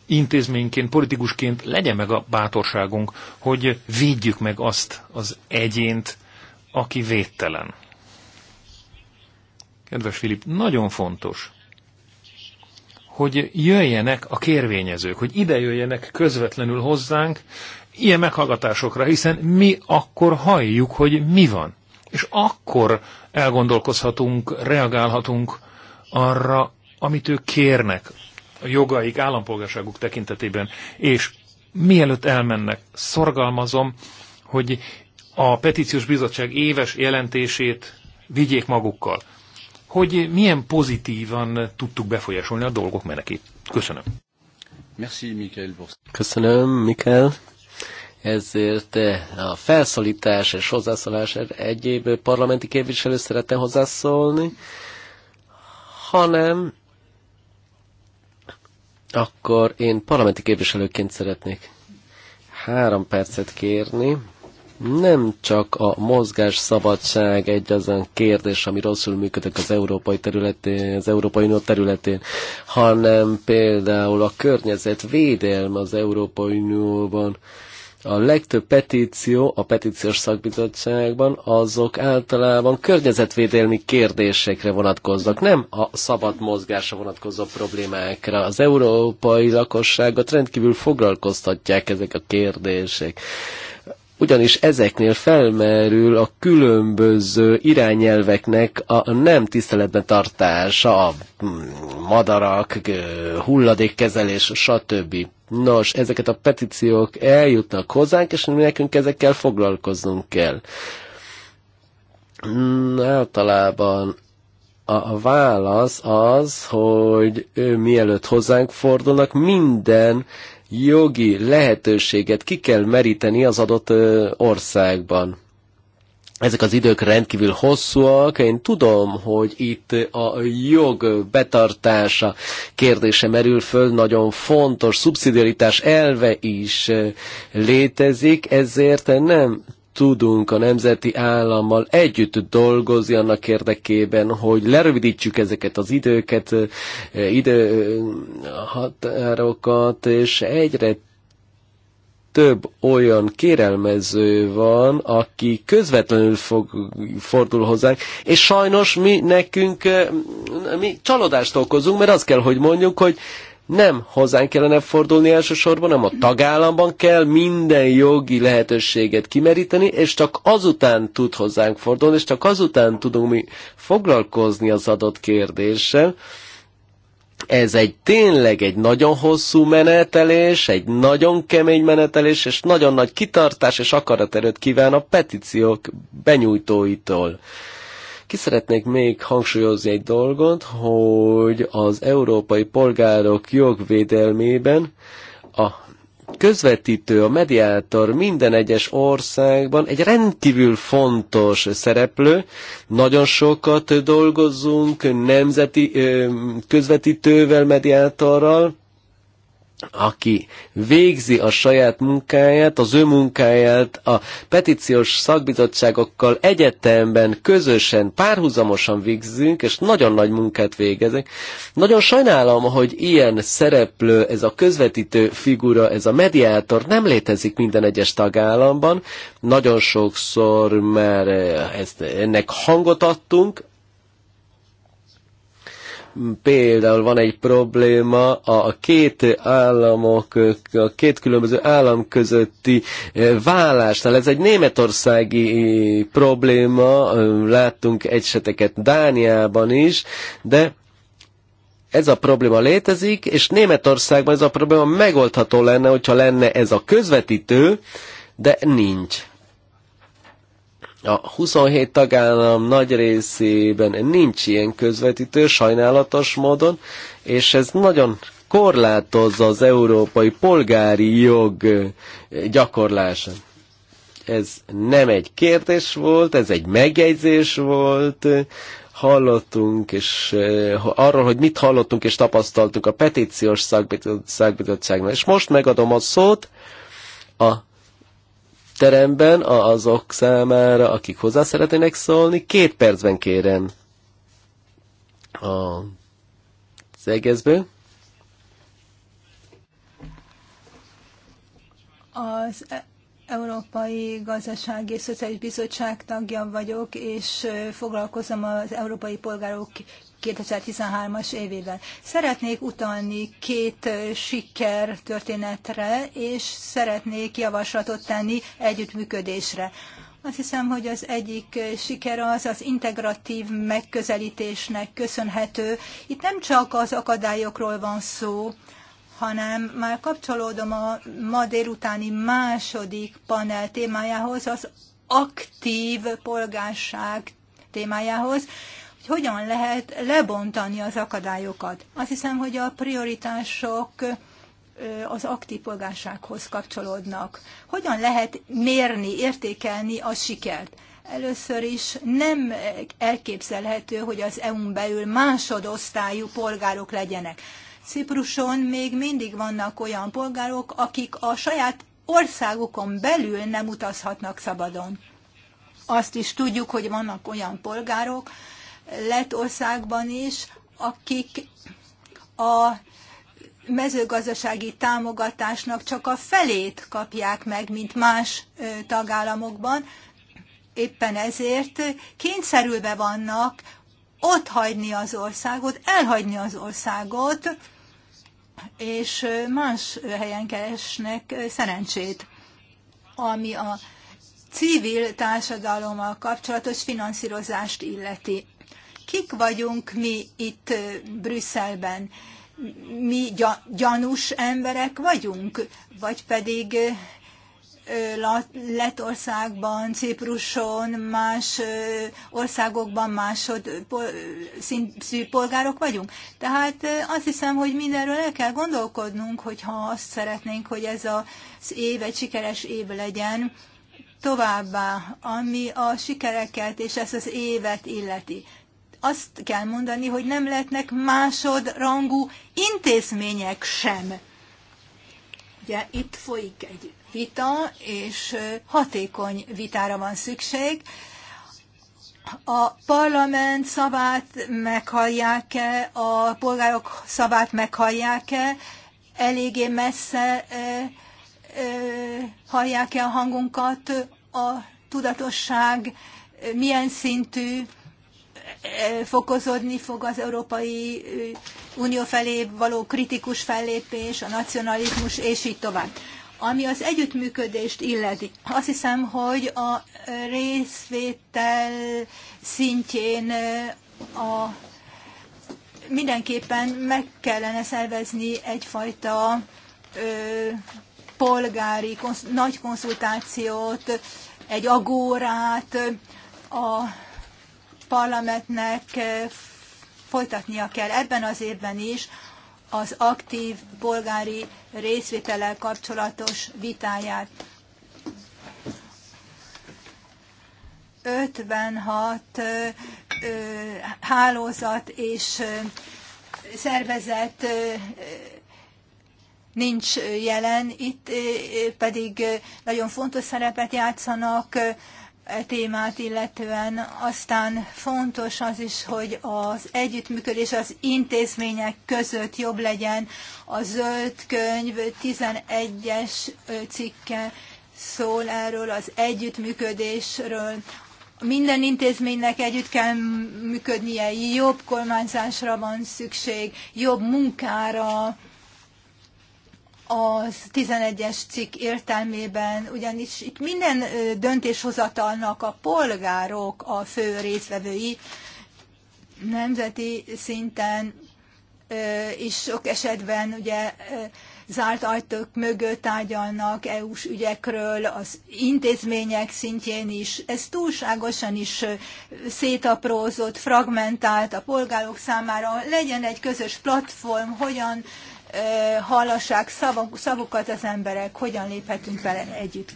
intézményként, politikusként legyen meg a bátorságunk, hogy védjük meg azt az egyént, aki védtelen. Kedves Filip, nagyon fontos, hogy jöjjenek a kérvényezők, hogy ide jöjjenek közvetlenül hozzánk ilyen meghallgatásokra, hiszen mi akkor halljuk, hogy mi van. És akkor elgondolkozhatunk, reagálhatunk arra, amit ők kérnek a jogaik, állampolgárságuk tekintetében. És mielőtt elmennek, szorgalmazom, hogy a petíciós bizottság éves jelentését vigyék magukkal hogy milyen pozitívan tudtuk befolyásolni a dolgok menekét. Köszönöm. Merci, Mikael. Köszönöm, Mikael ezért a felszólítás és hozzászólás egyéb parlamenti képviselő szeretne hozzászólni, hanem akkor én parlamenti képviselőként szeretnék három percet kérni, nem csak a mozgás szabadság egy azon kérdés, ami rosszul működik az európai területén, az Európai Unió területén, hanem például a környezet védelme az Európai Unióban. A legtöbb petíció a petíciós szakbizottságban azok általában környezetvédelmi kérdésekre vonatkoznak, nem a szabad mozgásra vonatkozó problémákra. Az európai lakosságot rendkívül foglalkoztatják ezek a kérdések ugyanis ezeknél felmerül a különböző irányelveknek a nem tiszteletben tartása, a mm, madarak, hulladékkezelés, stb. Nos, ezeket a petíciók eljutnak hozzánk, és nekünk ezekkel foglalkoznunk kell. Mm, általában a válasz az, hogy ő mielőtt hozzánk fordulnak, minden jogi lehetőséget ki kell meríteni az adott országban. Ezek az idők rendkívül hosszúak, én tudom, hogy itt a jog betartása kérdése merül föl, nagyon fontos szubszidiaritás elve is létezik, ezért nem tudunk a nemzeti állammal együtt dolgozni annak érdekében, hogy lerövidítsük ezeket az időket, időhatárokat, és egyre több olyan kérelmező van, aki közvetlenül fog, fordul hozzánk, és sajnos mi nekünk mi csalódást okozunk, mert azt kell, hogy mondjuk, hogy nem hozzánk kellene fordulni elsősorban, hanem a tagállamban kell minden jogi lehetőséget kimeríteni, és csak azután tud hozzánk fordulni, és csak azután tudunk mi foglalkozni az adott kérdéssel. Ez egy tényleg egy nagyon hosszú menetelés, egy nagyon kemény menetelés, és nagyon nagy kitartás és akaraterőt kíván a petíciók benyújtóitól. Ki szeretnék még hangsúlyozni egy dolgot, hogy az európai polgárok jogvédelmében a közvetítő, a mediátor minden egyes országban egy rendkívül fontos szereplő. Nagyon sokat dolgozunk nemzeti közvetítővel, mediátorral, aki végzi a saját munkáját, az ő munkáját a petíciós szakbizottságokkal egyetemben, közösen, párhuzamosan végzünk, és nagyon nagy munkát végezek. Nagyon sajnálom, hogy ilyen szereplő, ez a közvetítő figura, ez a mediátor nem létezik minden egyes tagállamban. Nagyon sokszor már ezt, ennek hangot adtunk, Például van egy probléma a két államok, a két különböző állam közötti eh, vállásnál. Ez egy németországi eh, probléma, eh, láttunk eseteket Dániában is, de ez a probléma létezik, és Németországban ez a probléma megoldható lenne, hogyha lenne ez a közvetítő, de nincs. A 27 tagállam nagy részében nincs ilyen közvetítő, sajnálatos módon, és ez nagyon korlátozza az európai polgári jog gyakorlását. Ez nem egy kérdés volt, ez egy megjegyzés volt, hallottunk, és arról, hogy mit hallottunk és tapasztaltunk a petíciós szakbizottságnak. És most megadom a szót a teremben azok számára, akik hozzá szeretnének szólni, két percben kérem a, az egészből. Az Európai Gazdasági és Szociális Bizottság tagja vagyok, és foglalkozom az európai polgárok 2013-as évében. Szeretnék utalni két siker történetre, és szeretnék javaslatot tenni együttműködésre. Azt hiszem, hogy az egyik siker az az integratív megközelítésnek köszönhető. Itt nem csak az akadályokról van szó, hanem már kapcsolódom a ma délutáni második panel témájához, az aktív polgárság témájához hogy hogyan lehet lebontani az akadályokat. Azt hiszem, hogy a prioritások az aktív polgársághoz kapcsolódnak. Hogyan lehet mérni, értékelni a sikert? Először is nem elképzelhető, hogy az EU-n belül másodosztályú polgárok legyenek. Cipruson még mindig vannak olyan polgárok, akik a saját országukon belül nem utazhatnak szabadon. Azt is tudjuk, hogy vannak olyan polgárok, Lettországban is, akik a mezőgazdasági támogatásnak csak a felét kapják meg, mint más tagállamokban. Éppen ezért kényszerülve vannak ott hagyni az országot, elhagyni az országot, és más helyen keresnek szerencsét, ami a civil társadalommal kapcsolatos finanszírozást illeti kik vagyunk mi itt Brüsszelben? Mi gyanús emberek vagyunk, vagy pedig Letországban, Cipruson, más országokban másod szintű polgárok vagyunk. Tehát azt hiszem, hogy mindenről el kell gondolkodnunk, hogyha azt szeretnénk, hogy ez az év egy sikeres év legyen, továbbá, ami a sikereket és ezt az évet illeti azt kell mondani, hogy nem lehetnek másodrangú intézmények sem. Ugye itt folyik egy vita, és hatékony vitára van szükség. A parlament szavát meghallják-e, a polgárok szavát meghallják-e, eléggé messze hallják-e a hangunkat, a tudatosság milyen szintű, fokozódni fog az Európai Unió felé való kritikus fellépés, a nacionalizmus, és így tovább. Ami az együttműködést illeti, azt hiszem, hogy a részvétel szintjén a mindenképpen meg kellene szervezni egyfajta ö, polgári nagy konzultációt, egy agórát, a parlamentnek eh, folytatnia kell ebben az évben is az aktív polgári részvétellel kapcsolatos vitáját. 56 ö, eh, eh, hálózat és szervezet nincs jelen, itt pedig nagyon fontos szerepet játszanak témát illetően. Aztán fontos az is, hogy az együttműködés az intézmények között jobb legyen. A zöld könyv 11-es cikke szól erről az együttműködésről. Minden intézménynek együtt kell működnie, jobb kormányzásra van szükség, jobb munkára, az 11-es cikk értelmében, ugyanis itt minden döntéshozatalnak a polgárok a fő részvevői nemzeti szinten, és sok esetben ugye zárt ajtók mögött tárgyalnak EU-s ügyekről, az intézmények szintjén is. Ez túlságosan is szétaprózott, fragmentált a polgárok számára. Legyen egy közös platform, hogyan hallassák szavukat az emberek, hogyan léphetünk vele együtt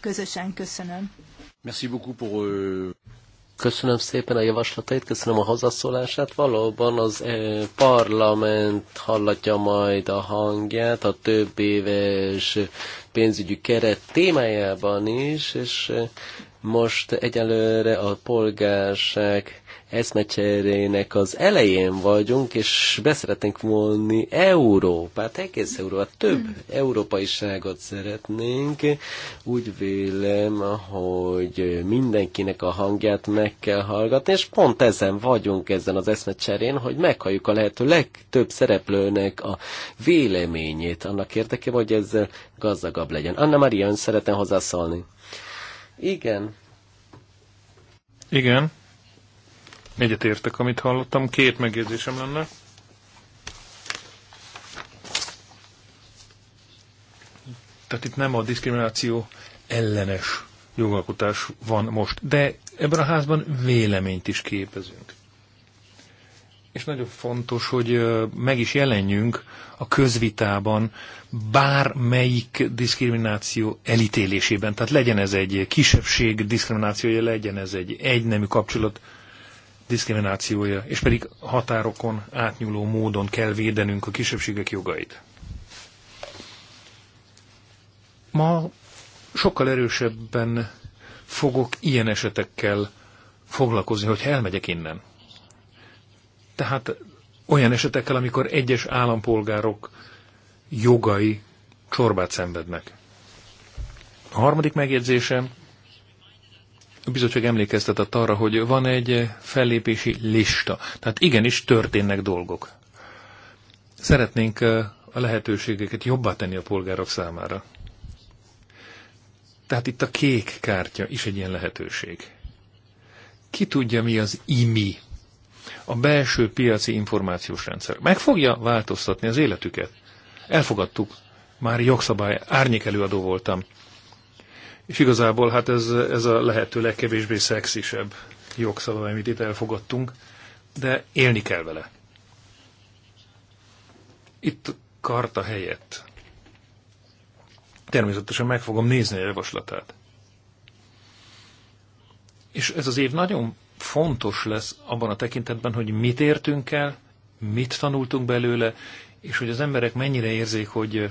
közösen. Köszönöm. Merci beaucoup pour, euh, Köszönöm szépen a javaslatait, köszönöm a hozzászólását. Valóban az parlament hallatja majd a hangját a több éves pénzügyi keret témájában is, és most egyelőre a polgárság eszmecserének az elején vagyunk, és beszeretnénk volni Európát, egész Európát, több mm. európaiságot szeretnénk. Úgy vélem, hogy mindenkinek a hangját meg kell hallgatni, és pont ezen vagyunk ezen az eszmecserén, hogy meghalljuk a lehető legtöbb szereplőnek a véleményét, annak érdekében, hogy ezzel gazdagabb legyen. Anna Maria, ön szeretne hozzászólni? Igen. Igen értek, amit hallottam. Két megjegyzésem lenne. Tehát itt nem a diszkrimináció ellenes jogalkotás van most, de ebben a házban véleményt is képezünk. És nagyon fontos, hogy meg is jelenjünk a közvitában bármelyik diszkrimináció elítélésében. Tehát legyen ez egy kisebbség diszkriminációja, legyen ez egy egynemű kapcsolat diszkriminációja, és pedig határokon átnyúló módon kell védenünk a kisebbségek jogait. Ma sokkal erősebben fogok ilyen esetekkel foglalkozni, hogyha elmegyek innen. Tehát olyan esetekkel, amikor egyes állampolgárok jogai csorbát szenvednek. A harmadik megjegyzésem a bizottság emlékeztetett arra, hogy van egy fellépési lista. Tehát igenis történnek dolgok. Szeretnénk eh, a lehetőségeket jobbá tenni a polgárok számára. Tehát itt a kék kártya is egy ilyen lehetőség. Ki tudja, mi az IMI, a belső piaci információs rendszer. Meg fogja változtatni az életüket. Elfogadtuk, már jogszabály, árnyékelőadó voltam és igazából hát ez, ez a lehető legkevésbé szexisebb jogszava, amit itt elfogadtunk, de élni kell vele. Itt karta helyett. Természetesen meg fogom nézni a javaslatát. És ez az év nagyon fontos lesz abban a tekintetben, hogy mit értünk el, mit tanultunk belőle, és hogy az emberek mennyire érzik, hogy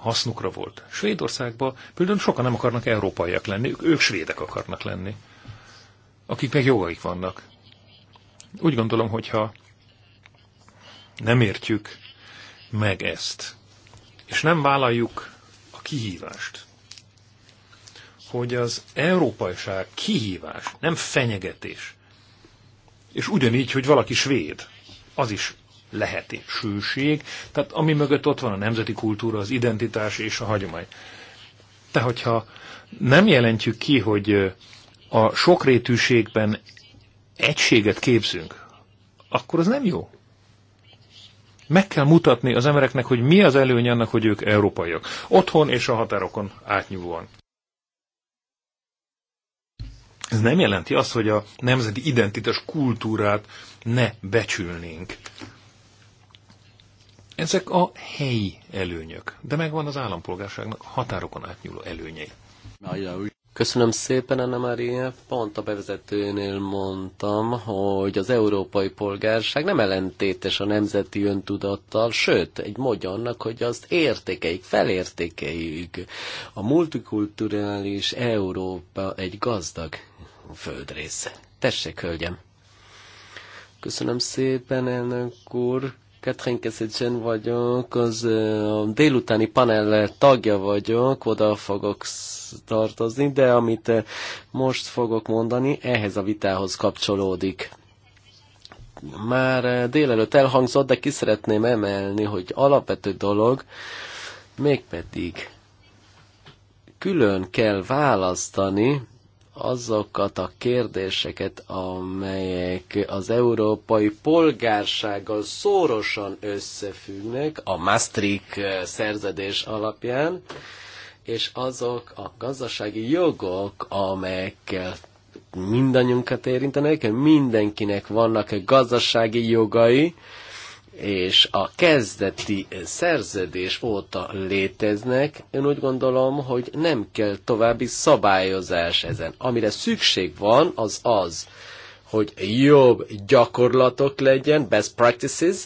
hasznukra volt. Svédországban például sokan nem akarnak európaiak lenni, ők svédek akarnak lenni, akik meg jogaik vannak. Úgy gondolom, hogyha nem értjük meg ezt, és nem vállaljuk a kihívást, hogy az európaiság kihívás, nem fenyegetés. És ugyanígy, hogy valaki svéd, az is sűség. Tehát ami mögött ott van a nemzeti kultúra, az identitás és a hagyomány. Tehát hogyha nem jelentjük ki, hogy a sokrétűségben egységet képzünk, akkor az nem jó. Meg kell mutatni az embereknek, hogy mi az előny annak, hogy ők európaiak. Otthon és a határokon átnyúlóan. Ez nem jelenti azt, hogy a nemzeti identitás kultúrát ne becsülnénk. Ezek a helyi előnyök, de megvan az állampolgárságnak határokon átnyúló előnyei. Köszönöm szépen, Anna Maria. Pont a bevezetőnél mondtam, hogy az európai polgárság nem ellentétes a nemzeti öntudattal, sőt, egy módja annak, hogy azt értékeik, felértékeik. A multikulturális Európa egy gazdag földrésze. Tessék, hölgyem! Köszönöm szépen, elnök úr! Katrin Keszicsen vagyok, az a délutáni panel tagja vagyok, oda fogok tartozni, de amit most fogok mondani, ehhez a vitához kapcsolódik. Már délelőtt elhangzott, de ki szeretném emelni, hogy alapvető dolog, mégpedig külön kell választani azokat a kérdéseket, amelyek az európai polgársággal szorosan összefüggnek a Maastricht eh, szerződés alapján, és azok a gazdasági jogok, amelyekkel mindannyiunkat érintenek, mindenkinek vannak gazdasági jogai, és a kezdeti szerződés óta léteznek, én úgy gondolom, hogy nem kell további szabályozás ezen. Amire szükség van, az az, hogy jobb gyakorlatok legyen, best practices,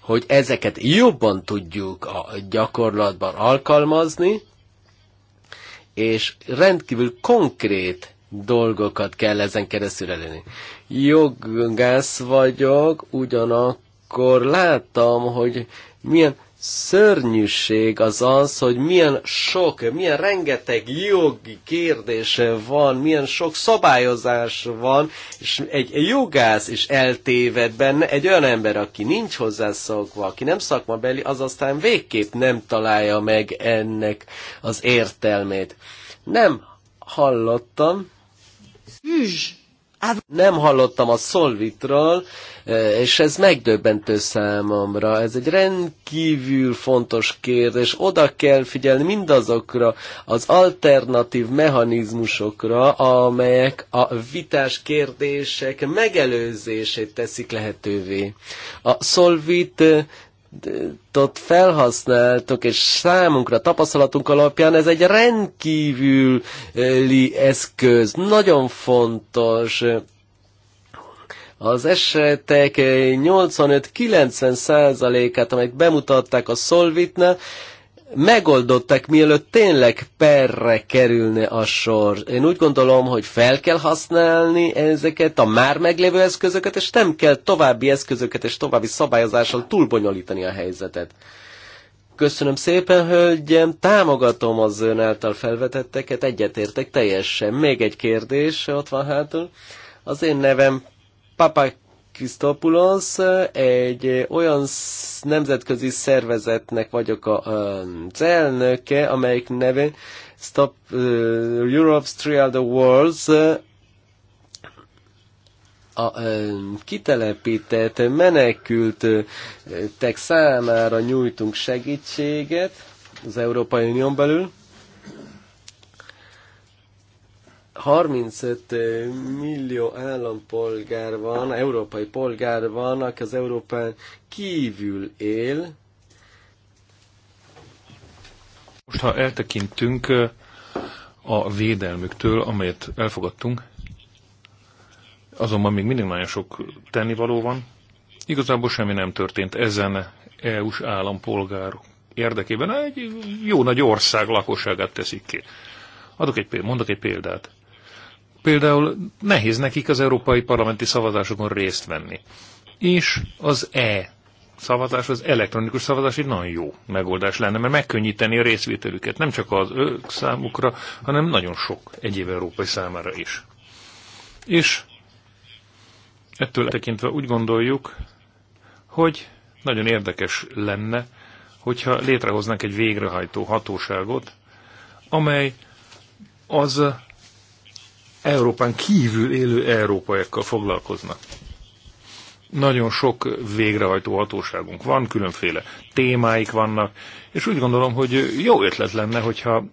hogy ezeket jobban tudjuk a gyakorlatban alkalmazni, és rendkívül konkrét dolgokat kell ezen keresztül elérni. Jogász vagyok, ugyanakkor akkor láttam, hogy milyen szörnyűség az az, hogy milyen sok, milyen rengeteg jogi kérdése van, milyen sok szabályozás van, és egy jogász is eltéved benne, egy olyan ember, aki nincs hozzászokva, aki nem szakmabeli, az aztán végképp nem találja meg ennek az értelmét. Nem hallottam. Üzs! Nem hallottam a Solvitról, eh, és ez megdöbbentő számomra. Ez egy rendkívül fontos kérdés. Oda kell figyelni mindazokra az alternatív mechanizmusokra, amelyek a vitás kérdések megelőzését teszik lehetővé. A Solvit eh, tapasztalatot felhasználtok, és számunkra, tapasztalatunk alapján ez egy rendkívüli eszköz, nagyon fontos. Az esetek 85-90 százalékát, amelyek bemutatták a Solvitnál, Megoldottak mielőtt tényleg perre kerülne a sor. Én úgy gondolom, hogy fel kell használni ezeket a már meglévő eszközöket, és nem kell további eszközöket és további szabályozással túlbonyolítani a helyzetet. Köszönöm szépen, hölgyem, támogatom az ön által felvetetteket, egyetértek teljesen. Még egy kérdés, ott van hátul. Az én nevem Papa Christopoulos, egy olyan nemzetközi szervezetnek vagyok a, elnöke, amelyik neve Stop uh, Europe Trial the Wars, a uh, kitelepített menekültek számára nyújtunk segítséget az Európai Unión belül. 35 millió állampolgár van, európai polgár van, aki az Európán kívül él. Most, ha eltekintünk a védelmüktől, amelyet elfogadtunk, azonban még mindig nagyon sok tennivaló van. Igazából semmi nem történt ezen EU-s állampolgárok érdekében. Egy jó nagy ország lakosságát teszik ki. Adok egy példát, mondok egy példát például nehéz nekik az európai parlamenti szavazásokon részt venni. És az E szavazás, az elektronikus szavazás egy nagyon jó megoldás lenne, mert megkönnyíteni a részvételüket, nem csak az ők számukra, hanem nagyon sok egyéb európai számára is. És ettől tekintve úgy gondoljuk, hogy nagyon érdekes lenne, hogyha létrehoznak egy végrehajtó hatóságot, amely az Európán kívül élő európaiakkal foglalkoznak. Nagyon sok végrehajtó hatóságunk van, különféle témáik vannak, és úgy gondolom, hogy jó ötlet lenne, hogyha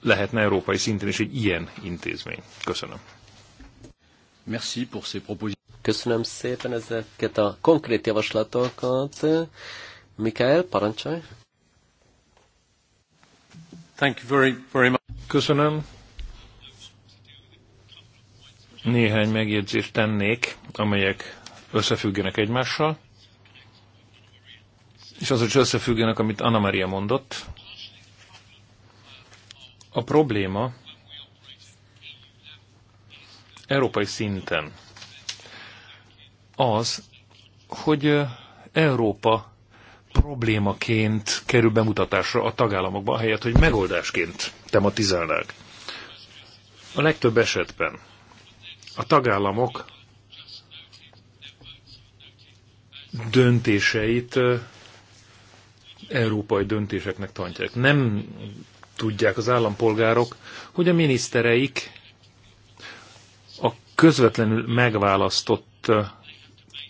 lehetne európai szinten is egy ilyen intézmény. Köszönöm. Merci pour ces propositions. Köszönöm szépen ezeket a konkrét javaslatokat. Mikael, parancsolj! Thank you very, very much. Köszönöm néhány megjegyzést tennék, amelyek összefüggenek egymással, és azok is összefüggenek, amit Anna Maria mondott. A probléma európai szinten az, hogy Európa problémaként kerül bemutatásra a tagállamokban, helyett, hogy megoldásként tematizálnák. A legtöbb esetben a tagállamok döntéseit európai döntéseknek tartják. Nem tudják az állampolgárok, hogy a minisztereik a közvetlenül megválasztott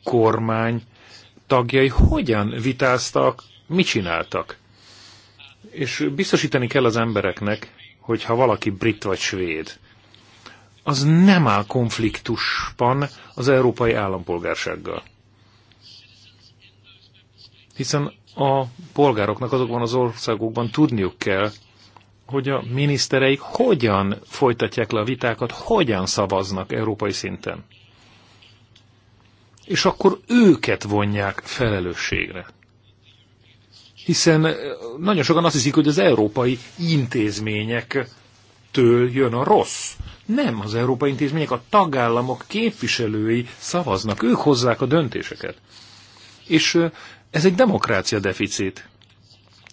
kormány tagjai hogyan vitáztak, mit csináltak. És biztosítani kell az embereknek, hogy ha valaki brit vagy svéd, az nem áll konfliktusban az európai állampolgársággal. Hiszen a polgároknak azokban az országokban tudniuk kell, hogy a minisztereik hogyan folytatják le a vitákat, hogyan szavaznak európai szinten. És akkor őket vonják felelősségre. Hiszen eh, nagyon sokan azt hiszik, hogy az európai intézményektől jön a rossz. Nem, az európai intézmények, a tagállamok képviselői szavaznak, ők hozzák a döntéseket. És ez egy demokrácia deficit,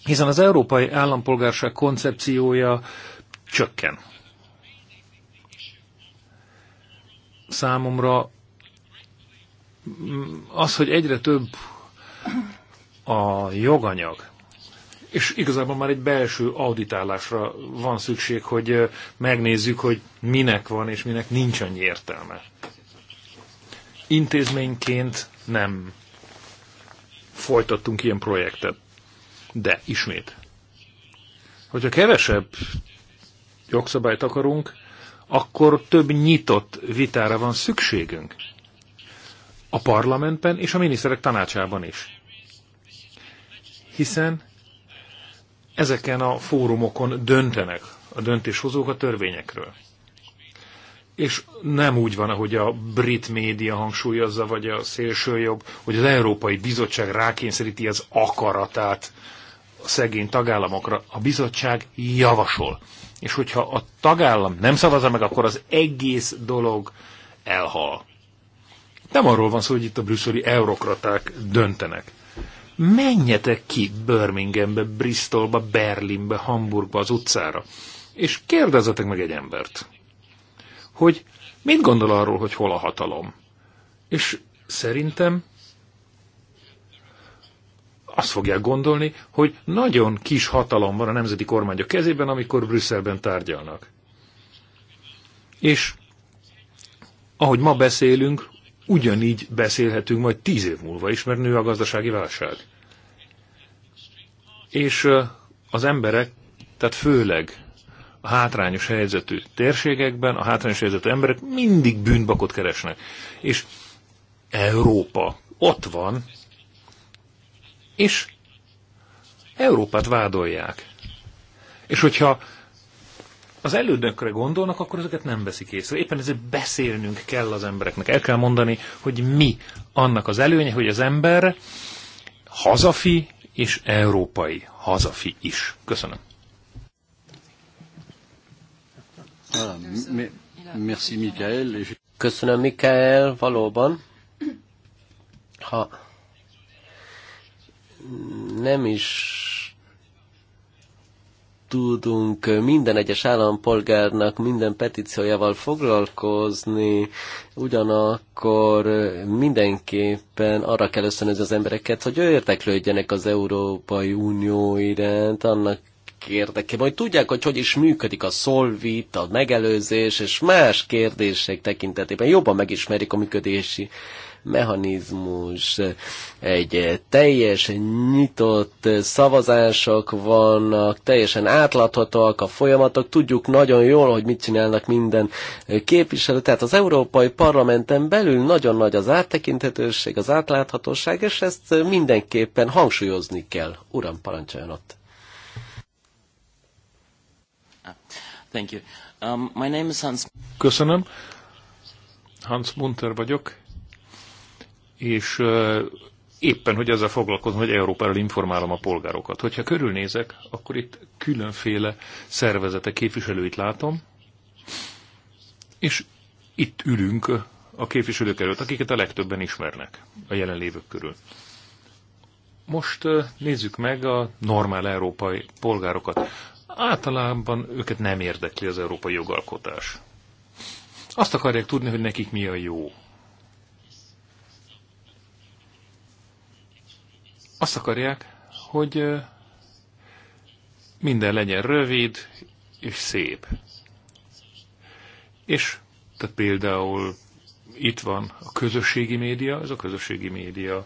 hiszen az európai állampolgárság koncepciója csökken. Számomra mm, az, hogy egyre több a joganyag, és igazából már egy belső auditálásra van szükség, hogy megnézzük, hogy minek van és minek nincs annyi értelme. Intézményként nem folytattunk ilyen projektet. De ismét, hogyha kevesebb jogszabályt akarunk, akkor több nyitott vitára van szükségünk. A parlamentben és a miniszterek tanácsában is. Hiszen ezeken a fórumokon döntenek a döntéshozók a törvényekről. És nem úgy van, ahogy a brit média hangsúlyozza, vagy a jobb, hogy az Európai Bizottság rákényszeríti az akaratát a szegény tagállamokra. A bizottság javasol. És hogyha a tagállam nem szavazza meg, akkor az egész dolog elhal. Nem arról van szó, hogy itt a brüsszeli eurokraták döntenek menjetek ki Birminghambe, Bristolba, Berlinbe, Hamburgba az utcára, és kérdezzetek meg egy embert, hogy mit gondol arról, hogy hol a hatalom. És szerintem azt fogják gondolni, hogy nagyon kis hatalom van a nemzeti kormányok kezében, amikor Brüsszelben tárgyalnak. És ahogy ma beszélünk, ugyanígy beszélhetünk majd tíz év múlva is, mert nő a gazdasági válság. És az emberek, tehát főleg a hátrányos helyzetű térségekben, a hátrányos helyzetű emberek mindig bűnbakot keresnek. És Európa ott van, és Európát vádolják. És hogyha az elődökre gondolnak, akkor ezeket nem veszik észre. Éppen ezért beszélnünk kell az embereknek. El kell mondani, hogy mi annak az előnye, hogy az ember hazafi és európai hazafi is. Köszönöm. Merci, Köszönöm, Mikael, valóban. Ha nem is tudunk minden egyes állampolgárnak minden petíciójával foglalkozni, ugyanakkor mindenképpen arra kell ösztönözni az embereket, hogy érteklődjenek az Európai Unió iránt, annak érdeke, hogy tudják, hogy hogy is működik a szolvit, a megelőzés és más kérdések tekintetében jobban megismerik a működési mechanizmus, egy teljes nyitott szavazások vannak, teljesen átláthatóak a folyamatok, tudjuk nagyon jól, hogy mit csinálnak minden képviselő, tehát az Európai Parlamenten belül nagyon nagy az áttekinthetőség, az átláthatóság, és ezt mindenképpen hangsúlyozni kell. Uram, parancsoljon ott! Thank you. Um, my name is Hans. Köszönöm. Hans Munter vagyok és éppen, hogy ezzel foglalkozom, hogy Európáról informálom a polgárokat. Hogyha körülnézek, akkor itt különféle szervezetek képviselőit látom, és itt ülünk a képviselők előtt, akiket a legtöbben ismernek a jelenlévők körül. Most nézzük meg a normál európai polgárokat. Általában őket nem érdekli az európai jogalkotás. Azt akarják tudni, hogy nekik mi a jó, Azt akarják, hogy minden legyen rövid és szép. És tehát például itt van a közösségi média, ez a közösségi média,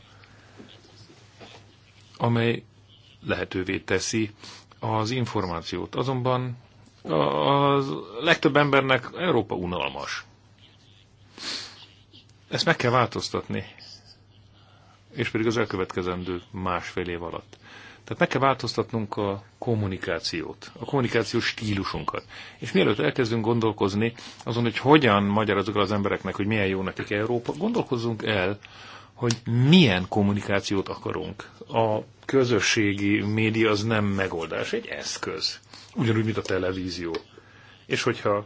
amely lehetővé teszi az információt. Azonban a legtöbb embernek Európa unalmas. Ezt meg kell változtatni és pedig az elkövetkezendő másfél év alatt. Tehát meg kell változtatnunk a kommunikációt, a kommunikációs stílusunkat. És mielőtt elkezdünk gondolkozni azon, hogy hogyan magyarázzuk az embereknek, hogy milyen jó nekik Európa, gondolkozzunk el, hogy milyen kommunikációt akarunk. A közösségi média az nem megoldás, egy eszköz. Ugyanúgy, mint a televízió. És hogyha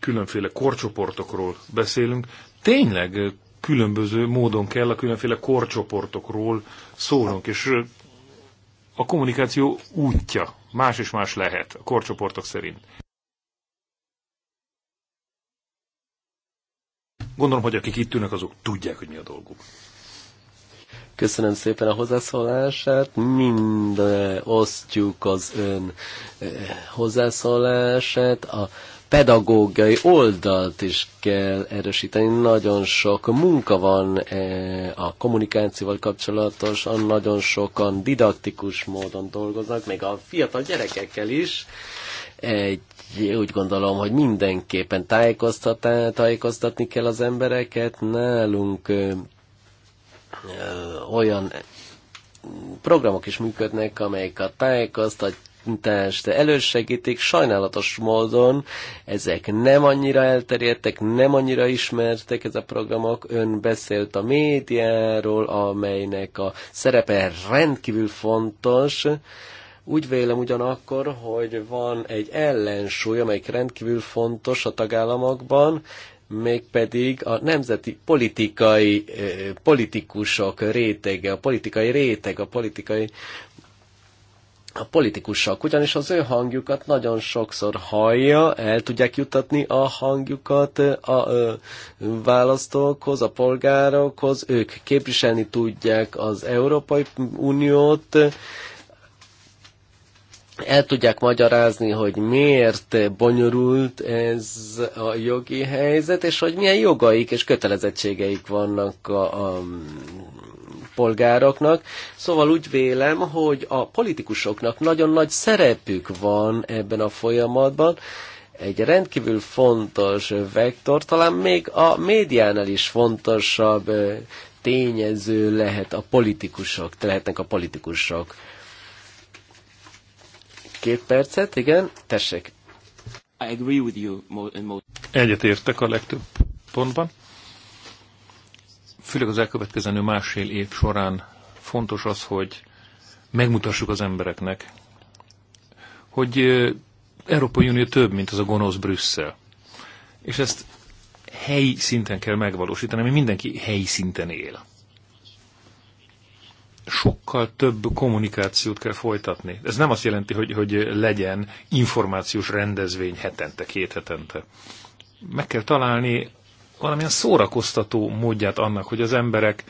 különféle korcsoportokról beszélünk, tényleg különböző módon kell a különféle korcsoportokról szólnunk, és a kommunikáció útja más és más lehet a korcsoportok szerint. Gondolom, hogy akik itt ülnek, azok tudják, hogy mi a dolguk. Köszönöm szépen a hozzászólását. Mind osztjuk az ön eh, hozzászólását. A pedagógiai oldalt is kell erősíteni. Nagyon sok munka van eh, a kommunikációval kapcsolatosan, nagyon sokan didaktikus módon dolgoznak, még a fiatal gyerekekkel is. Egy, úgy gondolom, hogy mindenképpen tájékoztatni, kell az embereket. Nálunk ö, eh, ö, eh, olyan programok is működnek, amelyek a tájékoztatják támogatást elősegítik, sajnálatos módon ezek nem annyira elterjedtek, nem annyira ismertek ez a programok. Ön beszélt a médiáról, amelynek a szerepe rendkívül fontos. Úgy vélem ugyanakkor, hogy van egy ellensúly, amelyik rendkívül fontos a tagállamokban, mégpedig a nemzeti politikai eh, politikusok rétege, a politikai réteg, a politikai a politikusok, ugyanis az ő hangjukat nagyon sokszor hallja, el tudják jutatni a hangjukat a, a választókhoz, a polgárokhoz, ők képviselni tudják az Európai Uniót, el tudják magyarázni, hogy miért bonyolult ez a jogi helyzet, és hogy milyen jogaik és kötelezettségeik vannak a, a polgároknak. Szóval úgy vélem, hogy a politikusoknak nagyon nagy szerepük van ebben a folyamatban, egy rendkívül fontos vektor, talán még a médiánál is fontosabb tényező lehet a politikusok, lehetnek a politikusok. Két percet, igen, tessék. I agree with you. Egyetértek a legtöbb pontban főleg az elkövetkezendő másfél év során fontos az, hogy megmutassuk az embereknek, hogy Európai Unió több, mint az a gonosz Brüsszel. És ezt helyi szinten kell megvalósítani, mert mindenki helyi szinten él. Sokkal több kommunikációt kell folytatni. Ez nem azt jelenti, hogy, hogy legyen információs rendezvény hetente, két hetente. Meg kell találni valamilyen szórakoztató módját annak, hogy az emberek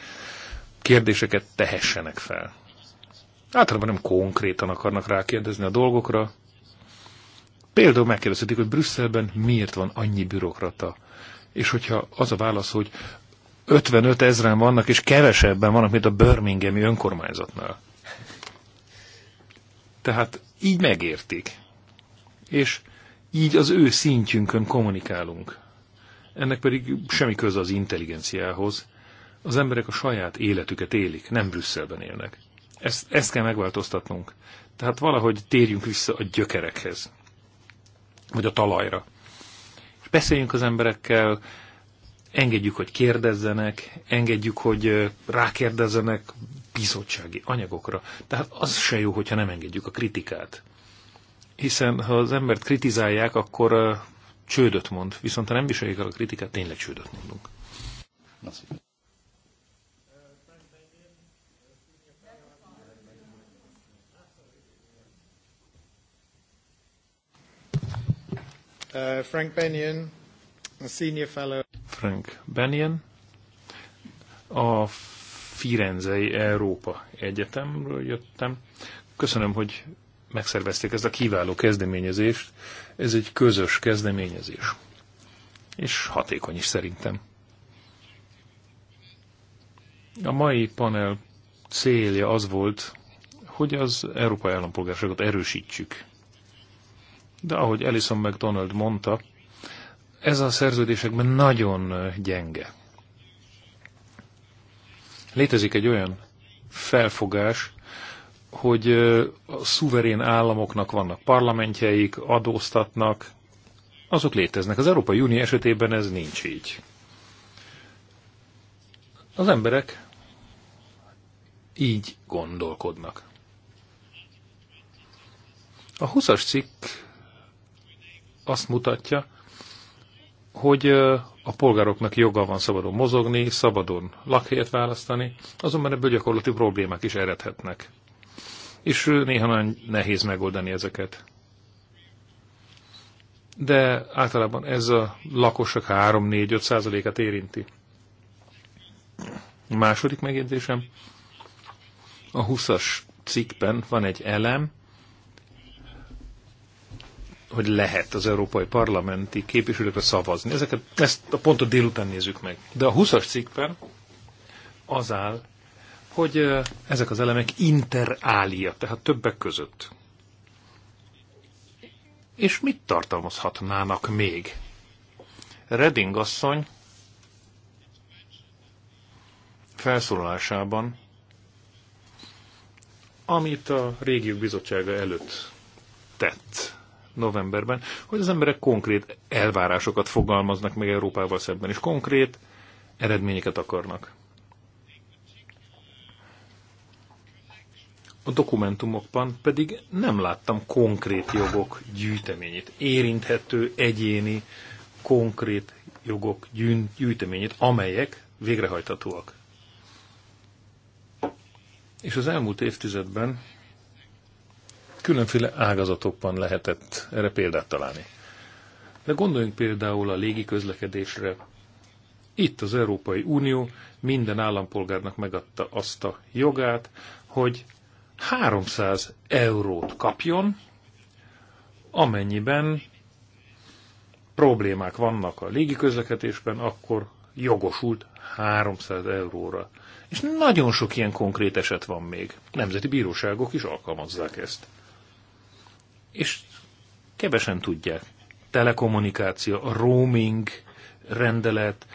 kérdéseket tehessenek fel. Általában nem konkrétan akarnak rákérdezni a dolgokra. Például megkérdezhetik, hogy Brüsszelben miért van annyi bürokrata. És hogyha az a válasz, hogy 55 ezeren vannak, és kevesebben vannak, mint a Birminghami önkormányzatnál. Tehát így megértik. És így az ő szintjünkön kommunikálunk ennek pedig semmi köze az intelligenciához. Az emberek a saját életüket élik, nem Brüsszelben élnek. Ezt, ezt kell megváltoztatnunk. Tehát valahogy térjünk vissza a gyökerekhez, vagy a talajra. És beszéljünk az emberekkel, engedjük, hogy kérdezzenek, engedjük, hogy rákérdezzenek bizottsági anyagokra. Tehát az se jó, hogyha nem engedjük a kritikát. Hiszen ha az embert kritizálják, akkor csődöt mond, viszont ha nem viseljük el a kritikát, tényleg csődöt mondunk. Uh, Frank Benyon, a senior fellow. Frank Benyon, a Firenzei Európa Egyetemről jöttem. Köszönöm, hogy megszervezték ezt a kiváló kezdeményezést. Ez egy közös kezdeményezés. És hatékony is szerintem. A mai panel célja az volt, hogy az európai állampolgárságot erősítsük. De ahogy Alison McDonald mondta, ez a szerződésekben nagyon gyenge. Létezik egy olyan felfogás, hogy a szuverén államoknak vannak parlamentjeik, adóztatnak, azok léteznek. Az Európai Unió esetében ez nincs így. Az emberek így gondolkodnak. A 20-as cikk azt mutatja, hogy a polgároknak joga van szabadon mozogni, szabadon lakhelyet választani, azonban ebből gyakorlati problémák is eredhetnek és néha nagyon nehéz megoldani ezeket. De általában ez a lakosok 3-4-5 százalékát érinti. A második megjegyzésem, a 20-as cikkben van egy elem, hogy lehet az európai parlamenti képviselőkre szavazni. Ezeket, ezt a pontot délután nézzük meg. De a 20-as cikkben az áll, hogy ezek az elemek interália, tehát többek között. És mit tartalmazhatnának még? Redding asszony felszólalásában, amit a régiók bizottsága előtt tett novemberben, hogy az emberek konkrét elvárásokat fogalmaznak meg Európával szemben, és konkrét eredményeket akarnak. a dokumentumokban pedig nem láttam konkrét jogok gyűjteményét, érinthető egyéni konkrét jogok gyűjteményét, amelyek végrehajthatóak. És az elmúlt évtizedben különféle ágazatokban lehetett erre példát találni. De gondoljunk például a légi közlekedésre. Itt az Európai Unió minden állampolgárnak megadta azt a jogát, hogy 300 eurót kapjon, amennyiben problémák vannak a légiközlekedésben, akkor jogosult 300 euróra. És nagyon sok ilyen konkrét eset van még. Nemzeti bíróságok is alkalmazzák ezt. És kevesen tudják. Telekommunikáció, a roaming rendelet,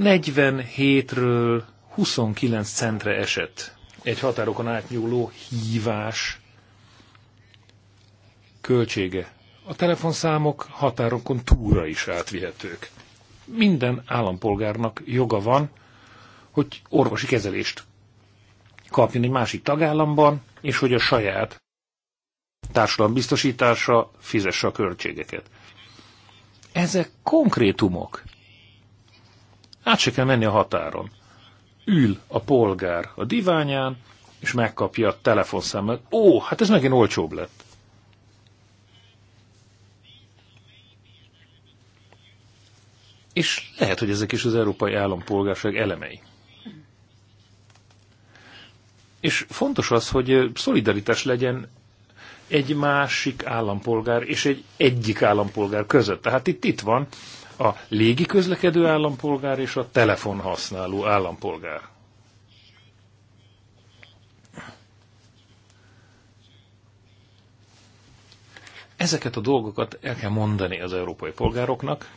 47-ről 29 centre esett egy határokon átnyúló hívás költsége. A telefonszámok határokon túra is átvihetők. Minden állampolgárnak joga van, hogy orvosi kezelést kapjon egy másik tagállamban, és hogy a saját társadalombiztosítása fizesse a költségeket. Ezek konkrétumok. Át se kell menni a határon ül a polgár a diványán, és megkapja a telefonszámot. Ó, hát ez megint olcsóbb lett. És lehet, hogy ezek is az európai állampolgárság elemei. És fontos az, hogy szolidaritás legyen egy másik állampolgár és egy egyik állampolgár között. Tehát itt, itt van a légi közlekedő állampolgár és a telefonhasználó állampolgár. Ezeket a dolgokat el kell mondani az európai polgároknak,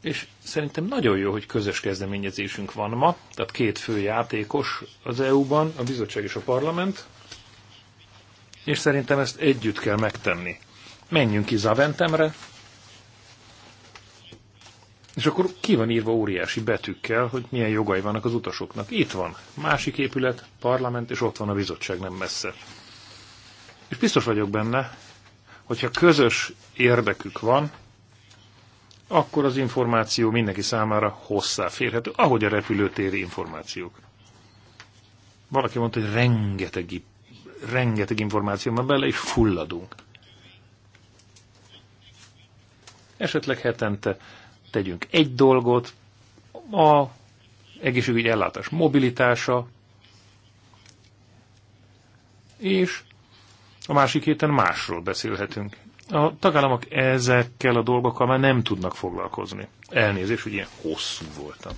és szerintem nagyon jó, hogy közös kezdeményezésünk van ma, tehát két fő játékos az EU-ban, a bizottság és a parlament, és szerintem ezt együtt kell megtenni. Menjünk ki Zaventemre, és akkor ki van írva óriási betűkkel, hogy milyen jogai vannak az utasoknak. Itt van másik épület, parlament, és ott van a bizottság nem messze. És biztos vagyok benne, hogyha közös érdekük van, akkor az információ mindenki számára hozzáférhető, ahogy a repülőtéri információk. Valaki mondta, hogy rengeteg, rengeteg információ van bele, és fulladunk. Esetleg hetente tegyünk egy dolgot, a egészségügyi ellátás mobilitása, és a másik héten másról beszélhetünk. A tagállamok ezekkel a dolgokkal már nem tudnak foglalkozni. Elnézést, hogy ilyen hosszú voltam.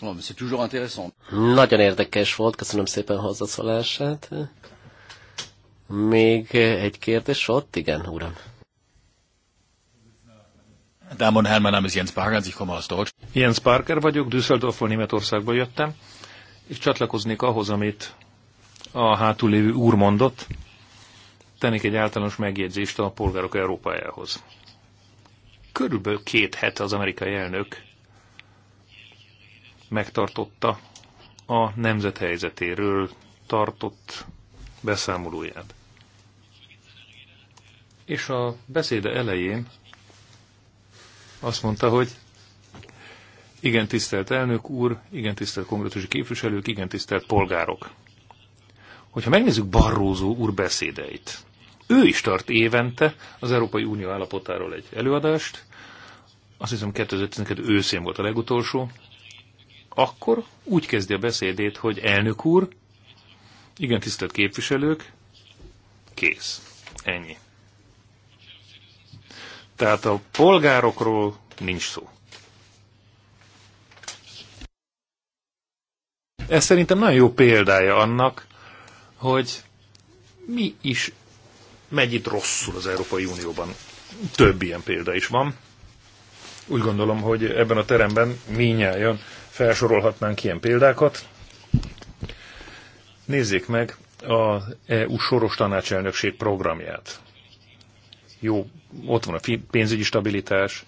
Oh, Nagyon érdekes volt, köszönöm szépen a hozzászólását. Még egy kérdés ott, igen, uram. Damen und Herren, mein Name ist Jens Barkers, ich komme aus Deutschland. Jens Barker vagyok, Düsseldorfból, Németországból jöttem, és csatlakoznék ahhoz, amit a hátul lévő úr mondott. Tennék egy általános megjegyzést a polgárok Európájához. Körülbelül két het az amerikai elnök megtartotta a nemzet helyzetéről tartott beszámolóját. És a beszéde elején azt mondta, hogy igen tisztelt elnök úr, igen tisztelt kongresszusi képviselők, igen tisztelt polgárok. Hogyha megnézzük Barrózó úr beszédeit, ő is tart évente az Európai Unió állapotáról egy előadást, azt hiszem 2012 őszén volt a legutolsó, akkor úgy kezdi a beszédét, hogy elnök úr, igen tisztelt képviselők, kész. Ennyi. Tehát a polgárokról nincs szó. Ez szerintem nagyon jó példája annak, hogy mi is megy itt rosszul az Európai Unióban. Több ilyen példa is van. Úgy gondolom, hogy ebben a teremben minnyáján felsorolhatnánk ilyen példákat. Nézzék meg az EU soros tanácselnökség programját jó, ott van a pénzügyi stabilitás,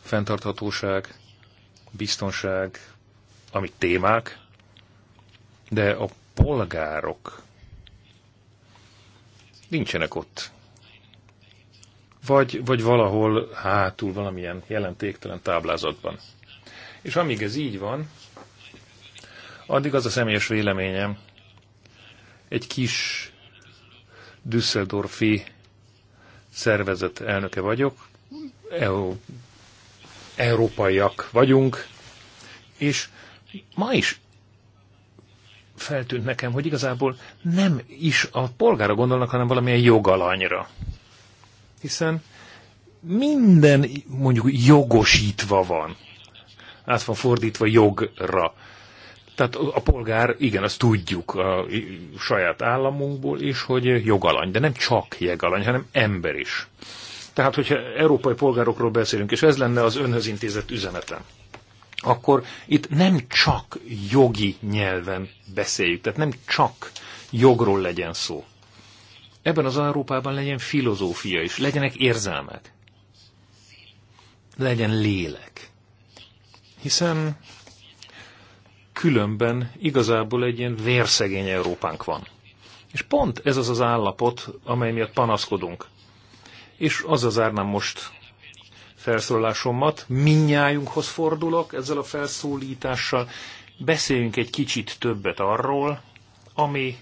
fenntarthatóság, biztonság, amit témák, de a polgárok nincsenek ott. Vagy, vagy valahol hátul valamilyen jelentéktelen táblázatban. És amíg ez így van, addig az a személyes véleményem, egy kis Düsseldorfi szervezet elnöke vagyok, EU, európaiak vagyunk, és ma is feltűnt nekem, hogy igazából nem is a polgára gondolnak, hanem valamilyen jogalanyra. Hiszen minden mondjuk jogosítva van. Át van fordítva jogra. Tehát a polgár, igen, azt tudjuk a saját államunkból is, hogy jogalany, de nem csak jegalany, hanem ember is. Tehát, hogyha európai polgárokról beszélünk, és ez lenne az önhöz intézett üzenetem, akkor itt nem csak jogi nyelven beszéljük, tehát nem csak jogról legyen szó. Ebben az Európában legyen filozófia is, legyenek érzelmek, legyen lélek. Hiszen különben igazából egy ilyen vérszegény Európánk van. És pont ez az az állapot, amely miatt panaszkodunk. És azzal zárnám most felszólalásomat, minnyájunkhoz fordulok ezzel a felszólítással, beszéljünk egy kicsit többet arról, ami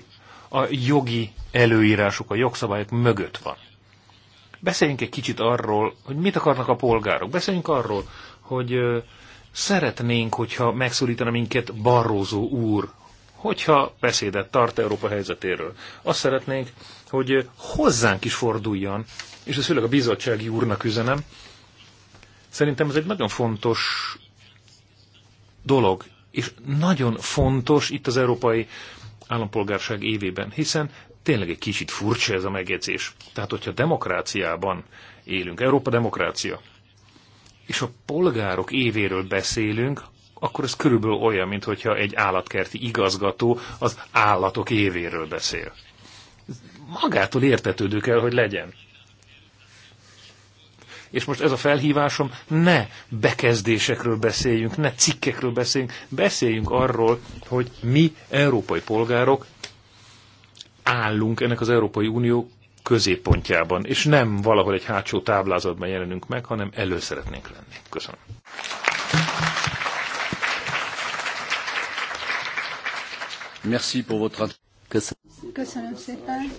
a jogi előírások, a jogszabályok mögött van. Beszéljünk egy kicsit arról, hogy mit akarnak a polgárok. Beszéljünk arról, hogy Szeretnénk, hogyha megszólítana minket Barrózó úr, hogyha beszédet tart Európa helyzetéről. Azt szeretnénk, hogy hozzánk is forduljon, és ez főleg a bizottsági úrnak üzenem. Szerintem ez egy nagyon fontos dolog, és nagyon fontos itt az európai állampolgárság évében, hiszen tényleg egy kicsit furcsa ez a megjegyzés. Tehát, hogyha demokráciában élünk, Európa demokrácia, és a polgárok évéről beszélünk, akkor ez körülbelül olyan, mintha egy állatkerti igazgató az állatok évéről beszél. Magától értetődő kell, hogy legyen. És most ez a felhívásom, ne bekezdésekről beszéljünk, ne cikkekről beszéljünk, beszéljünk arról, hogy mi, európai polgárok, állunk ennek az Európai Unió középpontjában, és nem valahol egy hátsó táblázatban jelenünk meg, hanem elő szeretnénk lenni. Köszönöm. Merci pour votre... Köszönöm szépen. Köszönöm szépen.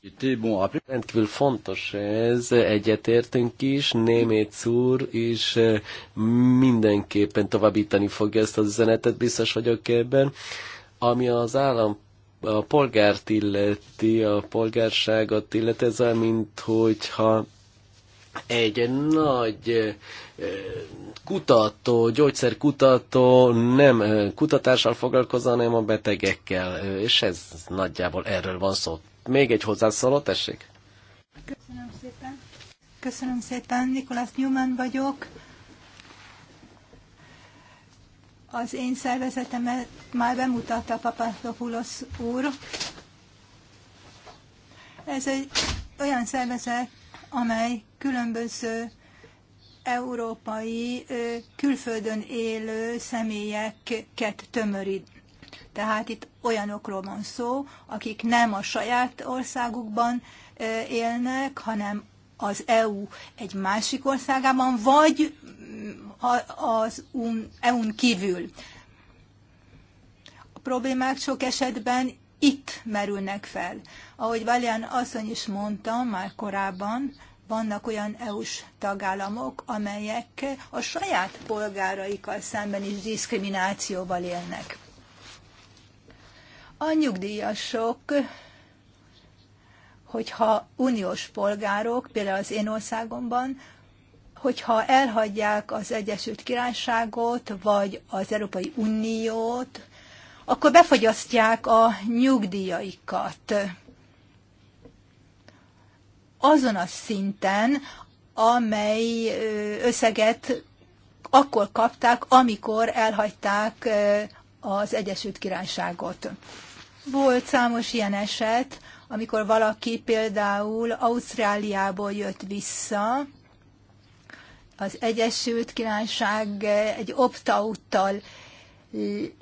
Köszönöm szépen. Rendkívül. fontos ez, egyetértünk is, Némét úr is eh, mindenképpen továbbítani fogja ezt az üzenetet, biztos vagyok ebben. Ami az állam a polgárt illeti, a polgárságot illeti, ez olyan, mint hogyha egy nagy kutató, gyógyszerkutató nem kutatással foglalkozza, hanem a betegekkel, és ez nagyjából erről van szó. Még egy hozzászóló, tessék! Köszönöm szépen! Köszönöm szépen, Nikolász Newman vagyok, az én szervezetemet már bemutatta Papatopoulos úr. Ez egy olyan szervezet, amely különböző európai, külföldön élő személyeket tömörít. Tehát itt olyanokról van szó, akik nem a saját országukban élnek, hanem az EU egy másik országában, vagy az um, EU-n kívül. A problémák sok esetben itt merülnek fel. Ahogy Valján asszony is mondta már korábban, vannak olyan EU-s tagállamok, amelyek a saját polgáraikkal szemben is diszkriminációval élnek. A nyugdíjasok, hogyha uniós polgárok, például az én országomban, hogyha elhagyják az Egyesült Királyságot, vagy az Európai Uniót, akkor befagyasztják a nyugdíjaikat azon a szinten, amely összeget akkor kapták, amikor elhagyták az Egyesült Királyságot. Volt számos ilyen eset, amikor valaki például Ausztráliából jött vissza, az Egyesült Királyság egy opt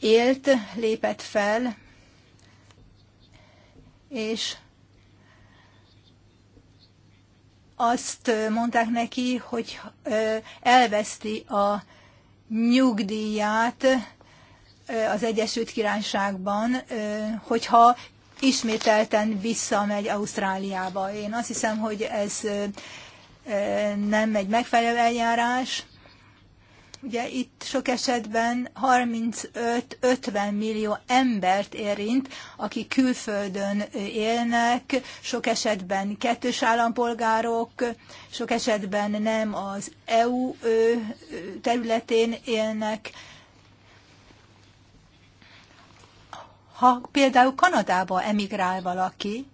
élt, lépett fel, és azt mondták neki, hogy elveszti a nyugdíját az Egyesült Királyságban, hogyha ismételten visszamegy Ausztráliába. Én azt hiszem, hogy ez nem egy megfelelő eljárás. Ugye itt sok esetben 35-50 millió embert érint, aki külföldön élnek, sok esetben kettős állampolgárok, sok esetben nem az EU területén élnek. Ha például Kanadába emigrál valaki,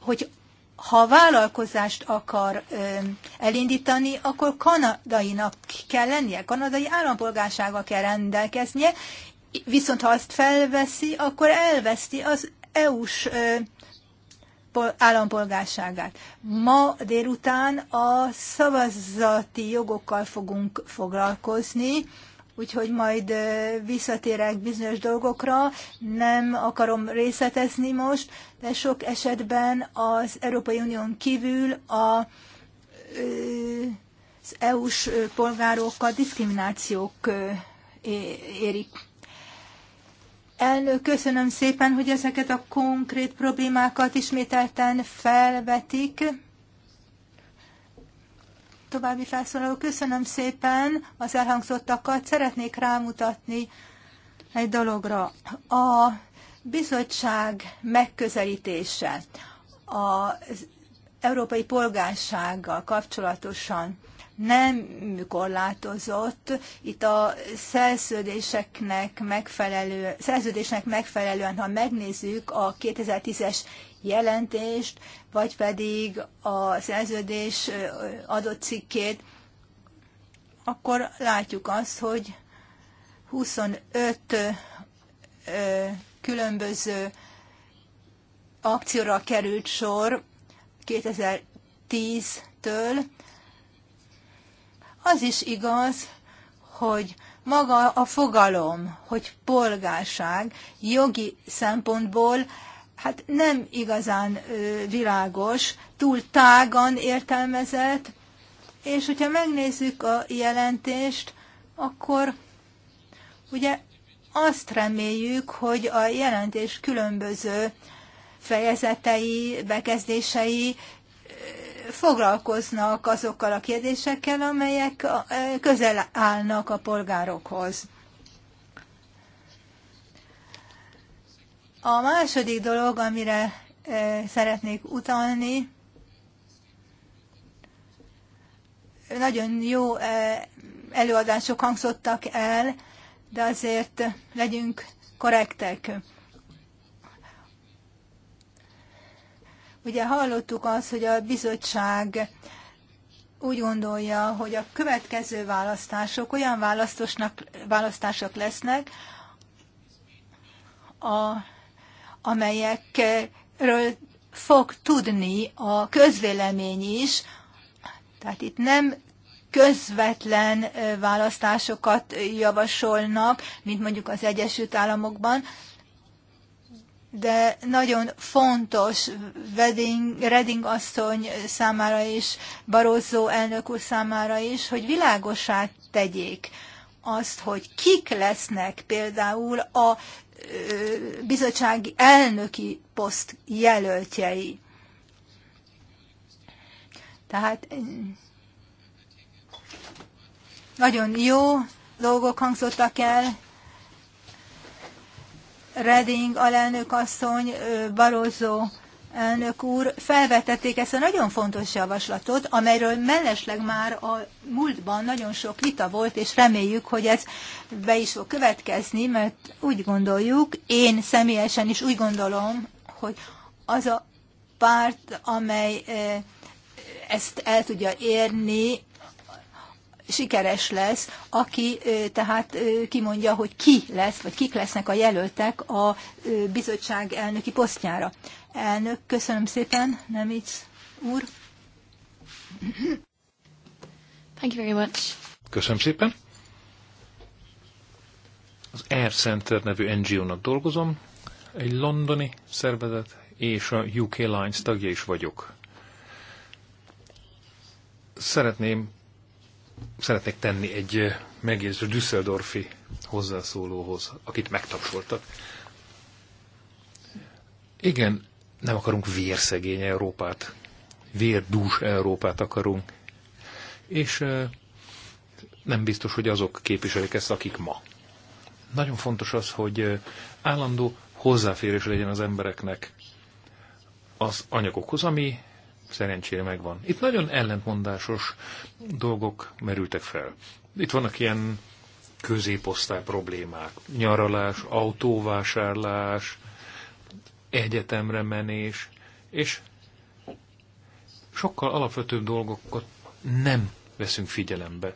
hogy ha vállalkozást akar elindítani, akkor kanadainak kell lennie, kanadai állampolgársága kell rendelkeznie, viszont ha azt felveszi, akkor elveszti az EU-s állampolgárságát. Ma délután a szavazati jogokkal fogunk foglalkozni úgyhogy majd visszatérek bizonyos dolgokra, nem akarom részletezni most, de sok esetben az Európai Unión kívül a az EU-s polgárokat diszkriminációk érik. Elnök, köszönöm szépen, hogy ezeket a konkrét problémákat ismételten felvetik további felszólaló. Köszönöm szépen az elhangzottakat. Szeretnék rámutatni egy dologra. A bizottság megközelítése az európai polgársággal kapcsolatosan nem korlátozott. Itt a szerződéseknek megfelelő, szerződésnek megfelelően, ha megnézzük a 2010-es jelentést, vagy pedig a szerződés adott cikkét, akkor látjuk azt, hogy 25 különböző akcióra került sor 2010-től. Az is igaz, hogy maga a fogalom, hogy polgárság jogi szempontból hát nem igazán világos, túl tágan értelmezett, és hogyha megnézzük a jelentést, akkor ugye azt reméljük, hogy a jelentés különböző fejezetei, bekezdései foglalkoznak azokkal a kérdésekkel, amelyek közel állnak a polgárokhoz. A második dolog, amire e, szeretnék utalni, nagyon jó e, előadások hangzottak el, de azért legyünk korrektek. Ugye hallottuk azt, hogy a bizottság úgy gondolja, hogy a következő választások olyan választások lesznek, a amelyekről fog tudni a közvélemény is, tehát itt nem közvetlen választásokat javasolnak, mint mondjuk az Egyesült Államokban, de nagyon fontos Reding, Reding asszony számára is, Barozó elnök úr számára is, hogy világosát tegyék azt, hogy kik lesznek például a bizottsági elnöki poszt jelöltjei. Tehát nagyon jó dolgok hangzottak el. Reding alelnök asszony, Barozó elnök úr, felvetették ezt a nagyon fontos javaslatot, amelyről mellesleg már a múltban nagyon sok vita volt, és reméljük, hogy ez be is fog következni, mert úgy gondoljuk, én személyesen is úgy gondolom, hogy az a párt, amely eh, ezt el tudja érni, sikeres lesz, aki tehát kimondja, hogy ki lesz, vagy kik lesznek a jelöltek a bizottság elnöki posztjára. Elnök, köszönöm szépen, Nemic úr. Thank you very much. Köszönöm szépen. Az Air Center nevű NGO-nak dolgozom, egy londoni szervezet, és a UK Lines tagja is vagyok. Szeretném szeretnék tenni egy megjegyző Düsseldorfi hozzászólóhoz, akit megtapsoltak. Igen, nem akarunk vérszegény Európát, vérdús Európát akarunk. És nem biztos, hogy azok képviselik ezt, akik ma. Nagyon fontos az, hogy állandó hozzáférés legyen az embereknek az anyagokhoz, ami szerencsére megvan. Itt nagyon ellentmondásos dolgok merültek fel. Itt vannak ilyen középosztály problémák. Nyaralás, autóvásárlás, egyetemre menés, és sokkal alapvetőbb dolgokat nem veszünk figyelembe.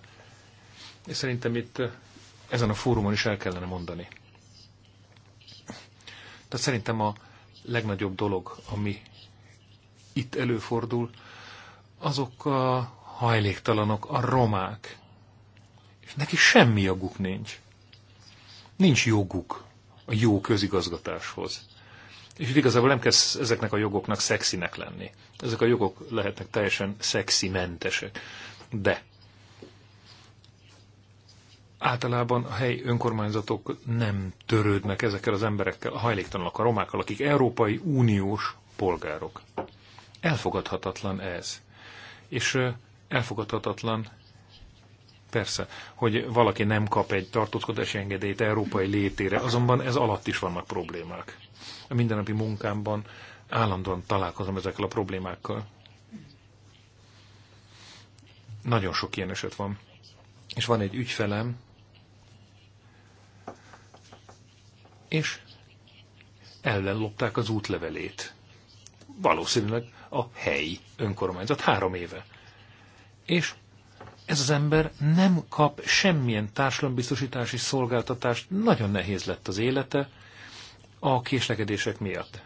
És szerintem itt ezen a fórumon is el kellene mondani. Tehát szerintem a legnagyobb dolog, ami itt előfordul, azok a hajléktalanok, a romák. És neki semmi joguk nincs. Nincs joguk a jó közigazgatáshoz. És igazából nem kell ezeknek a jogoknak szexinek lenni. Ezek a jogok lehetnek teljesen szeximentesek. De általában a helyi önkormányzatok nem törődnek ezekkel az emberekkel, a hajléktalanokkal, a romákkal, akik Európai Uniós polgárok. Elfogadhatatlan ez. És elfogadhatatlan persze, hogy valaki nem kap egy tartózkodási engedélyt európai létére, azonban ez alatt is vannak problémák. A mindennapi munkámban állandóan találkozom ezekkel a problémákkal. Nagyon sok ilyen eset van. És van egy ügyfelem, és ellen lopták az útlevelét. Valószínűleg a helyi önkormányzat három éve. És ez az ember nem kap semmilyen társadalombiztosítási szolgáltatást, nagyon nehéz lett az élete a késlekedések miatt.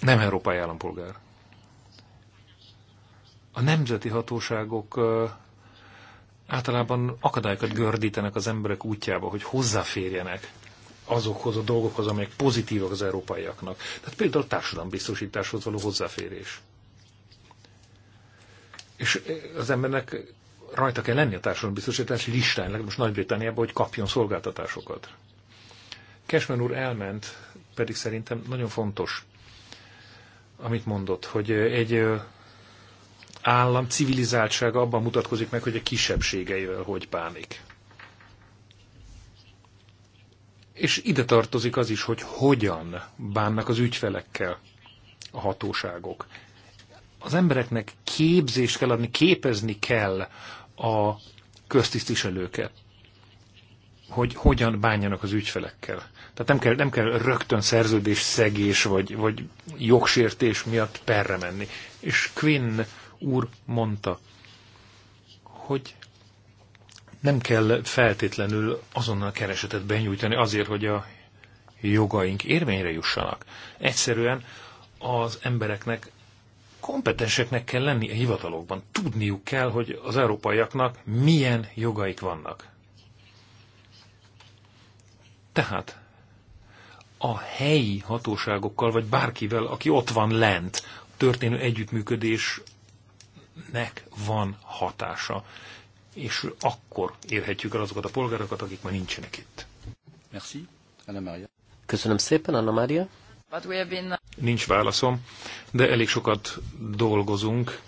Nem európai állampolgár. A nemzeti hatóságok általában akadályokat gördítenek az emberek útjába, hogy hozzáférjenek azokhoz a dolgokhoz, amelyek pozitívak az európaiaknak. Tehát például a társadalombiztosításhoz való hozzáférés. És eh, az embernek rajta kell lenni a társadalombiztosítás listán, most Nagy-Britanniában, hogy kapjon szolgáltatásokat. Cashman úr elment, pedig szerintem nagyon fontos, amit mondott, hogy eh, egy eh, állam civilizáltsága abban mutatkozik meg, hogy a kisebbségeivel hogy bánik. És ide tartozik az is, hogy hogyan bánnak az ügyfelekkel a hatóságok. Az embereknek képzést kell adni, képezni kell a köztisztviselőket, hogy hogyan bánjanak az ügyfelekkel. Tehát nem kell, nem kell rögtön szerződés szegés vagy, vagy jogsértés miatt perre menni. És Quinn úr mondta, hogy nem kell feltétlenül azonnal keresetet benyújtani azért, hogy a jogaink érvényre jussanak. Egyszerűen az embereknek kompetenseknek kell lenni a hivatalokban. Tudniuk kell, hogy az európaiaknak milyen jogaik vannak. Tehát a helyi hatóságokkal, vagy bárkivel, aki ott van lent, történő együttműködésnek van hatása és akkor érhetjük el azokat a polgárokat, akik már nincsenek itt. Merci. Anna Maria. Köszönöm szépen, Anna Maria. Been... Uh, Nincs válaszom, de elég sokat dolgozunk,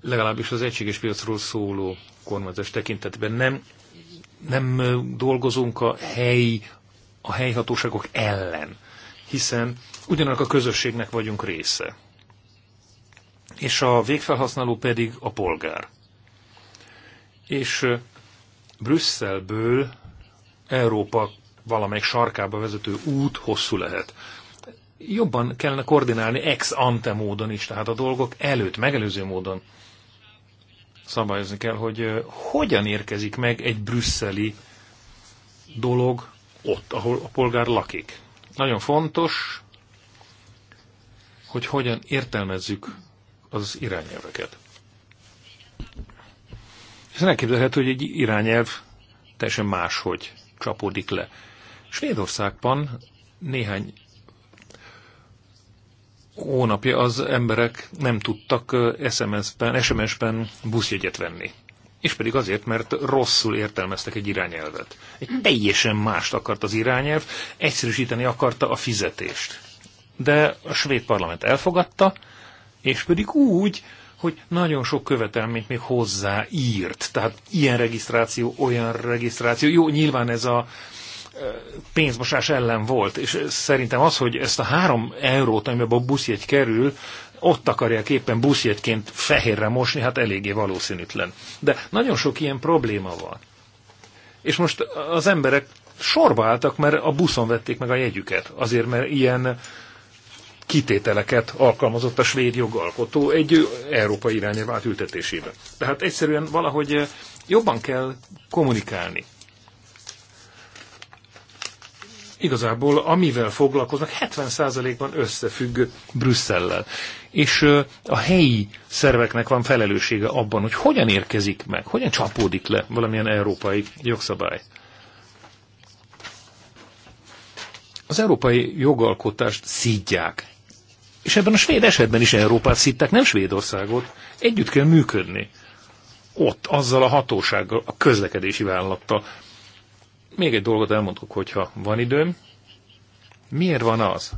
legalábbis az egységes piacról szóló kormányzás tekintetben. Nem, nem dolgozunk a helyi, a helyhatóságok ellen, hiszen ugyanak a közösségnek vagyunk része. És a végfelhasználó pedig a polgár és Brüsszelből Európa valamelyik sarkába vezető út hosszú lehet. Jobban kellene koordinálni ex ante módon is, tehát a dolgok előtt, megelőző módon szabályozni kell, hogy hogyan érkezik meg egy brüsszeli dolog ott, ahol a polgár lakik. Nagyon fontos, hogy hogyan értelmezzük az irányelveket. Ez elképzelhető, hogy egy irányelv teljesen máshogy csapódik le. Svédországban néhány hónapja az emberek nem tudtak SMS-ben, sms buszjegyet venni. És pedig azért, mert rosszul értelmeztek egy irányelvet. Egy teljesen mást akart az irányelv, egyszerűsíteni akarta a fizetést. De a svéd parlament elfogadta, és pedig úgy, hogy nagyon sok követelményt még hozzáírt. Tehát ilyen regisztráció, olyan regisztráció. Jó, nyilván ez a pénzmosás ellen volt, és szerintem az, hogy ezt a három eurót, amiben a buszjegy kerül, ott akarják éppen buszjegyként fehérre mosni, hát eléggé valószínűtlen. De nagyon sok ilyen probléma van. És most az emberek sorba álltak, mert a buszon vették meg a jegyüket. Azért, mert ilyen kitételeket alkalmazott a svéd jogalkotó egy Európa irányelv átültetésében. Tehát egyszerűen valahogy eh, jobban kell kommunikálni. Igazából amivel foglalkoznak, 70%-ban összefügg Brüsszellel. És eh, a helyi szerveknek van felelőssége abban, hogy hogyan érkezik meg, hogyan csapódik le valamilyen európai jogszabály. Az európai jogalkotást szídják és ebben a svéd esetben is Európát szitták, nem Svédországot. Együtt kell működni. Ott, azzal a hatósággal, a közlekedési vállalattal. Még egy dolgot elmondok, hogyha van időm. Miért van az?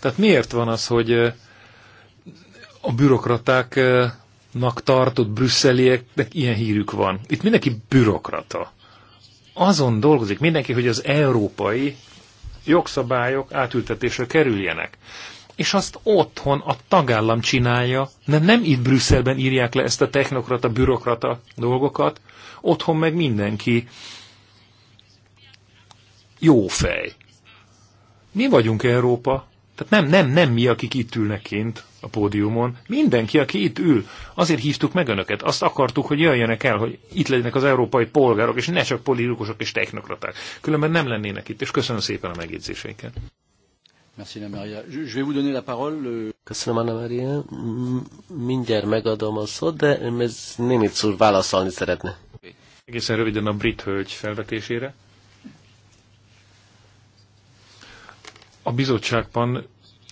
Tehát miért van az, hogy eh, a bürokratáknak tartott brüsszelieknek ilyen hírük van? Itt mindenki bürokrata azon dolgozik mindenki, hogy az európai jogszabályok átültetésre kerüljenek. És azt otthon a tagállam csinálja, de nem itt Brüsszelben írják le ezt a technokrata, bürokrata dolgokat, otthon meg mindenki jó fej. Mi vagyunk Európa, tehát nem, nem, nem mi, akik itt ülnek kint a pódiumon, mindenki, aki itt ül. Azért hívtuk meg önöket, azt akartuk, hogy jöjjenek el, hogy itt legyenek az európai polgárok, és ne csak politikusok és technokraták. Különben nem lennének itt, és köszönöm szépen a megjegyzéseiket. Köszönöm, Anna Maria. Mindjárt megadom a szót, de ez itt szól, válaszolni szeretne. Egészen röviden a brit hölgy felvetésére. a bizottságban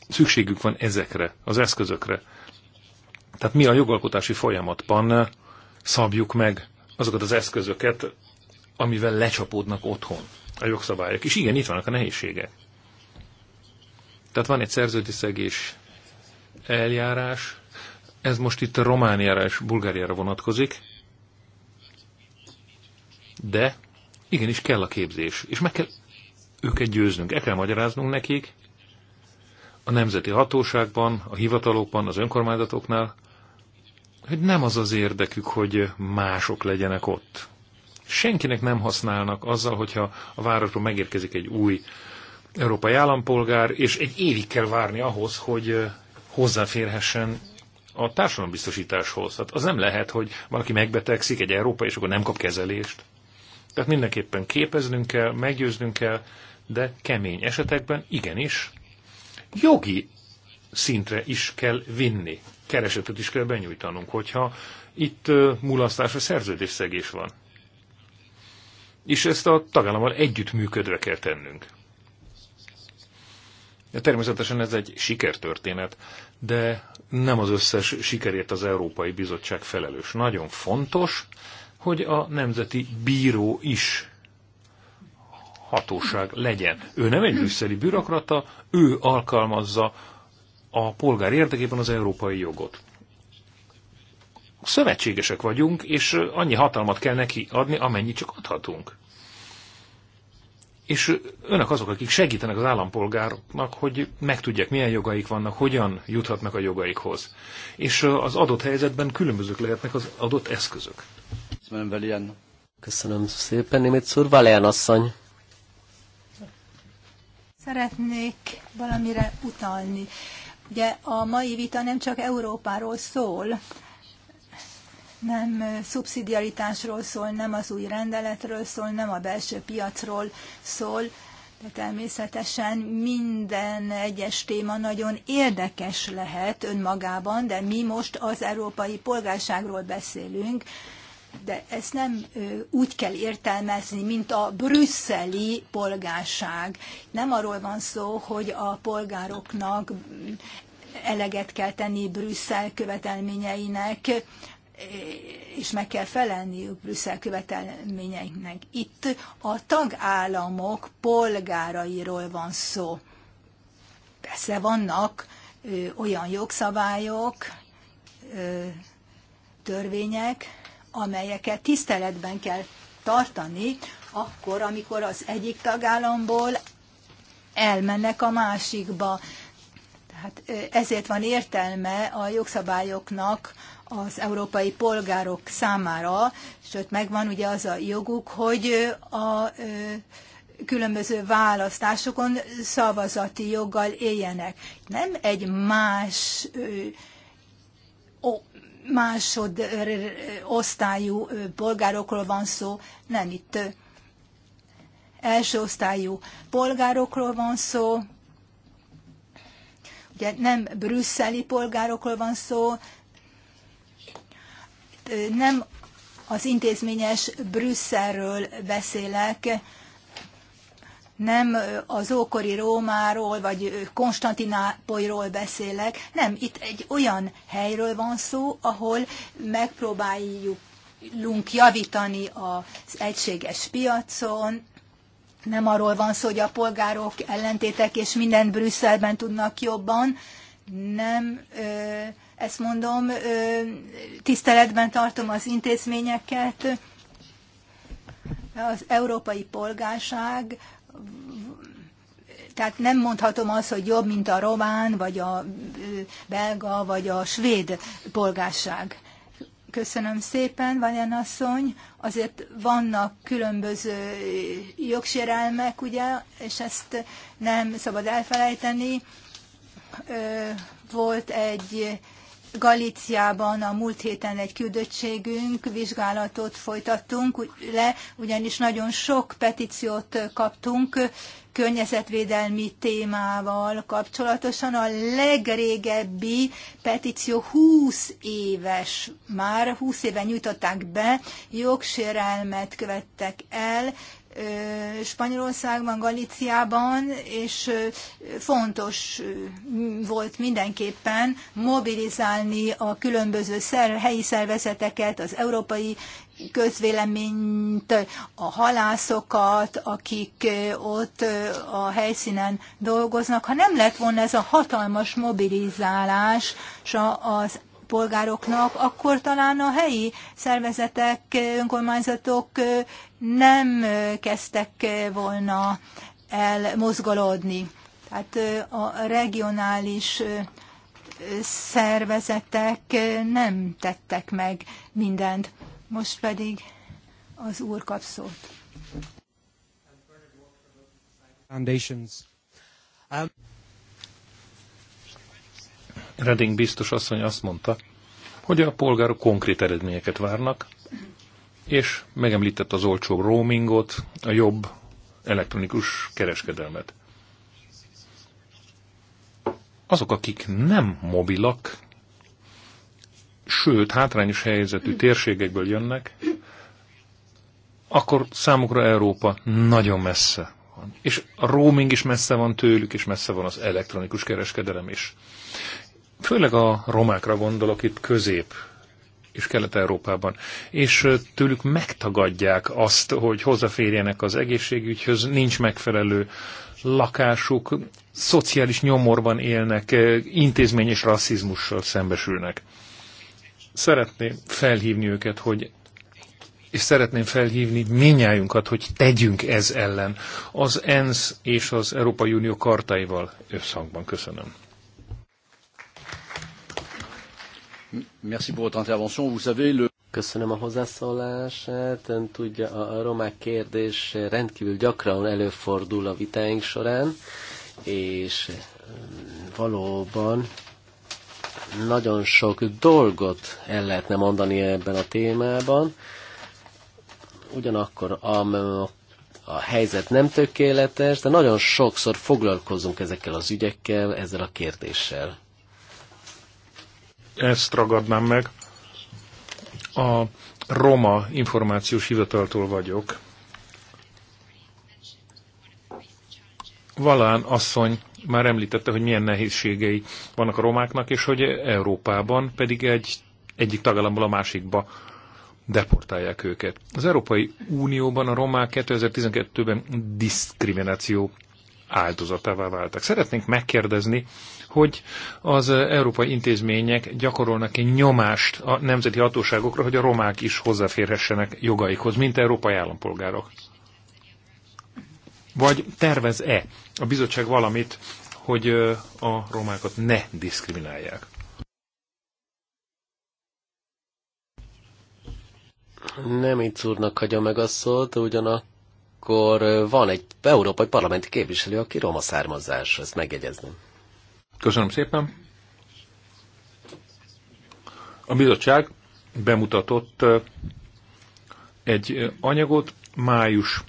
szükségük van ezekre, az eszközökre. Tehát mi a jogalkotási folyamatban szabjuk meg azokat az eszközöket, amivel lecsapódnak otthon a jogszabályok. És igen, itt vannak a nehézségek. Tehát van egy szerződésszegés eljárás, ez most itt Romániára és Bulgáriára vonatkozik, de igenis kell a képzés, és meg kell őket győznünk, el kell magyaráznunk nekik a nemzeti hatóságban, a hivatalokban, az önkormányzatoknál, hogy nem az az érdekük, hogy mások legyenek ott. Senkinek nem használnak azzal, hogyha a városban megérkezik egy új európai állampolgár, és egy évig kell várni ahhoz, hogy hozzáférhessen a társadalombiztosításhoz. Tehát az nem lehet, hogy valaki megbetegszik egy Európa, és akkor nem kap kezelést. Tehát mindenképpen képeznünk kell, meggyőznünk kell, de kemény esetekben igenis jogi szintre is kell vinni. Keresetet is kell benyújtanunk, hogyha itt mulasztás a szerződésszegés van. És ezt a tagállammal együttműködve kell tennünk. De természetesen ez egy sikertörténet, de nem az összes sikerért az Európai Bizottság felelős. Nagyon fontos, hogy a nemzeti bíró is hatóság legyen. Ő nem egy brüsszeli bürokrata, ő alkalmazza a polgár érdekében az európai jogot. Szövetségesek vagyunk, és annyi hatalmat kell neki adni, amennyit csak adhatunk. És önök azok, akik segítenek az állampolgárnak, hogy megtudják, milyen jogaik vannak, hogyan juthatnak a jogaikhoz. És az adott helyzetben különbözők lehetnek az adott eszközök. Köszönöm szépen, Némit Szúr, Valéan asszony. Szeretnék valamire utalni. Ugye a mai vita nem csak Európáról szól, nem szubszidiaritásról szól, nem az új rendeletről szól, nem a belső piacról szól, de természetesen minden egyes téma nagyon érdekes lehet önmagában, de mi most az európai polgárságról beszélünk, de ezt nem úgy kell értelmezni, mint a brüsszeli polgárság. Nem arról van szó, hogy a polgároknak eleget kell tenni Brüsszel követelményeinek, és meg kell felelniük Brüsszel követelményeinek. Itt a tagállamok polgárairól van szó. Persze vannak olyan jogszabályok, törvények, amelyeket tiszteletben kell tartani, akkor, amikor az egyik tagállamból elmennek a másikba. Tehát ezért van értelme a jogszabályoknak az európai polgárok számára, sőt megvan ugye az a joguk, hogy a különböző választásokon szavazati joggal éljenek. Nem egy más másod osztályú polgárokról van szó, nem itt első osztályú polgárokról van szó, ugye nem brüsszeli polgárokról van szó, nem az intézményes Brüsszelről beszélek, nem az ókori Rómáról vagy Konstantinápolyról beszélek, nem, itt egy olyan helyről van szó, ahol megpróbáljuk javítani az egységes piacon, nem arról van szó, hogy a polgárok ellentétek és mindent Brüsszelben tudnak jobban, nem, ezt mondom, tiszteletben tartom az intézményeket, az európai polgárság tehát nem mondhatom azt, hogy jobb, mint a román, vagy a belga, vagy a svéd polgárság. Köszönöm szépen, Vajan asszony. Azért vannak különböző jogsérelmek, ugye, és ezt nem szabad elfelejteni. Volt egy Galíciában a múlt héten egy küldöttségünk, vizsgálatot folytattunk le, ugyanis nagyon sok petíciót kaptunk környezetvédelmi témával kapcsolatosan a legrégebbi petíció 20 éves, már 20 éve nyújtották be, jogsérelmet követtek el, Spanyolországban, Galíciában, és fontos volt mindenképpen mobilizálni a különböző helyi szervezeteket, az európai közvéleményt, a halászokat, akik ott a helyszínen dolgoznak. Ha nem lett volna ez a hatalmas mobilizálás az polgároknak, akkor talán a helyi szervezetek, önkormányzatok nem kezdtek volna el mozgolódni. Tehát a regionális szervezetek nem tettek meg mindent. Most pedig az úr kap szót. Foundations. Um... Reding biztos asszony azt mondta, hogy a polgárok konkrét eredményeket várnak, és megemlített az olcsó roamingot, a jobb elektronikus kereskedelmet. Azok, akik nem mobilak, sőt hátrányos helyzetű térségekből jönnek, akkor számukra Európa nagyon messze van. És a roaming is messze van tőlük, és messze van az elektronikus kereskedelem is. Főleg a romákra gondolok itt közép és Kelet-Európában. És tőlük megtagadják azt, hogy hozzáférjenek az egészségügyhöz, nincs megfelelő lakásuk, szociális nyomorban élnek, intézményes rasszizmussal szembesülnek szeretném felhívni őket, hogy és szeretném felhívni minnyájunkat, hogy tegyünk ez ellen. Az ENSZ és az Európai Unió kartaival összhangban. Köszönöm. Köszönöm a hozzászólását. Ön tudja, a romák kérdés rendkívül gyakran előfordul a vitáink során, és valóban nagyon sok dolgot el lehetne mondani ebben a témában. Ugyanakkor a, a helyzet nem tökéletes, de nagyon sokszor foglalkozunk ezekkel az ügyekkel, ezzel a kérdéssel. Ezt ragadnám meg. A Roma információs hivataltól vagyok. Valán asszony már említette, hogy milyen nehézségei vannak a romáknak, és hogy Európában pedig egy, egyik tagállamból a másikba deportálják őket. Az Európai Unióban a romák 2012-ben diszkrimináció áldozatává váltak. Szeretnénk megkérdezni, hogy az európai intézmények gyakorolnak-e nyomást a nemzeti hatóságokra, hogy a romák is hozzáférhessenek jogaikhoz, mint európai állampolgárok. Vagy tervez-e a bizottság valamit, hogy a romákat ne diszkriminálják? Nem így szúrnak hagyja meg a szót, ugyanakkor van egy európai parlamenti képviselő, aki roma származás, ezt megjegyezném. Köszönöm szépen. A bizottság bemutatott egy anyagot május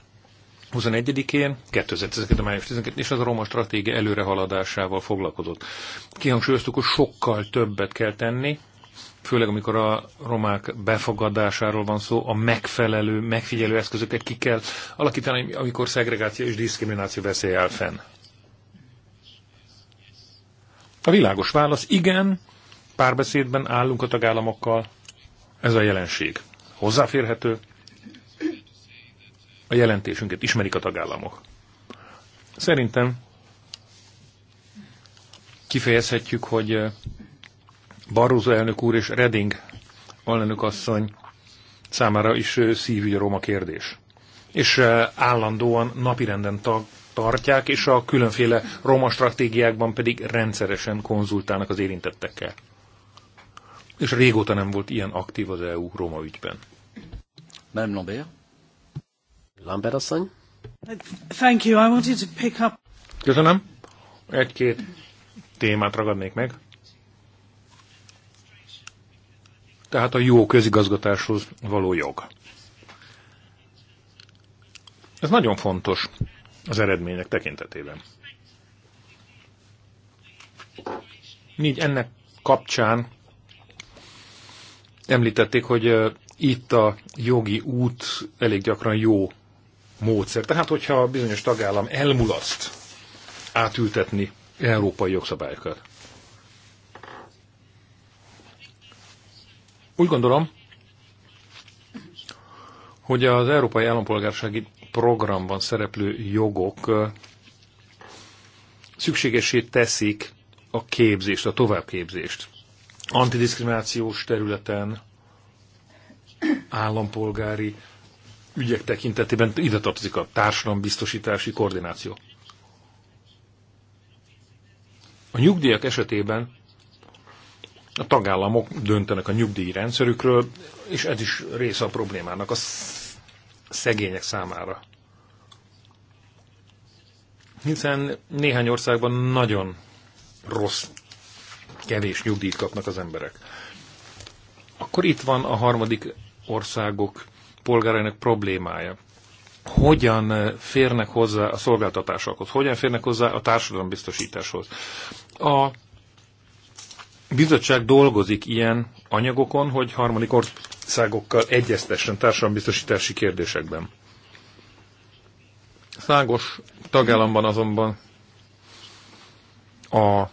21-én, 2012. május 12 és az a roma stratégia előrehaladásával foglalkozott. Kihangsúlyoztuk, hogy sokkal többet kell tenni, főleg amikor a romák befogadásáról van szó, a megfelelő, megfigyelő eszközöket ki kell alakítani, amikor szegregáció és diszkrimináció veszély áll fenn. A világos válasz igen, párbeszédben állunk a tagállamokkal, ez a jelenség. Hozzáférhető, a jelentésünket ismerik a tagállamok. Szerintem kifejezhetjük, hogy eh, Barroso elnök úr és Reding alelnök asszony számára is eh, szívügy a roma kérdés. És eh, állandóan napirenden tag, tartják, és a különféle roma stratégiákban pedig rendszeresen konzultálnak az érintettekkel. És régóta nem volt ilyen aktív az EU roma ügyben. Nem Lambert? Lambert asszony. Thank you. I wanted to pick up... Köszönöm. Egy-két témát ragadnék meg. Tehát a jó közigazgatáshoz való jog. Ez nagyon fontos az eredmények tekintetében. Így ennek kapcsán említették, hogy itt a jogi út elég gyakran jó módszer. Tehát, hogyha a bizonyos tagállam elmulaszt átültetni európai jogszabályokat. Úgy gondolom, hogy az Európai Állampolgársági Programban szereplő jogok szükségesé teszik a képzést, a továbbképzést. Antidiskriminációs területen, állampolgári ügyek tekintetében ide tartozik a társadalombiztosítási koordináció. A nyugdíjak esetében a tagállamok döntenek a nyugdíjrendszerükről, és ez is része a problémának a szegények számára. Hiszen néhány országban nagyon rossz, kevés nyugdíjt kapnak az emberek. Akkor itt van a harmadik országok polgárainak problémája. Hogyan eh, férnek hozzá a szolgáltatásokhoz? Hogyan férnek hozzá a társadalombiztosításhoz? A bizottság dolgozik ilyen anyagokon, hogy harmadik országokkal egyeztessen társadalombiztosítási kérdésekben. Szágos tagállamban azonban a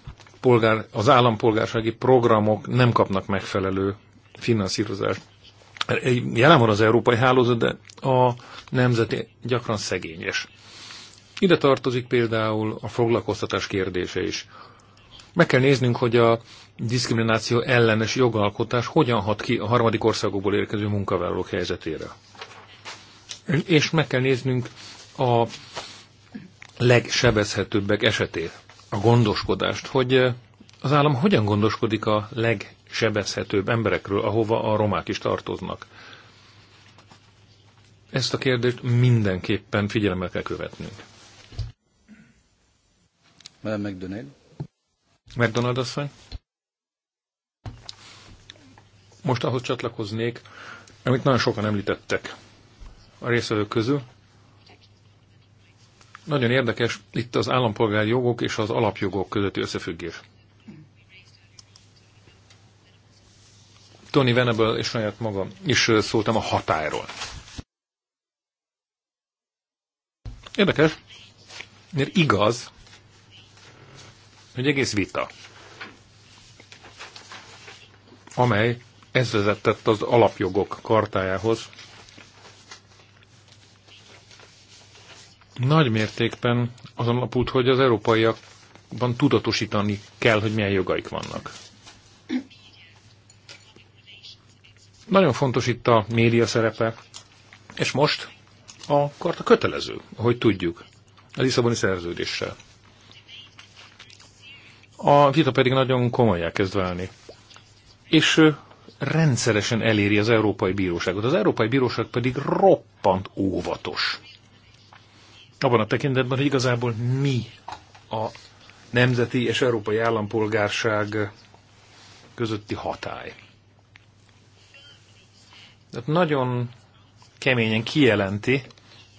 polgár, az állampolgársági programok nem kapnak megfelelő finanszírozást jelen van az európai hálózat, de a nemzeti gyakran szegényes. Ide tartozik például a foglalkoztatás kérdése is. Meg kell néznünk, hogy a diszkrimináció ellenes jogalkotás hogyan hat ki a harmadik országokból érkező munkavállalók helyzetére. És meg kell néznünk a legsebezhetőbbek esetét, a gondoskodást, hogy az állam hogyan gondoskodik a leg legsebezhetőbb emberekről, ahova a romák is tartoznak. Ezt a kérdést mindenképpen figyelemmel kell követnünk. Madame McDonald. McDonald asszony. Most ahhoz csatlakoznék, amit nagyon sokan említettek a részvevők közül. Nagyon érdekes itt az állampolgári jogok és az alapjogok közötti összefüggés. Tony Venable és saját magam is szóltam a hatályról. Érdekes, mert igaz, hogy egész vita, amely ez vezetett az alapjogok kartájához, nagy mértékben azon alapult, hogy az európaiakban tudatosítani kell, hogy milyen jogaik vannak. Nagyon fontos itt a média szerepe, és most a karta kötelező, ahogy tudjuk, a Lisszaboni szerződéssel. A vita pedig nagyon komolyá kezd válni. És rendszeresen eléri az Európai Bíróságot. Az Európai Bíróság pedig roppant óvatos. Abban a tekintetben, hogy igazából mi a nemzeti és európai állampolgárság közötti hatály nagyon keményen kijelenti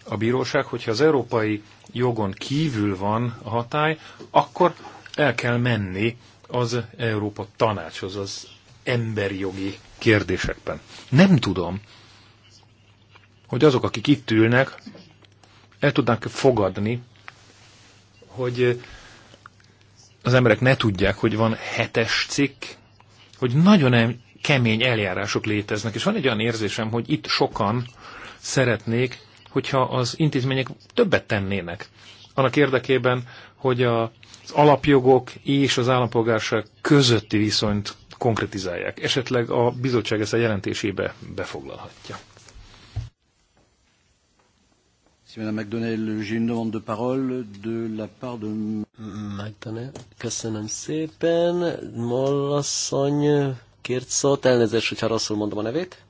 a bíróság, hogyha az európai jogon kívül van a hatály, akkor el kell menni az Európa tanácshoz, az emberi jogi kérdésekben. Nem tudom, hogy azok, akik itt ülnek, el tudnánk fogadni, hogy az emberek ne tudják, hogy van hetes cikk, hogy nagyon kemény eljárások léteznek, és van egy olyan érzésem, hogy itt sokan szeretnék, hogyha az intézmények többet tennének. Annak érdekében, hogy a, az alapjogok és az állampolgárság közötti viszonyt konkretizálják. Esetleg a bizottság ezt a jelentésébe befoglalhatja. Si de köszönöm szépen. Mollasszony kért szót, elnézést, hogyha rosszul mondom a nevét.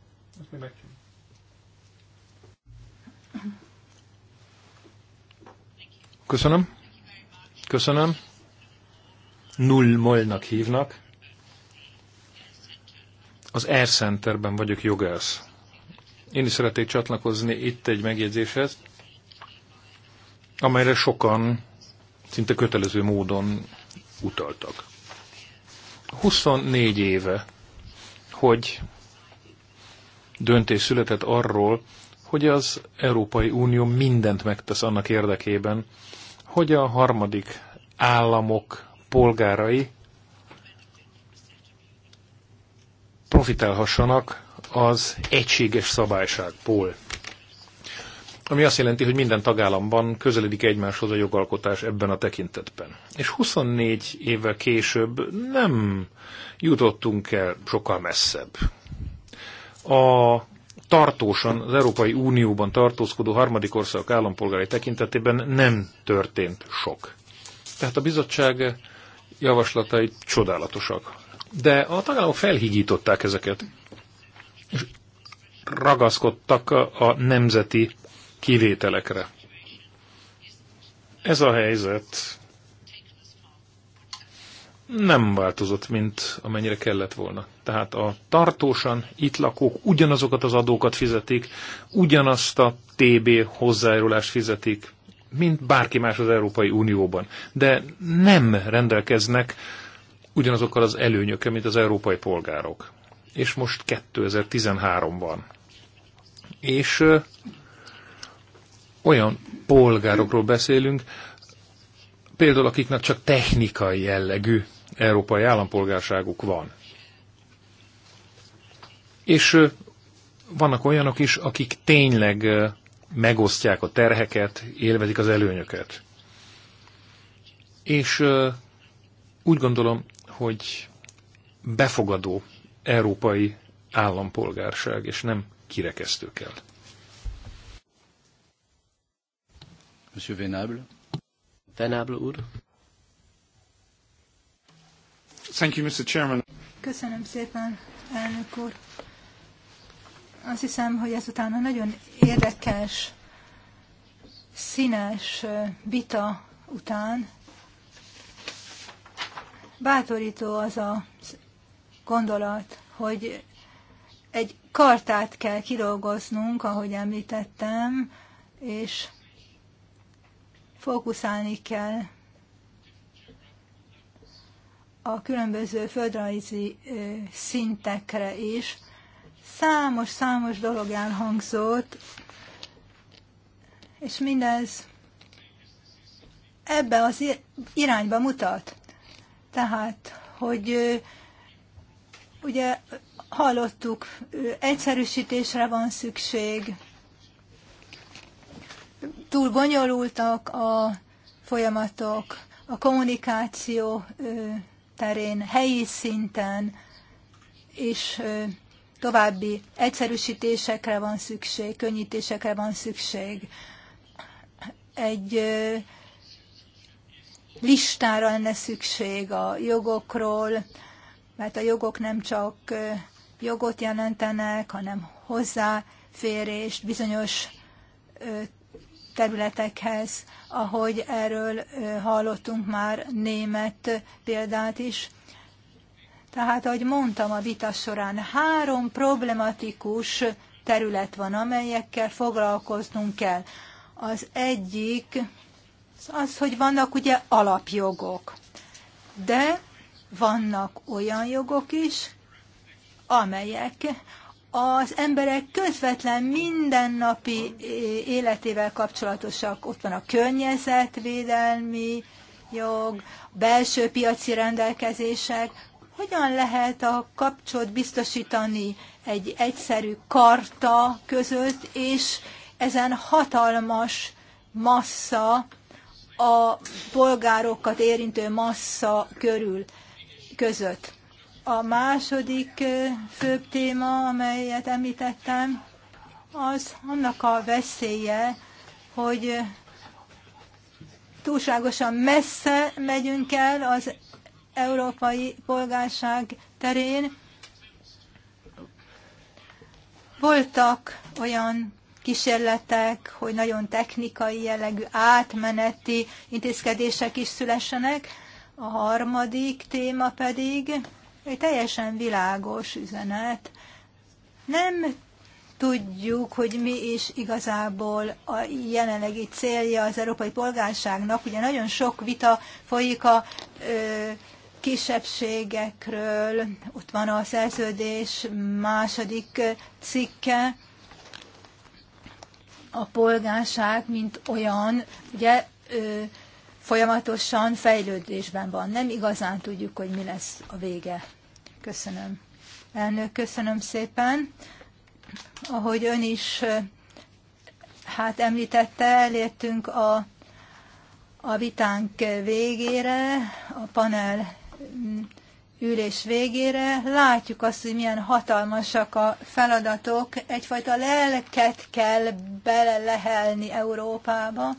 Köszönöm. Köszönöm. Null Molnak hívnak. Az Air Centerben vagyok jogász. Én is szeretnék csatlakozni itt egy megjegyzéshez, amelyre sokan szinte kötelező módon utaltak. 24 éve hogy döntés született arról, hogy az Európai Unió mindent megtesz annak érdekében, hogy a harmadik államok polgárai profitálhassanak az egységes szabályságból. Ami azt jelenti, hogy minden tagállamban közeledik egymáshoz a jogalkotás ebben a tekintetben. És 24 évvel később nem jutottunk el sokkal messzebb. A tartósan az Európai Unióban tartózkodó harmadik országok állampolgárai tekintetében nem történt sok. Tehát a bizottság javaslatai csodálatosak. De a tagállamok felhigították ezeket, és ragaszkodtak a nemzeti kivételekre. Ez a helyzet nem változott, mint amennyire kellett volna. Tehát a tartósan itt lakók ugyanazokat az adókat fizetik, ugyanazt a TB hozzájárulást fizetik, mint bárki más az Európai Unióban. De nem rendelkeznek ugyanazokkal az előnyökkel, mint az európai polgárok. És most 2013-ban. És ö, olyan polgárokról beszélünk, például akiknek csak technikai jellegű európai állampolgárságuk van. És vannak olyanok is, akik tényleg megosztják a terheket, élvezik az előnyöket. És úgy gondolom, hogy befogadó európai állampolgárság, és nem kirekesztő kell. Monsieur Venable. Venable úr. Thank you, Mr. Chairman. Köszönöm szépen, elnök úr. Azt hiszem, hogy ezután a nagyon érdekes, színes vita után bátorító az a gondolat, hogy egy kartát kell kidolgoznunk, ahogy említettem, és fókuszálni kell a különböző földrajzi szintekre is. Számos-számos dolog elhangzott, és mindez ebbe az irányba mutat. Tehát, hogy ugye hallottuk, egyszerűsítésre van szükség, túl bonyolultak a folyamatok, a kommunikáció terén, helyi szinten és további egyszerűsítésekre van szükség, könnyítésekre van szükség. Egy listára lenne szükség a jogokról, mert a jogok nem csak jogot jelentenek, hanem hozzáférést, bizonyos területekhez, ahogy erről hallottunk már német példát is. Tehát, ahogy mondtam a vita során, három problematikus terület van, amelyekkel foglalkoznunk kell. Az egyik az, hogy vannak ugye alapjogok, de vannak olyan jogok is, amelyek az emberek közvetlen mindennapi életével kapcsolatosak. Ott van a környezetvédelmi jog, belső piaci rendelkezések. Hogyan lehet a kapcsot biztosítani egy egyszerű karta között, és ezen hatalmas massza, a polgárokat érintő massza körül között? A második főbb téma, amelyet említettem, az annak a veszélye, hogy túlságosan messze megyünk el az európai polgárság terén. Voltak olyan kísérletek, hogy nagyon technikai jellegű átmeneti intézkedések is szülessenek. A harmadik téma pedig egy teljesen világos üzenet. Nem tudjuk, hogy mi is igazából a jelenlegi célja az európai polgárságnak. Ugye nagyon sok vita folyik a ö, kisebbségekről, ott van a szerződés második cikke, a polgárság, mint olyan, ugye ö, folyamatosan fejlődésben van. Nem igazán tudjuk, hogy mi lesz a vége. Köszönöm. Elnök, köszönöm szépen. Ahogy ön is hát említette, elértünk a, a vitánk végére, a panel ülés végére. Látjuk azt, hogy milyen hatalmasak a feladatok. Egyfajta lelket kell belelehelni Európába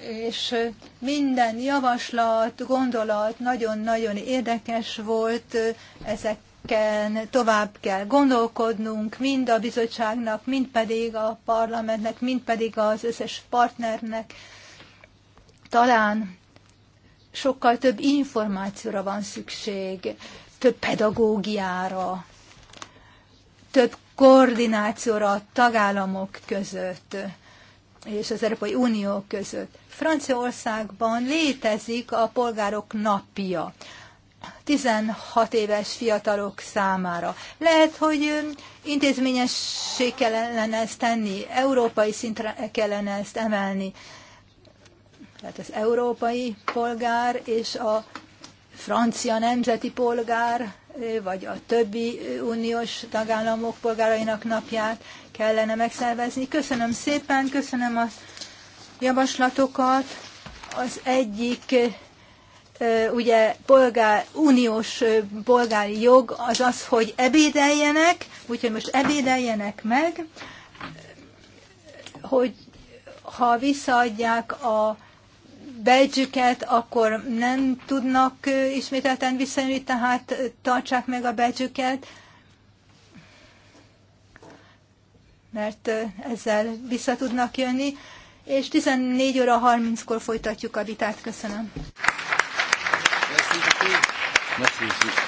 és minden javaslat, gondolat nagyon-nagyon érdekes volt, ezeken tovább kell gondolkodnunk, mind a bizottságnak, mind pedig a parlamentnek, mind pedig az összes partnernek. Talán sokkal több információra van szükség, több pedagógiára, több koordinációra a tagállamok között és az Európai Unió között. Franciaországban létezik a polgárok napja. 16 éves fiatalok számára. Lehet, hogy intézményessé kellene ezt tenni, európai szintre kellene ezt emelni. Tehát az európai polgár és a francia nemzeti polgár, vagy a többi uniós tagállamok polgárainak napját kellene megszervezni. Köszönöm szépen, köszönöm a javaslatokat. Az egyik ugye polgár, uniós polgári jog az az, hogy ebédeljenek, úgyhogy most ebédeljenek meg, hogy ha visszaadják a bedzsüket, akkor nem tudnak ismételten visszajönni, tehát tartsák meg a bedzsüket, mert ezzel vissza tudnak jönni és 14 óra 30-kor folytatjuk a vitát. Köszönöm. Köszönöm.